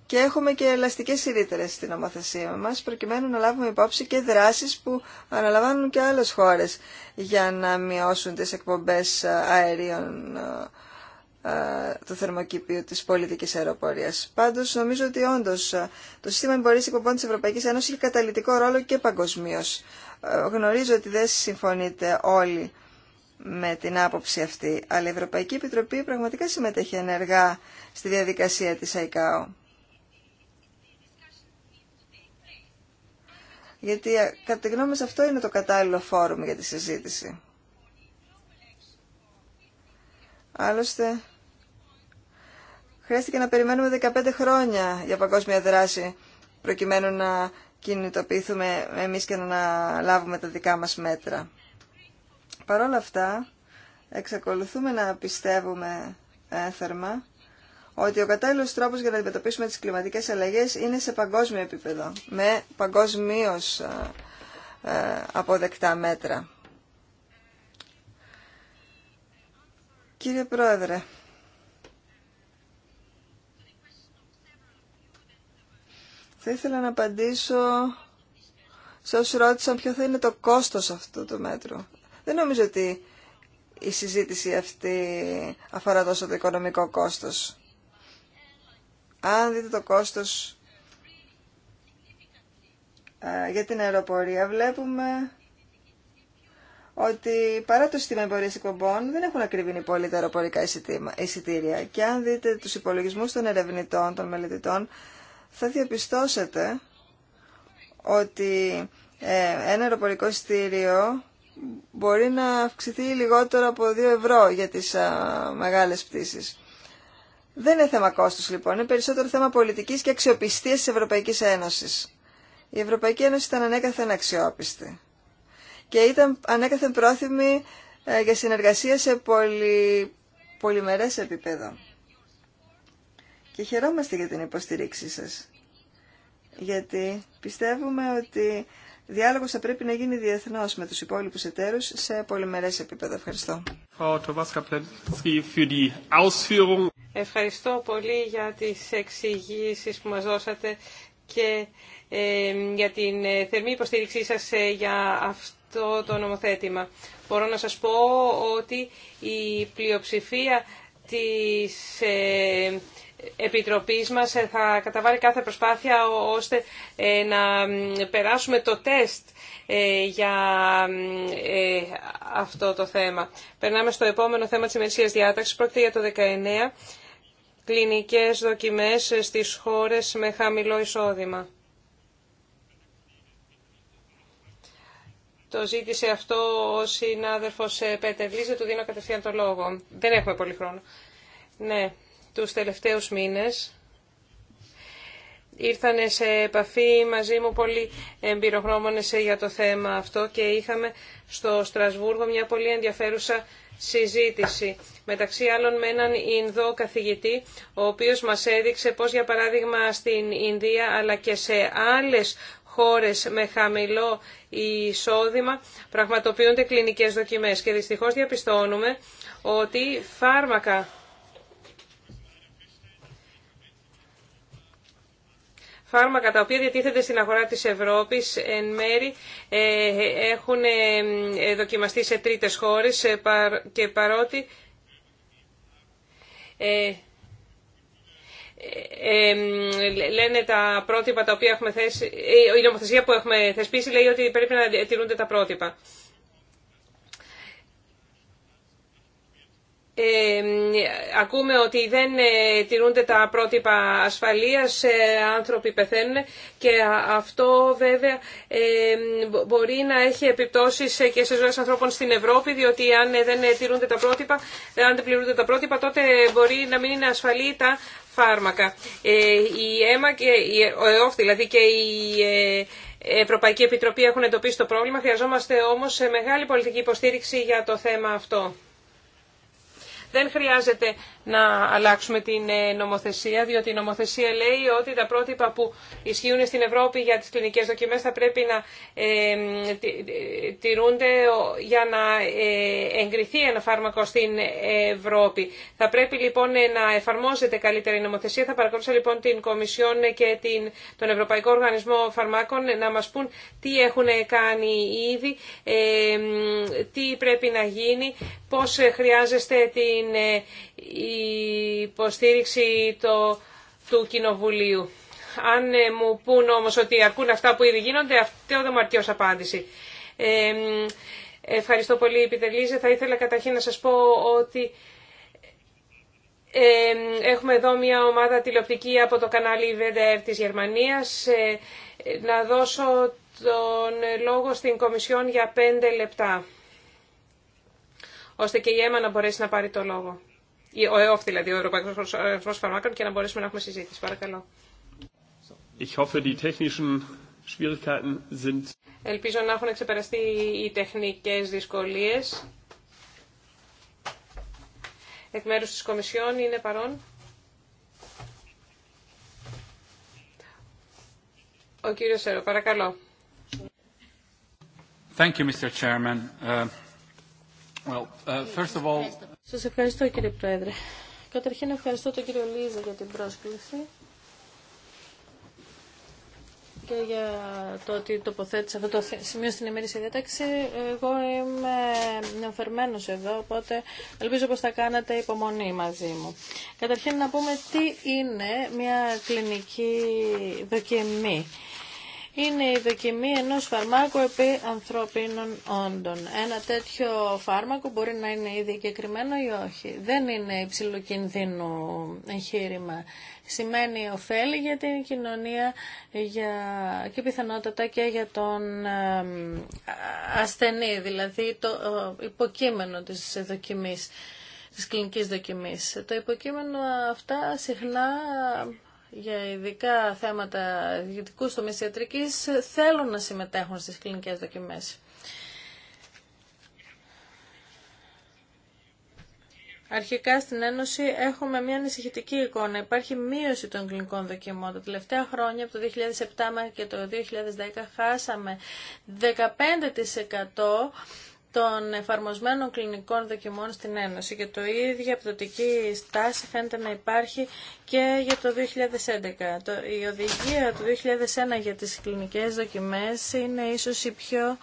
Και έχουμε και ελαστικές ειρήτερε στην νομοθεσία μας, προκειμένου να λάβουμε υπόψη και δράσεις που αναλαμβάνουν και άλλες χώρες για να μειώσουν τις εκπομπές αερίων ε, του θερμοκηπίου της πολιτικής αεροπορίας. Πάντως νομίζω ότι όντως το σύστημα εμπορίας εκπομπών της Ευρωπαϊκή Ένωση έχει καταλητικό ρόλο και παγκοσμίω. Γνωρίζω ότι δεν συμφωνείτε όλοι με την άποψη αυτή, αλλά η Ευρωπαϊκή Επιτροπή πραγματικά συμμετέχει ενεργά στη διαδικασία της ΑΙΚΑΟ. Γιατί κατά τη γνώμη μας αυτό είναι το κατάλληλο φόρουμ για τη συζήτηση. Άλλωστε, χρειάστηκε να περιμένουμε 15 χρόνια για παγκόσμια δράση προκειμένου να κινητοποιηθούμε εμείς και να λάβουμε τα δικά μας μέτρα. Παρ' όλα αυτά, εξακολουθούμε να πιστεύουμε έθερμα ε, ότι ο κατάλληλος τρόπος για να αντιμετωπίσουμε τις κλιματικές αλλαγές είναι σε παγκόσμιο επίπεδο, με παγκοσμίως ε, ε, αποδεκτά μέτρα. Κύριε Πρόεδρε, Θα ήθελα να απαντήσω σε όσους ρώτησαν ποιο θα είναι το κόστος αυτού του μέτρου. Δεν νομίζω ότι η συζήτηση αυτή αφορά τόσο το οικονομικό κόστος. Αν δείτε το κόστος για την αεροπορία, βλέπουμε ότι παρά το σύστημα εμπορία εκπομπών δεν έχουν ακριβήνει πολύ τα αεροπορικά εισιτήρια. Και αν δείτε τους υπολογισμούς των ερευνητών, των μελετητών, θα διαπιστώσετε ότι ε, ένα αεροπορικό στήριο μπορεί να αυξηθεί λιγότερο από 2 ευρώ για τις μεγάλες πτήσεις. Δεν είναι θέμα κόστους λοιπόν, είναι περισσότερο θέμα πολιτικής και αξιοπιστίας της Ευρωπαϊκής Ένωσης. Η Ευρωπαϊκή Ένωση ήταν ανέκαθεν αξιόπιστη και ήταν ανέκαθεν πρόθυμη ε, για συνεργασία σε πολυ... πολυμερές επίπεδο και χαιρόμαστε για την υποστήριξή σας. Γιατί πιστεύουμε ότι διάλογος θα πρέπει να γίνει διεθνώς με τους υπόλοιπους εταίρους σε πολυμερές επίπεδα. Ευχαριστώ. Ευχαριστώ πολύ για τις εξηγήσεις που μας δώσατε και ε, για την ε, θερμή υποστήριξή σας ε, για αυτό το νομοθέτημα. Μπορώ να σας πω ότι η πλειοψηφία της ε, Επιτροπής μας ε, θα καταβάλει κάθε προσπάθεια ώστε ε, να περάσουμε το τεστ για αυτό το θέμα. Περνάμε στο επόμενο θέμα της ημερησίας διάταξης. Πρόκειται για το 19. Κλινικές δοκιμές στις χώρες με χαμηλό εισόδημα. Το ζήτησε αυτό ο συνάδελφος ε, Πέτερ Λίζε, του δίνω κατευθείαν το λόγο. Δεν έχουμε πολύ χρόνο. Ναι, τους τελευταίους μήνες ήρθαν σε επαφή μαζί μου πολλοί εμπειρογνώμονες ε, για το θέμα αυτό και είχαμε στο Στρασβούργο μια πολύ ενδιαφέρουσα συζήτηση μεταξύ άλλων με έναν Ινδό καθηγητή ο οποίος μας έδειξε πως για παράδειγμα στην Ινδία αλλά και σε άλλες χώρες με χαμηλό εισόδημα πραγματοποιούνται κλινικές δοκιμές και δυστυχώς διαπιστώνουμε ότι φάρμακα φάρμακα τα οποία διατίθεται στην αγορά της Ευρώπης εν μέρη ε, έχουν ε, ε, δοκιμαστεί σε τρίτες χώρες και παρότι ε, ε, λένε τα πρότυπα τα οποία έχουμε θέσει, ε, η νομοθεσία που έχουμε θεσπίσει λέει ότι πρέπει να τηρούνται τα πρότυπα. ακούμε ότι δεν τηρούνται τα πρότυπα ασφαλείας, άνθρωποι πεθαίνουν και αυτό βέβαια μπορεί να έχει επιπτώσεις και σε ζωές ανθρώπων στην Ευρώπη διότι αν δεν τηρούνται τα πρότυπα, αν δεν πληρούνται τα πρότυπα τότε μπορεί να μην είναι ασφαλή τα φάρμακα. Ε, η ΕΜΑ και η ΕΟΦ, δηλαδή και η ε, Ευρωπαϊκή Επιτροπή έχουν εντοπίσει το πρόβλημα. Χρειαζόμαστε όμως μεγάλη πολιτική υποστήριξη για το θέμα αυτό. Δεν χρειάζεται να αλλάξουμε την ε, νομοθεσία, διότι η νομοθεσία λέει ότι τα πρότυπα που ισχύουν στην Ευρώπη για τις κλινικές δοκιμές θα πρέπει να ε, τηρούνται για να ε, εγκριθεί ένα φάρμακο στην Ευρώπη. Θα πρέπει λοιπόν να εφαρμόζεται καλύτερη η νομοθεσία. Θα παρακολουθήσω λοιπόν την Κομισιόν και την, τον Ευρωπαϊκό Οργανισμό Φαρμάκων να μας πούν τι έχουν κάνει ήδη, τι πρέπει να γίνει, πώς χρειάζεστε την η υποστήριξη το, του Κοινοβουλίου. Αν ε, μου πούν όμως ότι αρκούν αυτά που ήδη γίνονται, αυτό δεν μου αρκεί ως απάντηση. Ε, ευχαριστώ πολύ, Επιτελίζε. Θα ήθελα καταρχήν να σας πω ότι ε, έχουμε εδώ μια ομάδα τηλεοπτική από το κανάλι VDR της Γερμανίας. να δώσω τον λόγο στην Κομισιόν για πέντε λεπτά, ώστε και η Έμα να μπορέσει να πάρει το λόγο ο ΕΟΦ δηλαδή, ο Ευρωπαϊκός Οργανισμός Φαρμάκων και να μπορέσουμε να έχουμε συζήτηση. Παρακαλώ. Ich hoffe, die technischen Schwierigkeiten sind... Ελπίζω να έχουν ξεπεραστεί οι τεχνικές δυσκολίες. Εκ μέρους της Κομισιόν είναι παρόν. Ο κύριος Σέρο, παρακαλώ. Thank you, Mr. Chairman. Uh, well, uh, first of all, σας ευχαριστώ κύριε Πρόεδρε. Καταρχήν ευχαριστώ τον κύριο Λίζα για την πρόσκληση και για το ότι τοποθέτησε αυτό το σημείο στην ημερήσια διάταξη. Εγώ είμαι νεοφερμένο εδώ, οπότε ελπίζω πως θα κάνετε υπομονή μαζί μου. Καταρχήν να πούμε τι είναι μια κλινική δοκιμή είναι η δοκιμή ενός φαρμάκου επί ανθρώπινων όντων. Ένα τέτοιο φάρμακο μπορεί να είναι ήδη εγκεκριμένο ή όχι. Δεν είναι υψηλοκίνδυνο κινδύνου εγχείρημα. Σημαίνει ωφέλη για την κοινωνία για... και πιθανότατα και για τον ασθενή, δηλαδή το υποκείμενο της δοκιμής της κλινικής δοκιμής. Το υποκείμενο αυτά συχνά για ειδικά θέματα ιδιωτικού τομείς ιατρική θέλουν να συμμετέχουν στις κλινικές δοκιμές. Αρχικά στην Ένωση έχουμε μια ανησυχητική εικόνα. Υπάρχει μείωση των κλινικών δοκιμών. Τα τελευταία χρόνια, από το 2007 μέχρι και το 2010, χάσαμε 15% των εφαρμοσμένων κλινικών δοκιμών στην Ένωση και το ίδιο πτωτική στάση φαίνεται να υπάρχει και για το 2011. η οδηγία του 2001 για τις κλινικές δοκιμές είναι ίσως η πιο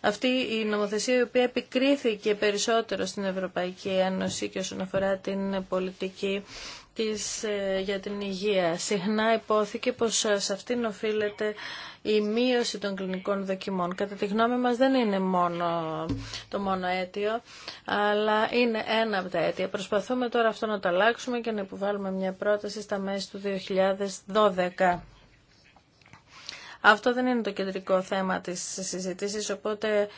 αυτή η νομοθεσία η οποία επικρίθηκε περισσότερο στην Ευρωπαϊκή Ένωση και όσον αφορά την πολιτική της, ε, για την υγεία. Συχνά υπόθηκε πως ε, σε αυτήν οφείλεται η μείωση των κλινικών δοκιμών. Κατά τη γνώμη μας δεν είναι μόνο το μόνο αίτιο, αλλά είναι ένα από τα αίτια. Προσπαθούμε τώρα αυτό να το αλλάξουμε και να υποβάλουμε μια πρόταση στα μέση του 2012. Αυτό δεν είναι το κεντρικό θέμα της συζήτησης, οπότε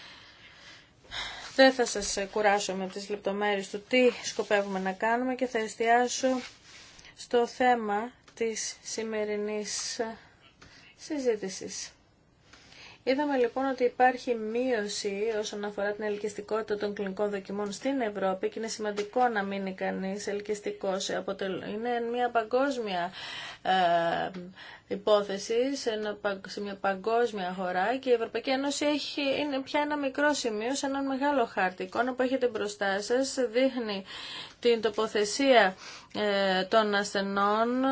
δεν θα σας κουράσω με τις λεπτομέρειες του τι σκοπεύουμε να κάνουμε και θα εστιάσω στο θέμα της σημερινής συζήτησης. Είδαμε λοιπόν ότι υπάρχει μείωση όσον αφορά την ελκυστικότητα των κλινικών δοκιμών στην Ευρώπη και είναι σημαντικό να μείνει κανείς ελκυστικός. Είναι μια παγκόσμια ε, υπόθεση σε, μια παγκόσμια χώρα και η Ευρωπαϊκή Ένωση έχει, είναι πια ένα μικρό σημείο σε έναν μεγάλο χάρτη. Η εικόνα που έχετε μπροστά σας δείχνει την τοποθεσία ε, των ασθενών ε,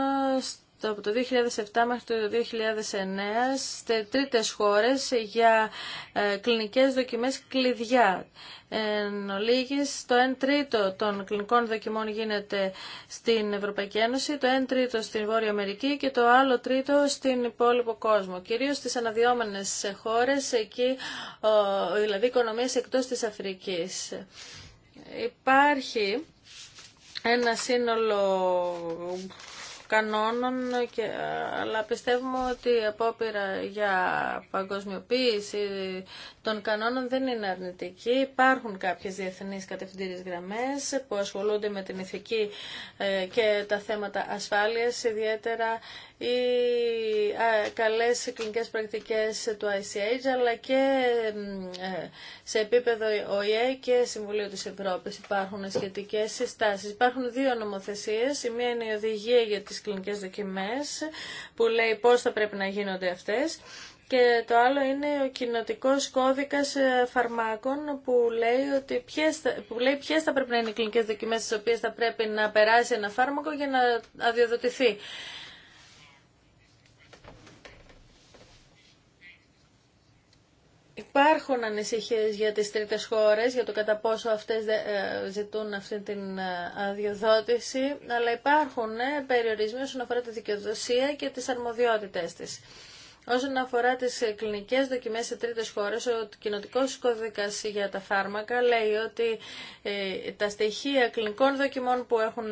το, από το 2007 μέχρι το 2009 σε τρίτες χώρες για ε, κλινικές δοκιμές κλειδιά. Εν ολίγης, το 1 τρίτο των κλινικών δοκιμών γίνεται στην Ευρωπαϊκή Ένωση, το 1 τρίτο στην Βόρεια Αμερική και το άλλο τρίτο στην υπόλοιπο κόσμο. Κυρίως στις αναδυόμενες χώρες, εκεί, δηλαδή οικονομίες εκτός της Αφρικής. Υπάρχει ένα σύνολο κανόνων, και, αλλά πιστεύουμε ότι η απόπειρα για παγκοσμιοποίηση των κανόνων δεν είναι αρνητική. Υπάρχουν κάποιες διεθνείς κατευθυντήριες γραμμές που ασχολούνται με την ηθική ε, και τα θέματα ασφάλειας, ιδιαίτερα οι καλές κλινικές πρακτικές του ICH αλλά και ε, σε επίπεδο ΟΗΕ και Συμβουλίου της Ευρώπης υπάρχουν σχετικές συστάσεις. Υπάρχουν δύο νομοθεσίες. Η μία είναι η οδηγία για τις κλινικές δοκιμές που λέει πώς θα πρέπει να γίνονται αυτές και το άλλο είναι ο κοινοτικό κώδικα ε, φαρμάκων που λέει, ότι ποιες, που λέει ποιες θα πρέπει να είναι οι κλινικές δοκιμές στις οποίες θα πρέπει να περάσει ένα φάρμακο για να αδειοδοτηθεί. Υπάρχουν ανησυχίες για τις τρίτες χώρες, για το κατά πόσο αυτές ε, ζητούν αυτή την ε, αδειοδότηση, αλλά υπάρχουν ε, περιορισμοί όσον αφορά τη δικαιοδοσία και τις αρμοδιότητες της. Όσον αφορά τις κλινικές δοκιμές σε τρίτες χώρες, ο κοινοτικός κώδικας για τα φάρμακα λέει ότι τα στοιχεία κλινικών δοκιμών που έχουν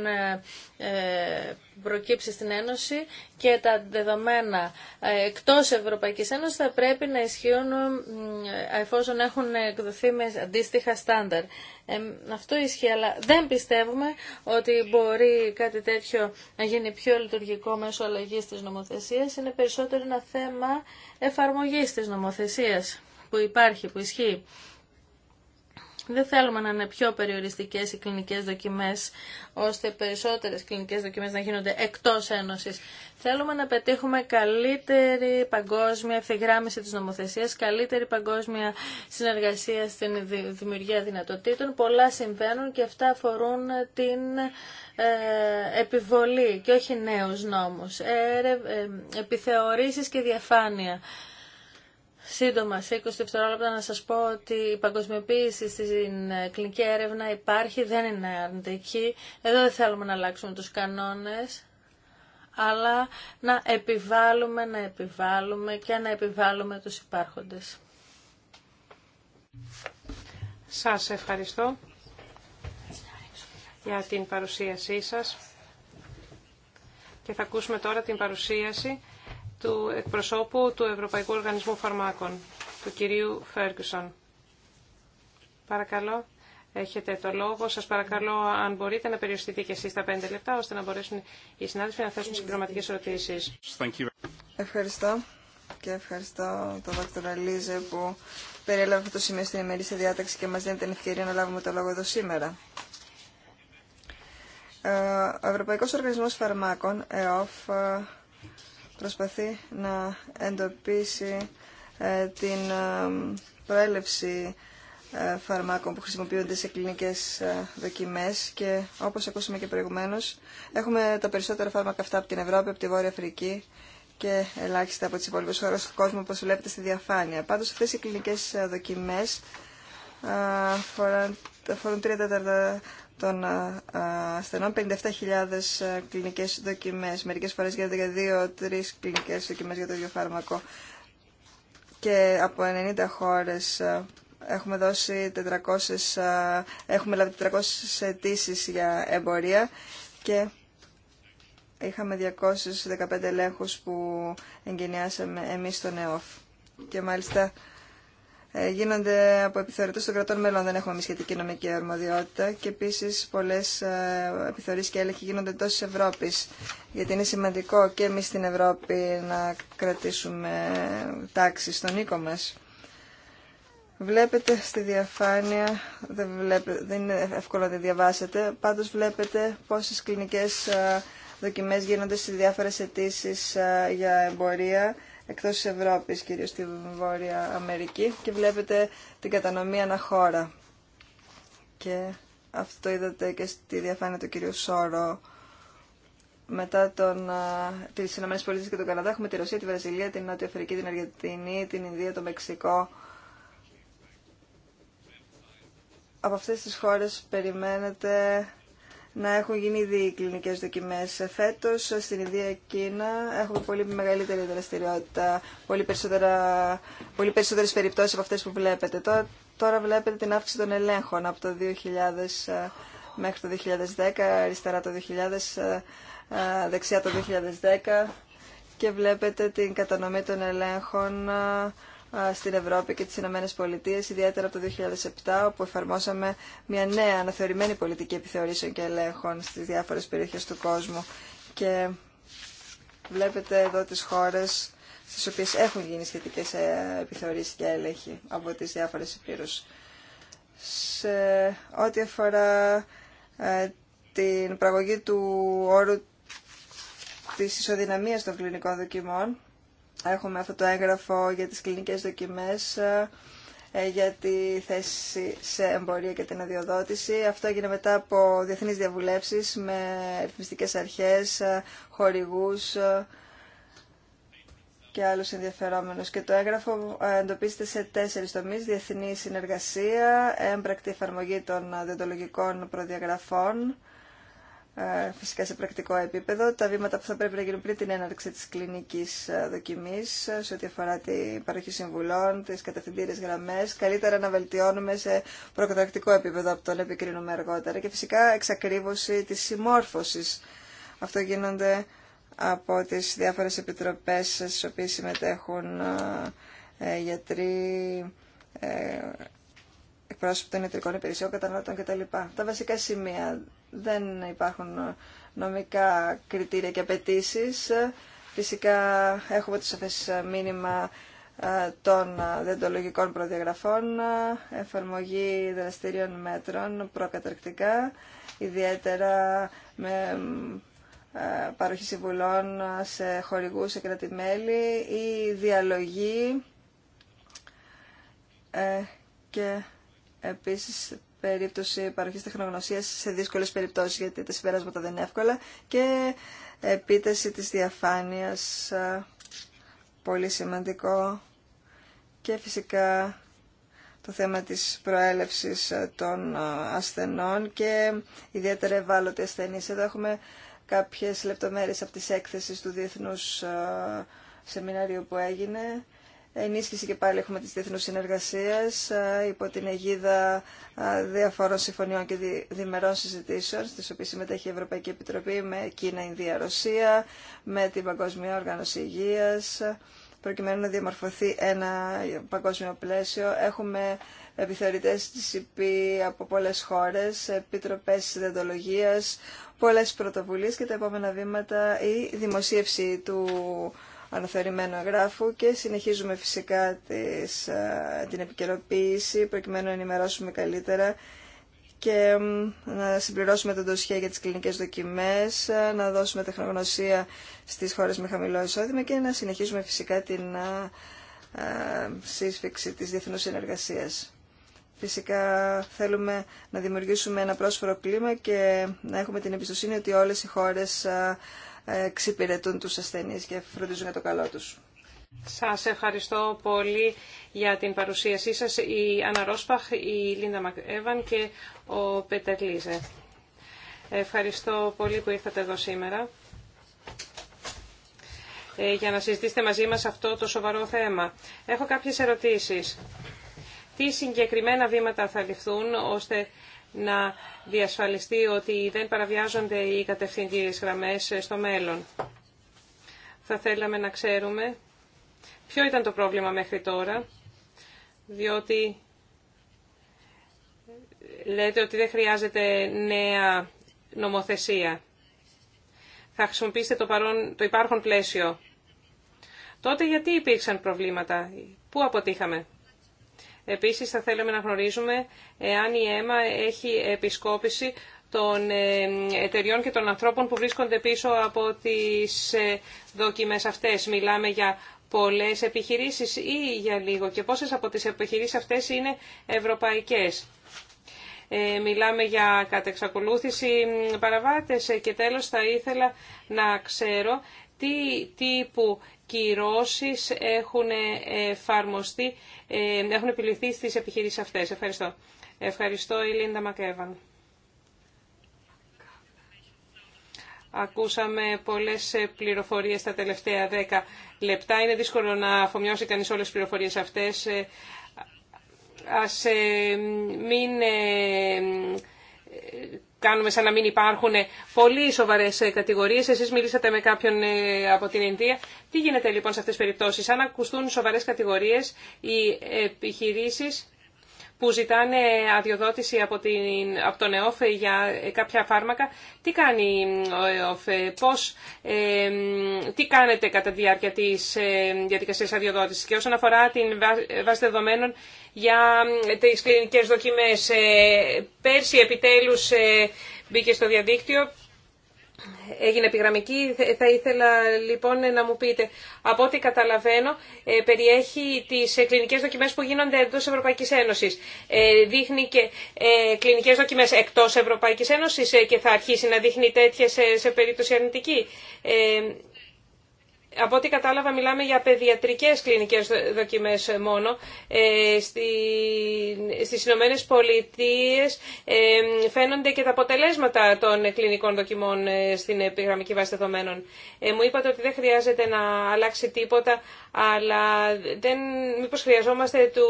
ε, προκύψει στην Ένωση και τα δεδομένα ε, εκτός Ευρωπαϊκής Ένωσης θα πρέπει να ισχύουν ε, εφόσον έχουν εκδοθεί με αντίστοιχα στάνταρ. αυτό ισχύει, αλλά δεν πιστεύουμε ότι μπορεί κάτι τέτοιο να γίνει πιο λειτουργικό μέσω αλλαγή τη νομοθεσία. Είναι περισσότερο ένα θέμα εφαρμογή της νομοθεσίας που υπάρχει, που ισχύει. Δεν θέλουμε να είναι πιο περιοριστικές οι κλινικές δοκιμές, ώστε περισσότερες κλινικές δοκιμές να γίνονται εκτός Ένωση. Θέλουμε να πετύχουμε καλύτερη παγκόσμια ευθυγράμμιση τη νομοθεσία, καλύτερη παγκόσμια συνεργασία στην δημιουργία δυνατοτήτων. Πολλά συμβαίνουν και αυτά αφορούν την ε, επιβολή και όχι νέους νόμους, ε, ε, επιθεωρήσεις και διαφάνεια. Σύντομα, σε 20 δευτερόλεπτα να σας πω ότι η παγκοσμιοποίηση στην ε, κλινική έρευνα υπάρχει, δεν είναι αρνητική. Εδώ δεν θέλουμε να αλλάξουμε τους κανόνες, αλλά να επιβάλλουμε, να επιβάλλουμε και να επιβάλλουμε τους υπάρχοντες. Σας ευχαριστώ για την παρουσίασή σας και θα ακούσουμε τώρα την παρουσίαση του εκπροσώπου του Ευρωπαϊκού Οργανισμού Φαρμάκων, του κυρίου Φέργκουσον. Παρακαλώ, έχετε το λόγο. Σας παρακαλώ, αν μπορείτε, να περιοριστείτε και εσείς τα πέντε λεπτά, ώστε να μπορέσουν οι συνάδελφοι να θέσουν συγκροματικές ερωτήσεις. Ευχαριστώ και ευχαριστώ τον δακτωρα Λίζε που περιέλαβε αυτό το σημείο στην ημερήσια διάταξη και μας δίνει την ευκαιρία να λάβουμε το λόγο εδώ σήμερα. Ε, ο Ευρωπαϊκός Οργανισμός Φαρμάκων, ΕΟΦ, προσπαθεί να εντοπίσει ε, την ε, προέλευση ε, φαρμάκων που χρησιμοποιούνται σε κλινικές δοκιμές και όπως ακούσαμε και προηγουμένως έχουμε τα περισσότερα φάρμακα αυτά από την Ευρώπη, από τη Βόρεια Αφρική και ελάχιστα από τις υπόλοιπες χώρες του κόσμου όπως βλέπετε στη διαφάνεια. Πάντως αυτές οι κλινικές δοκιμές αφορούν τρία τέταρτα των ασθενών 57.000 κλινικές δοκιμές, μερικές φορές για 2-3 κλινικές δοκιμές για το ίδιο φάρμακο. Και από 90 χώρες έχουμε δώσει 400, έχουμε λάβει 400 αιτήσει για εμπορία και είχαμε 215 ελέγχους που εγκαινιάσαμε εμείς στον ΕΟΦ. Και μάλιστα ε, γίνονται από επιθεωρητές των κρατών μελών. Δεν έχουμε εμεί σχετική νομική αρμοδιότητα και επίσης πολλές ε, επιθεωρήσεις και έλεγχοι γίνονται εντός της Ευρώπης. Γιατί είναι σημαντικό και εμείς στην Ευρώπη να κρατήσουμε τάξη στον οίκο μας. Βλέπετε στη διαφάνεια, δεν, είναι εύκολο να τη διαβάσετε, πάντως βλέπετε πόσες κλινικές ε, δοκιμές γίνονται στις διάφορες αιτήσει για εμπορία εκτός της Ευρώπης, κυρίως στη Βόρεια Αμερική και βλέπετε την κατανομή αναχώρα. Και αυτό είδατε και στη διαφάνεια του κυρίου Σόρο. Μετά τον, τις ΗΠΑ και τον Καναδά έχουμε τη Ρωσία, τη Βραζιλία, την Νότια Αφρική, την Αργεντινή, την Ινδία, το Μεξικό. Από αυτές τις χώρες περιμένετε να έχουν γίνει ήδη κλινικές δοκιμές. Φέτος στην Ιδία Κίνα έχουμε πολύ μεγαλύτερη δραστηριότητα, πολύ, περισσότερα, πολύ περισσότερες περιπτώσεις από αυτές που βλέπετε. Τώρα, τώρα βλέπετε την αύξηση των ελέγχων από το 2000 ε, μέχρι το 2010, αριστερά το 2000, ε, ε, δεξιά το 2010 και βλέπετε την κατανομή των ελέγχων στην Ευρώπη και τις Ηνωμένε Πολιτείες, ιδιαίτερα από το 2007, όπου εφαρμόσαμε μια νέα αναθεωρημένη πολιτική επιθεωρήσεων και ελέγχων στις διάφορες περιοχές του κόσμου. Και βλέπετε εδώ τις χώρες στις οποίες έχουν γίνει σχετικές ε, επιθεωρήσεις και έλεγχοι από τις διάφορες υπήρους. Σε ό,τι αφορά ε, την πραγωγή του όρου της ισοδυναμίας των κλινικών δοκιμών, έχουμε αυτό το έγγραφο για τις κλινικές δοκιμές ε, για τη θέση σε εμπορία και την αδειοδότηση. Αυτό έγινε μετά από διεθνείς διαβουλεύσεις με ρυθμιστικές αρχές, ε, χορηγούς ε, και άλλους ενδιαφερόμενους. Και το έγγραφο εντοπίζεται σε τέσσερις τομείς. Διεθνή συνεργασία, έμπρακτη εφαρμογή των διοντολογικών προδιαγραφών, ε, φυσικά σε πρακτικό επίπεδο, τα βήματα που θα πρέπει να γίνουν πριν την έναρξη της κλινικής ε, δοκιμής ε, σε ό,τι αφορά την παροχή συμβουλών, τις κατευθυντήρες γραμμές, καλύτερα να βελτιώνουμε σε προκατακτικό επίπεδο από το να επικρίνουμε αργότερα και φυσικά εξακρίβωση της συμμόρφωσης. Αυτό γίνονται από τις διάφορες επιτροπές στις οποίες συμμετέχουν γιατροί, εκπρόσωποι των ιατρικών υπηρεσιών, καταναλωτών κτλ. Τα βασικά σημεία δεν υπάρχουν νομικά κριτήρια και απαιτήσει. Φυσικά έχουμε το σαφές μήνυμα ε, των δεντολογικών προδιαγραφών, εφαρμογή δραστηριών μέτρων προκαταρκτικά, ιδιαίτερα με ε, παροχή συμβουλών σε χορηγούς, σε κρατημέλη ή διαλογή ε, και επίσης περίπτωση παροχής τεχνογνωσίας σε δύσκολες περιπτώσεις γιατί τα συμπεράσματα δεν είναι εύκολα και επίτεση της διαφάνειας πολύ σημαντικό και φυσικά το θέμα της προέλευσης των ασθενών και ιδιαίτερα ευάλωτοι ασθενείς. Εδώ έχουμε κάποιες λεπτομέρειες από τις έκθεσεις του Διεθνούς Σεμινάριου που έγινε ενίσχυση και πάλι έχουμε της διεθνούς συνεργασίας ε, υπό την αιγίδα ε, διαφορών συμφωνιών και διμερών συζητήσεων στις οποίες συμμετέχει η Ευρωπαϊκή Επιτροπή με Κίνα, Ινδία, Ρωσία, με την Παγκοσμία Οργάνωση Υγείας προκειμένου να διαμορφωθεί ένα παγκόσμιο πλαίσιο. Έχουμε επιθεωρητές της ΕΠΗ από πολλές χώρες, επιτροπές συνδεδολογίας, πολλές πρωτοβουλίες και τα επόμενα βήματα η δημοσίευση του αναθεωρημένου εγγράφου και συνεχίζουμε φυσικά τις, ε, την επικαιροποίηση προκειμένου να ενημερώσουμε καλύτερα και να συμπληρώσουμε τον τοσχέ για τις κλινικές δοκιμές, ε, να δώσουμε τεχνογνωσία στις χώρες με χαμηλό εισόδημα και να συνεχίσουμε φυσικά την ε, σύσφυξη της διεθνούς συνεργασίας. Φυσικά θέλουμε να δημιουργήσουμε ένα πρόσφορο κλίμα και να έχουμε την εμπιστοσύνη ότι όλες οι χώρες εξυπηρετούν τους ασθενείς και φροντίζουν για το καλό τους. Σας ευχαριστώ πολύ για την παρουσίασή σας, η Άννα Ρόσπαχ, η Λίντα Μακέβαν και ο Πέτερ Λίζε. Ευχαριστώ πολύ που ήρθατε εδώ σήμερα ε, για να συζητήσετε μαζί μας αυτό το σοβαρό θέμα. Έχω κάποιες ερωτήσεις. Τι συγκεκριμένα βήματα θα ληφθούν ώστε να διασφαλιστεί ότι δεν παραβιάζονται οι κατευθυντήριες γραμμές στο μέλλον. Θα θέλαμε να ξέρουμε ποιο ήταν το πρόβλημα μέχρι τώρα, διότι λέτε ότι δεν χρειάζεται νέα νομοθεσία. Θα χρησιμοποιήσετε το, παρόν, το υπάρχον πλαίσιο. Τότε γιατί υπήρξαν προβλήματα, πού αποτύχαμε. Επίσης θα θέλαμε να γνωρίζουμε εάν η αίμα έχει επισκόπηση των ε, εταιριών και των ανθρώπων που βρίσκονται πίσω από τις ε, δοκιμές αυτές. Μιλάμε για πολλές επιχειρήσεις ή για λίγο και πόσες από τις επιχειρήσεις αυτές είναι ευρωπαϊκές. Ε, μιλάμε για κατεξακολούθηση παραβάτες και τέλος θα ήθελα να ξέρω τι τύπου κυρώσεις έχουν εφαρμοστεί, ε, έχουν επιληθεί στις επιχειρήσεις αυτές. Ευχαριστώ. Ευχαριστώ η Λίντα Μακέβαν. Ακούσαμε πολλές πληροφορίες τα τελευταία δέκα λεπτά. Είναι δύσκολο να αφομοιώσει κανείς όλες τις πληροφορίες αυτές. Ε, ας ε, μην κάνουμε σαν να μην υπάρχουν πολύ σοβαρέ ε, κατηγορίε. Εσεί μιλήσατε με κάποιον ε, από την Ινδία. Τι γίνεται λοιπόν σε αυτέ τι περιπτώσει, αν ακουστούν σοβαρέ κατηγορίε, οι επιχειρήσει που ζητάνε αδειοδότηση από, την, τον ΕΟΦ για κάποια φάρμακα. Τι κάνει ο ΕΟΦ, πώς, τι κάνετε κατά τη διάρκεια της ε, διαδικασίας αδειοδότησης και όσον αφορά την βάση δεδομένων για τις κλινικές δοκιμές. Ε, πέρσι επιτέλους ε, μπήκε στο διαδίκτυο Έγινε επιγραμμική. Θα ήθελα λοιπόν να μου πείτε. Από ό,τι καταλαβαίνω, ε, περιέχει τι ε, κλινικέ δοκιμέ που γίνονται εντό Ευρωπαϊκή Ένωση. Ε, δείχνει και κλινικέ δοκιμέ εκτό Ευρωπαϊκή Ένωση και θα αρχίσει να δείχνει τέτοιε σε περίπτωση αρνητική από ό,τι κατάλαβα μιλάμε για παιδιατρικές κλινικές δοκιμές μόνο. Ε, στις Ηνωμένε Πολιτείε ε, φαίνονται και τα αποτελέσματα των κλινικών δοκιμών ε, στην επιγραμμική βάση δεδομένων. Ε, μου είπατε ότι δεν χρειάζεται να αλλάξει τίποτα, αλλά δεν, μήπως χρειαζόμαστε του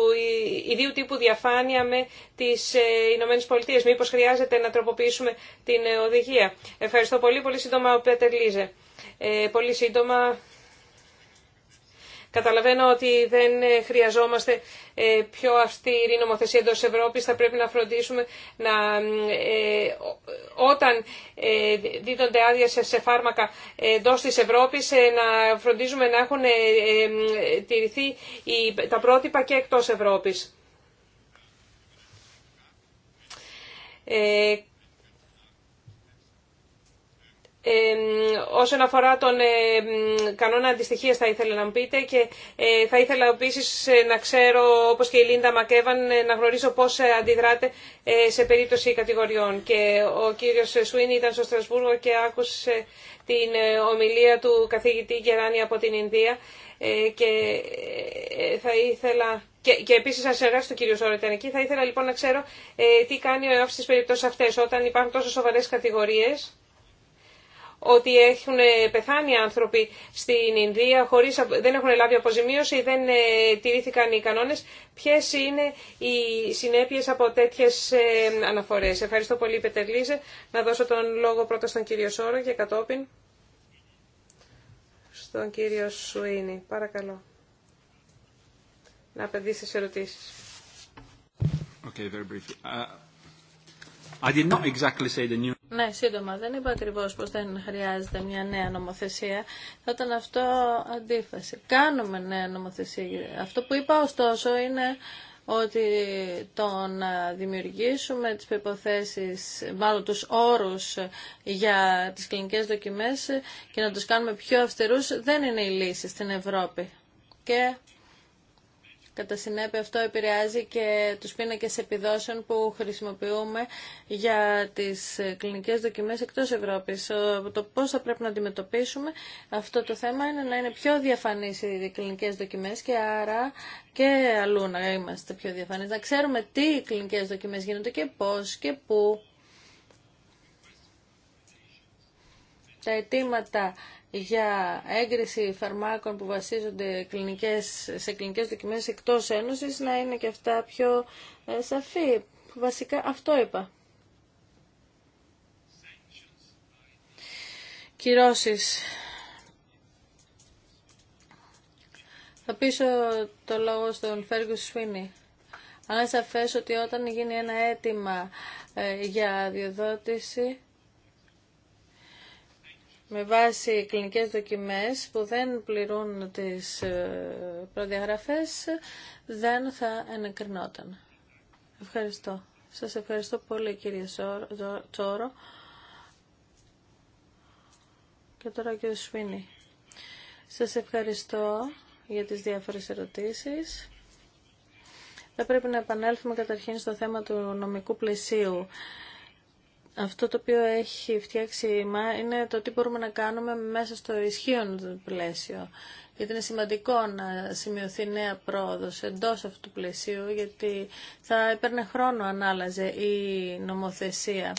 ιδίου τύπου διαφάνεια με τις ε, Ηνωμένε Πολιτείε. Μήπως χρειάζεται να τροποποιήσουμε την οδηγία. Ευχαριστώ πολύ. Πολύ σύντομα ο Πέτερ Λίζε. Ε, πολύ σύντομα Καταλαβαίνω ότι δεν ε, χρειαζόμαστε ε, πιο αυστηρή νομοθεσία εντό Ευρώπη. Θα πρέπει να φροντίσουμε να, ε, όταν δίδονται άδεια σε φάρμακα εντό τη Ευρώπη, να φροντίζουμε να έχουν τηρηθεί τα πρότυπα και εκτό Ευρώπη. Ε, όσον αφορά τον κανόνα αντιστοιχίας θα ήθελα να μου πείτε και ε, θα ήθελα επίσης ε, να ξέρω όπως και η Λίντα Μακέβαν ε, να γνωρίζω πώς αντιδράτε σε περίπτωση κατηγοριών και ο κύριος Σουίνι ήταν στο Στρασβούργο και άκουσε την ομιλία του καθηγητή Γεράνη από την Ινδία και θα ήθελα και, και επίσης αν συνεργάσει τον κύριο Ζόρο εκεί θα ήθελα λοιπόν να ξέρω τι κάνει ο ΕΟΦ στι περιπτώσει αυτέ όταν υπάρχουν τόσο σοβαρέ κατηγορίε ότι έχουν πεθάνει άνθρωποι στην Ινδία, χωρίς, δεν έχουν λάβει αποζημίωση, δεν ε, τηρήθηκαν οι κανόνες. Ποιες είναι οι συνέπειες από τέτοιες ε, αναφορές. Ευχαριστώ πολύ, Πετερλίζε. Να δώσω τον λόγο πρώτα στον κύριο Σόρο και κατόπιν στον κύριο Σουίνι. Παρακαλώ. Να απαντήσει σε ερωτήσεις. Okay, very briefly. Uh, I did not exactly say the new... Ναι, σύντομα. Δεν είπα ακριβώ πω δεν χρειάζεται μια νέα νομοθεσία. Θα ήταν αυτό αντίφαση. Κάνουμε νέα νομοθεσία. Αυτό που είπα ωστόσο είναι ότι το να δημιουργήσουμε τις προϋποθέσεις, μάλλον τους όρους για τις κλινικές δοκιμές και να τους κάνουμε πιο αυστηρούς δεν είναι η λύση στην Ευρώπη. Και Κατά συνέπεια αυτό επηρεάζει και τους πίνακες επιδόσεων που χρησιμοποιούμε για τις κλινικές δοκιμές εκτός Ευρώπης. Το πώς θα πρέπει να αντιμετωπίσουμε αυτό το θέμα είναι να είναι πιο διαφανείς οι κλινικές δοκιμές και άρα και αλλού να είμαστε πιο διαφανείς. Να ξέρουμε τι κλινικές δοκιμές γίνονται και πώς και πού. Τα αιτήματα για έγκριση φαρμάκων που βασίζονται κλινικές, σε κλινικές δοκιμές εκτός Ένωσης να είναι και αυτά πιο ε, σαφή. Βασικά αυτό είπα. Κυρώσεις. Θα πείσω το λόγο στον Φέργου Σφίνη. Αν σαφές ότι όταν γίνει ένα αίτημα ε, για διοδότηση με βάση κλινικές δοκιμές που δεν πληρούν τις ε, προδιαγραφές δεν θα ενεκρινόταν. Ευχαριστώ. Σας ευχαριστώ πολύ κύριε Τσόρο. Και τώρα κύριε Σφίνη. Σας ευχαριστώ για τις διάφορες ερωτήσεις. Θα πρέπει να επανέλθουμε καταρχήν στο θέμα του νομικού πλαισίου αυτό το οποίο έχει φτιάξει η ΜΑ είναι το τι μπορούμε να κάνουμε μέσα στο ισχύον πλαίσιο. Γιατί είναι σημαντικό να σημειωθεί νέα πρόοδος εντός αυτού του πλαίσιου, γιατί θα έπαιρνε χρόνο αν η νομοθεσία.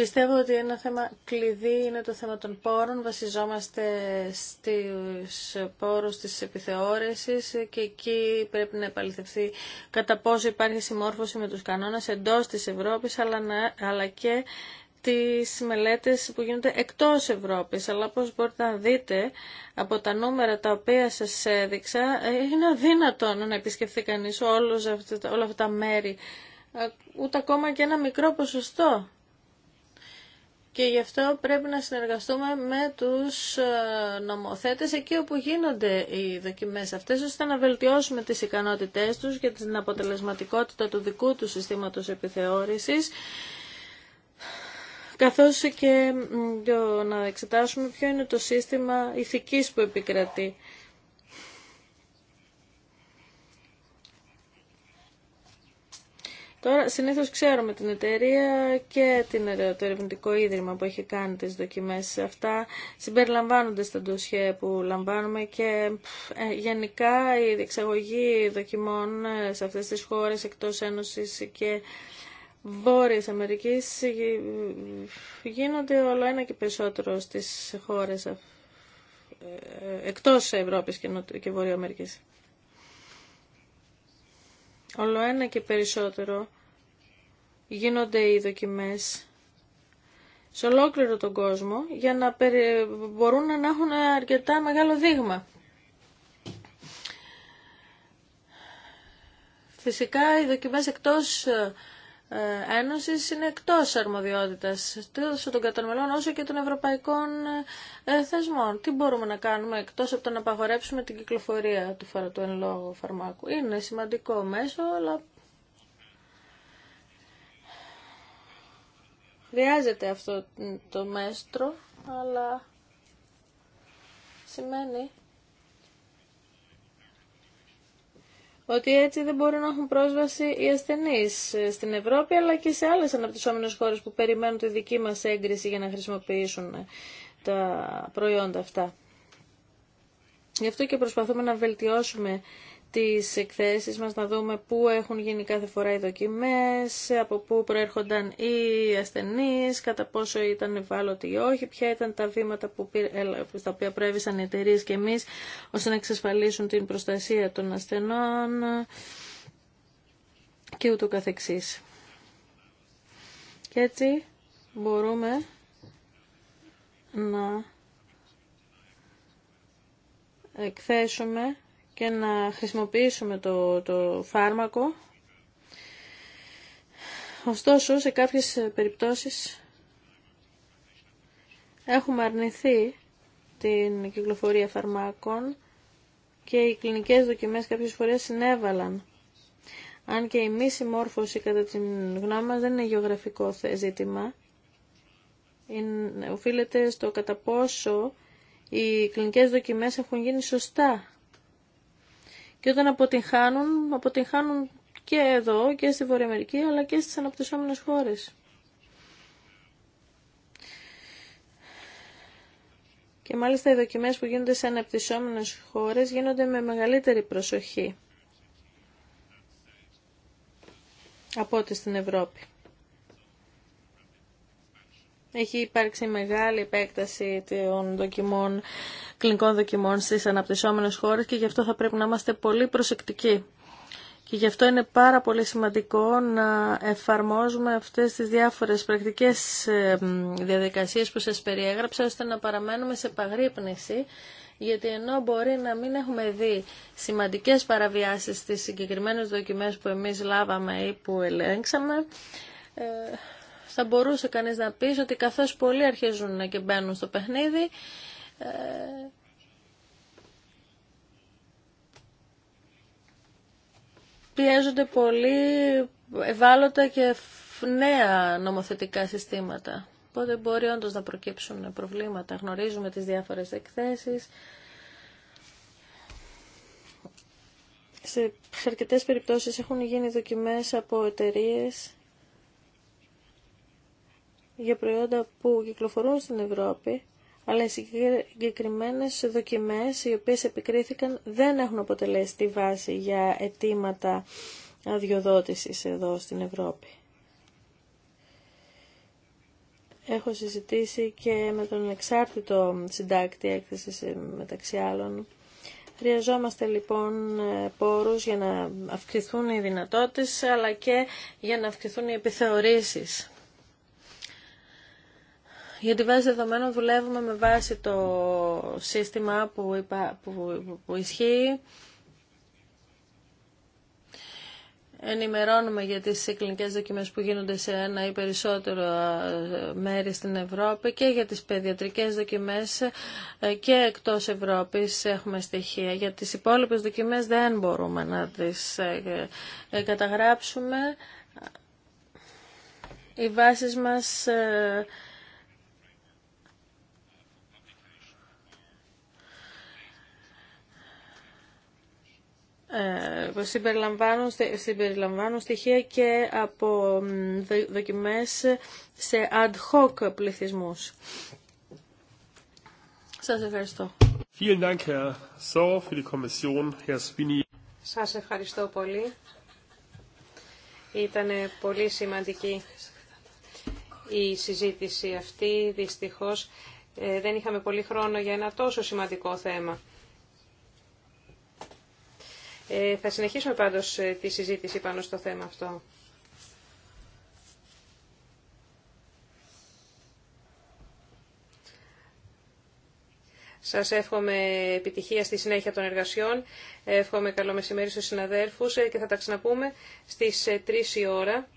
Πιστεύω ότι ένα θέμα κλειδί είναι το θέμα των πόρων. Βασιζόμαστε στις πόρους της επιθεώρησης και εκεί πρέπει να επαληθευτεί κατά πόσο υπάρχει συμμόρφωση με τους κανόνες εντός της Ευρώπης αλλά και τις μελέτες που γίνονται εκτός Ευρώπης. Αλλά όπως μπορείτε να δείτε από τα νούμερα τα οποία σας έδειξα, είναι αδύνατο να επισκεφθεί κανείς όλα αυτά τα μέρη, ε, ούτε ακόμα και ένα μικρό ποσοστό και γι' αυτό πρέπει να συνεργαστούμε με τους ε, νομοθέτες εκεί όπου γίνονται οι δοκιμές αυτές, ώστε να βελτιώσουμε τις ικανότητές τους για την αποτελεσματικότητα του δικού του συστήματος επιθεώρησης, καθώς και να εξετάσουμε ποιο είναι το σύστημα ηθικής που επικρατεί. Τώρα συνήθως ξέρουμε την εταιρεία και την, το ερευνητικό ίδρυμα που έχει κάνει τις δοκιμές. Αυτά συμπεριλαμβάνονται στα ντοσιέ που λαμβάνουμε και ε, γενικά η διεξαγωγή δοκιμών ε, σε αυτές τις χώρες εκτός Ένωσης και Βόρειας Αμερικής ε, γίνονται όλο ένα και περισσότερο στις χώρες εκτός Ευρώπης και Βόρειας Αμερικής όλο ένα και περισσότερο γίνονται οι δοκιμές σε ολόκληρο τον κόσμο για να μπορούν να έχουν αρκετά μεγάλο δείγμα. Φυσικά οι δοκιμές εκτός ε, ε, Ένωση είναι εκτός αρμοδιότητας τόσο των κατανομελών όσο και των ευρωπαϊκών ε, θεσμών. Τι μπορούμε να κάνουμε εκτός από το να απαγορέψουμε την κυκλοφορία του, εν λόγω φαρμάκου. Είναι σημαντικό μέσο, αλλά χρειάζεται αυτό το μέστρο, αλλά σημαίνει ότι έτσι δεν μπορούν να έχουν πρόσβαση οι ασθενεί στην Ευρώπη αλλά και σε άλλες αναπτυσσόμενες χώρες που περιμένουν τη δική μας έγκριση για να χρησιμοποιήσουν τα προϊόντα αυτά. Γι' αυτό και προσπαθούμε να βελτιώσουμε τις εκθέσεις μας, να δούμε πού έχουν γίνει κάθε φορά οι δοκιμές, από πού προέρχονταν οι ασθενείς, κατά πόσο ήταν ευάλωτοι ή όχι, ποια ήταν τα βήματα που στα οποία προέβησαν οι εταιρείε και εμείς, ώστε να εξασφαλίσουν την προστασία των ασθενών και ούτω καθεξής. Και έτσι μπορούμε να εκθέσουμε και να χρησιμοποιήσουμε το, το φάρμακο. Ωστόσο, σε κάποιες περιπτώσεις έχουμε αρνηθεί την κυκλοφορία φαρμάκων και οι κλινικές δοκιμές κάποιες φορές συνέβαλαν. Αν και η μη συμμόρφωση κατά την γνώμη μας δεν είναι γεωγραφικό ζήτημα, είναι, οφείλεται στο κατά πόσο οι κλινικές δοκιμές έχουν γίνει σωστά και όταν αποτυγχάνουν, αποτυγχάνουν και εδώ και στη Βόρεια αλλά και στις αναπτυσσόμενες χώρες. Και μάλιστα οι δοκιμές που γίνονται σε αναπτυσσόμενες χώρες γίνονται με μεγαλύτερη προσοχή από ό,τι στην Ευρώπη. Έχει υπάρξει μεγάλη επέκταση των δοκιμών, κλινικών δοκιμών στις αναπτυσσόμενες χώρες και γι' αυτό θα πρέπει να είμαστε πολύ προσεκτικοί. Και γι' αυτό είναι πάρα πολύ σημαντικό να εφαρμόζουμε αυτές τις διάφορες πρακτικές ε, διαδικασίες που σας περιέγραψα, ώστε να παραμένουμε σε παγρύπνηση, γιατί ενώ μπορεί να μην έχουμε δει σημαντικές παραβιάσεις στις συγκεκριμένες δοκιμές που εμείς λάβαμε ή που ελέγξαμε, ε, θα μπορούσε κανείς να πει ότι καθώς πολλοί αρχίζουν και μπαίνουν στο παιχνίδι, ε, πιέζονται πολύ ευάλωτα και νέα νομοθετικά συστήματα. Οπότε μπορεί όντω να προκύψουν προβλήματα. Γνωρίζουμε τις διάφορες εκθέσεις. Σε αρκετές περιπτώσεις έχουν γίνει δοκιμές από εταιρείε για προϊόντα που κυκλοφορούν στην Ευρώπη, αλλά οι συγκεκριμένε δοκιμέ οι οποίες επικρίθηκαν δεν έχουν αποτελέσει τη βάση για αιτήματα αδειοδότηση εδώ στην Ευρώπη. Έχω συζητήσει και με τον εξάρτητο συντάκτη έκθεσης ε, μεταξύ άλλων. Χρειαζόμαστε λοιπόν ε, πόρους για να αυξηθούν οι δυνατότητες αλλά και για να αυξηθούν οι επιθεωρήσεις για τη βάση δεδομένων δουλεύουμε με βάση το σύστημα που, υπά, που, ισχύει. Ενημερώνουμε για τις κλινικές δοκιμές που γίνονται σε ένα ή περισσότερο μέρη στην Ευρώπη και για τις παιδιατρικές δοκιμές ε, και εκτός Ευρώπης έχουμε στοιχεία. Για τις υπόλοιπες δοκιμές δεν μπορούμε να τις ε, ε, καταγράψουμε. Οι βάσεις μας συμπεριλαμβάνουν, συμπεριλαμβάνουν στοιχεία και από δοκιμές σε ad hoc πληθυσμούς. Σας ευχαριστώ. Σας ευχαριστώ πολύ. Ήταν πολύ σημαντική η συζήτηση αυτή. Δυστυχώς ε, δεν είχαμε πολύ χρόνο για ένα τόσο σημαντικό θέμα. Ε, θα συνεχίσουμε πάντως ε, τη συζήτηση πάνω στο θέμα αυτό. Σας εύχομαι επιτυχία στη συνέχεια των εργασιών. Εύχομαι καλό μεσημέρι στους συναδέρφους ε, και θα τα ξαναπούμε στις 3 η ώρα.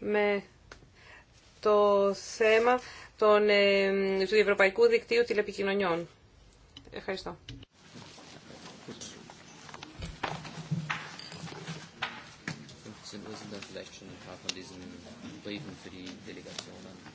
με το θέμα των, του Ευρωπαϊκού Δικτύου Τηλεπικοινωνιών. Ευχαριστώ. sind wir sind dann vielleicht schon ein paar von diesen Briefen für die Delegationen.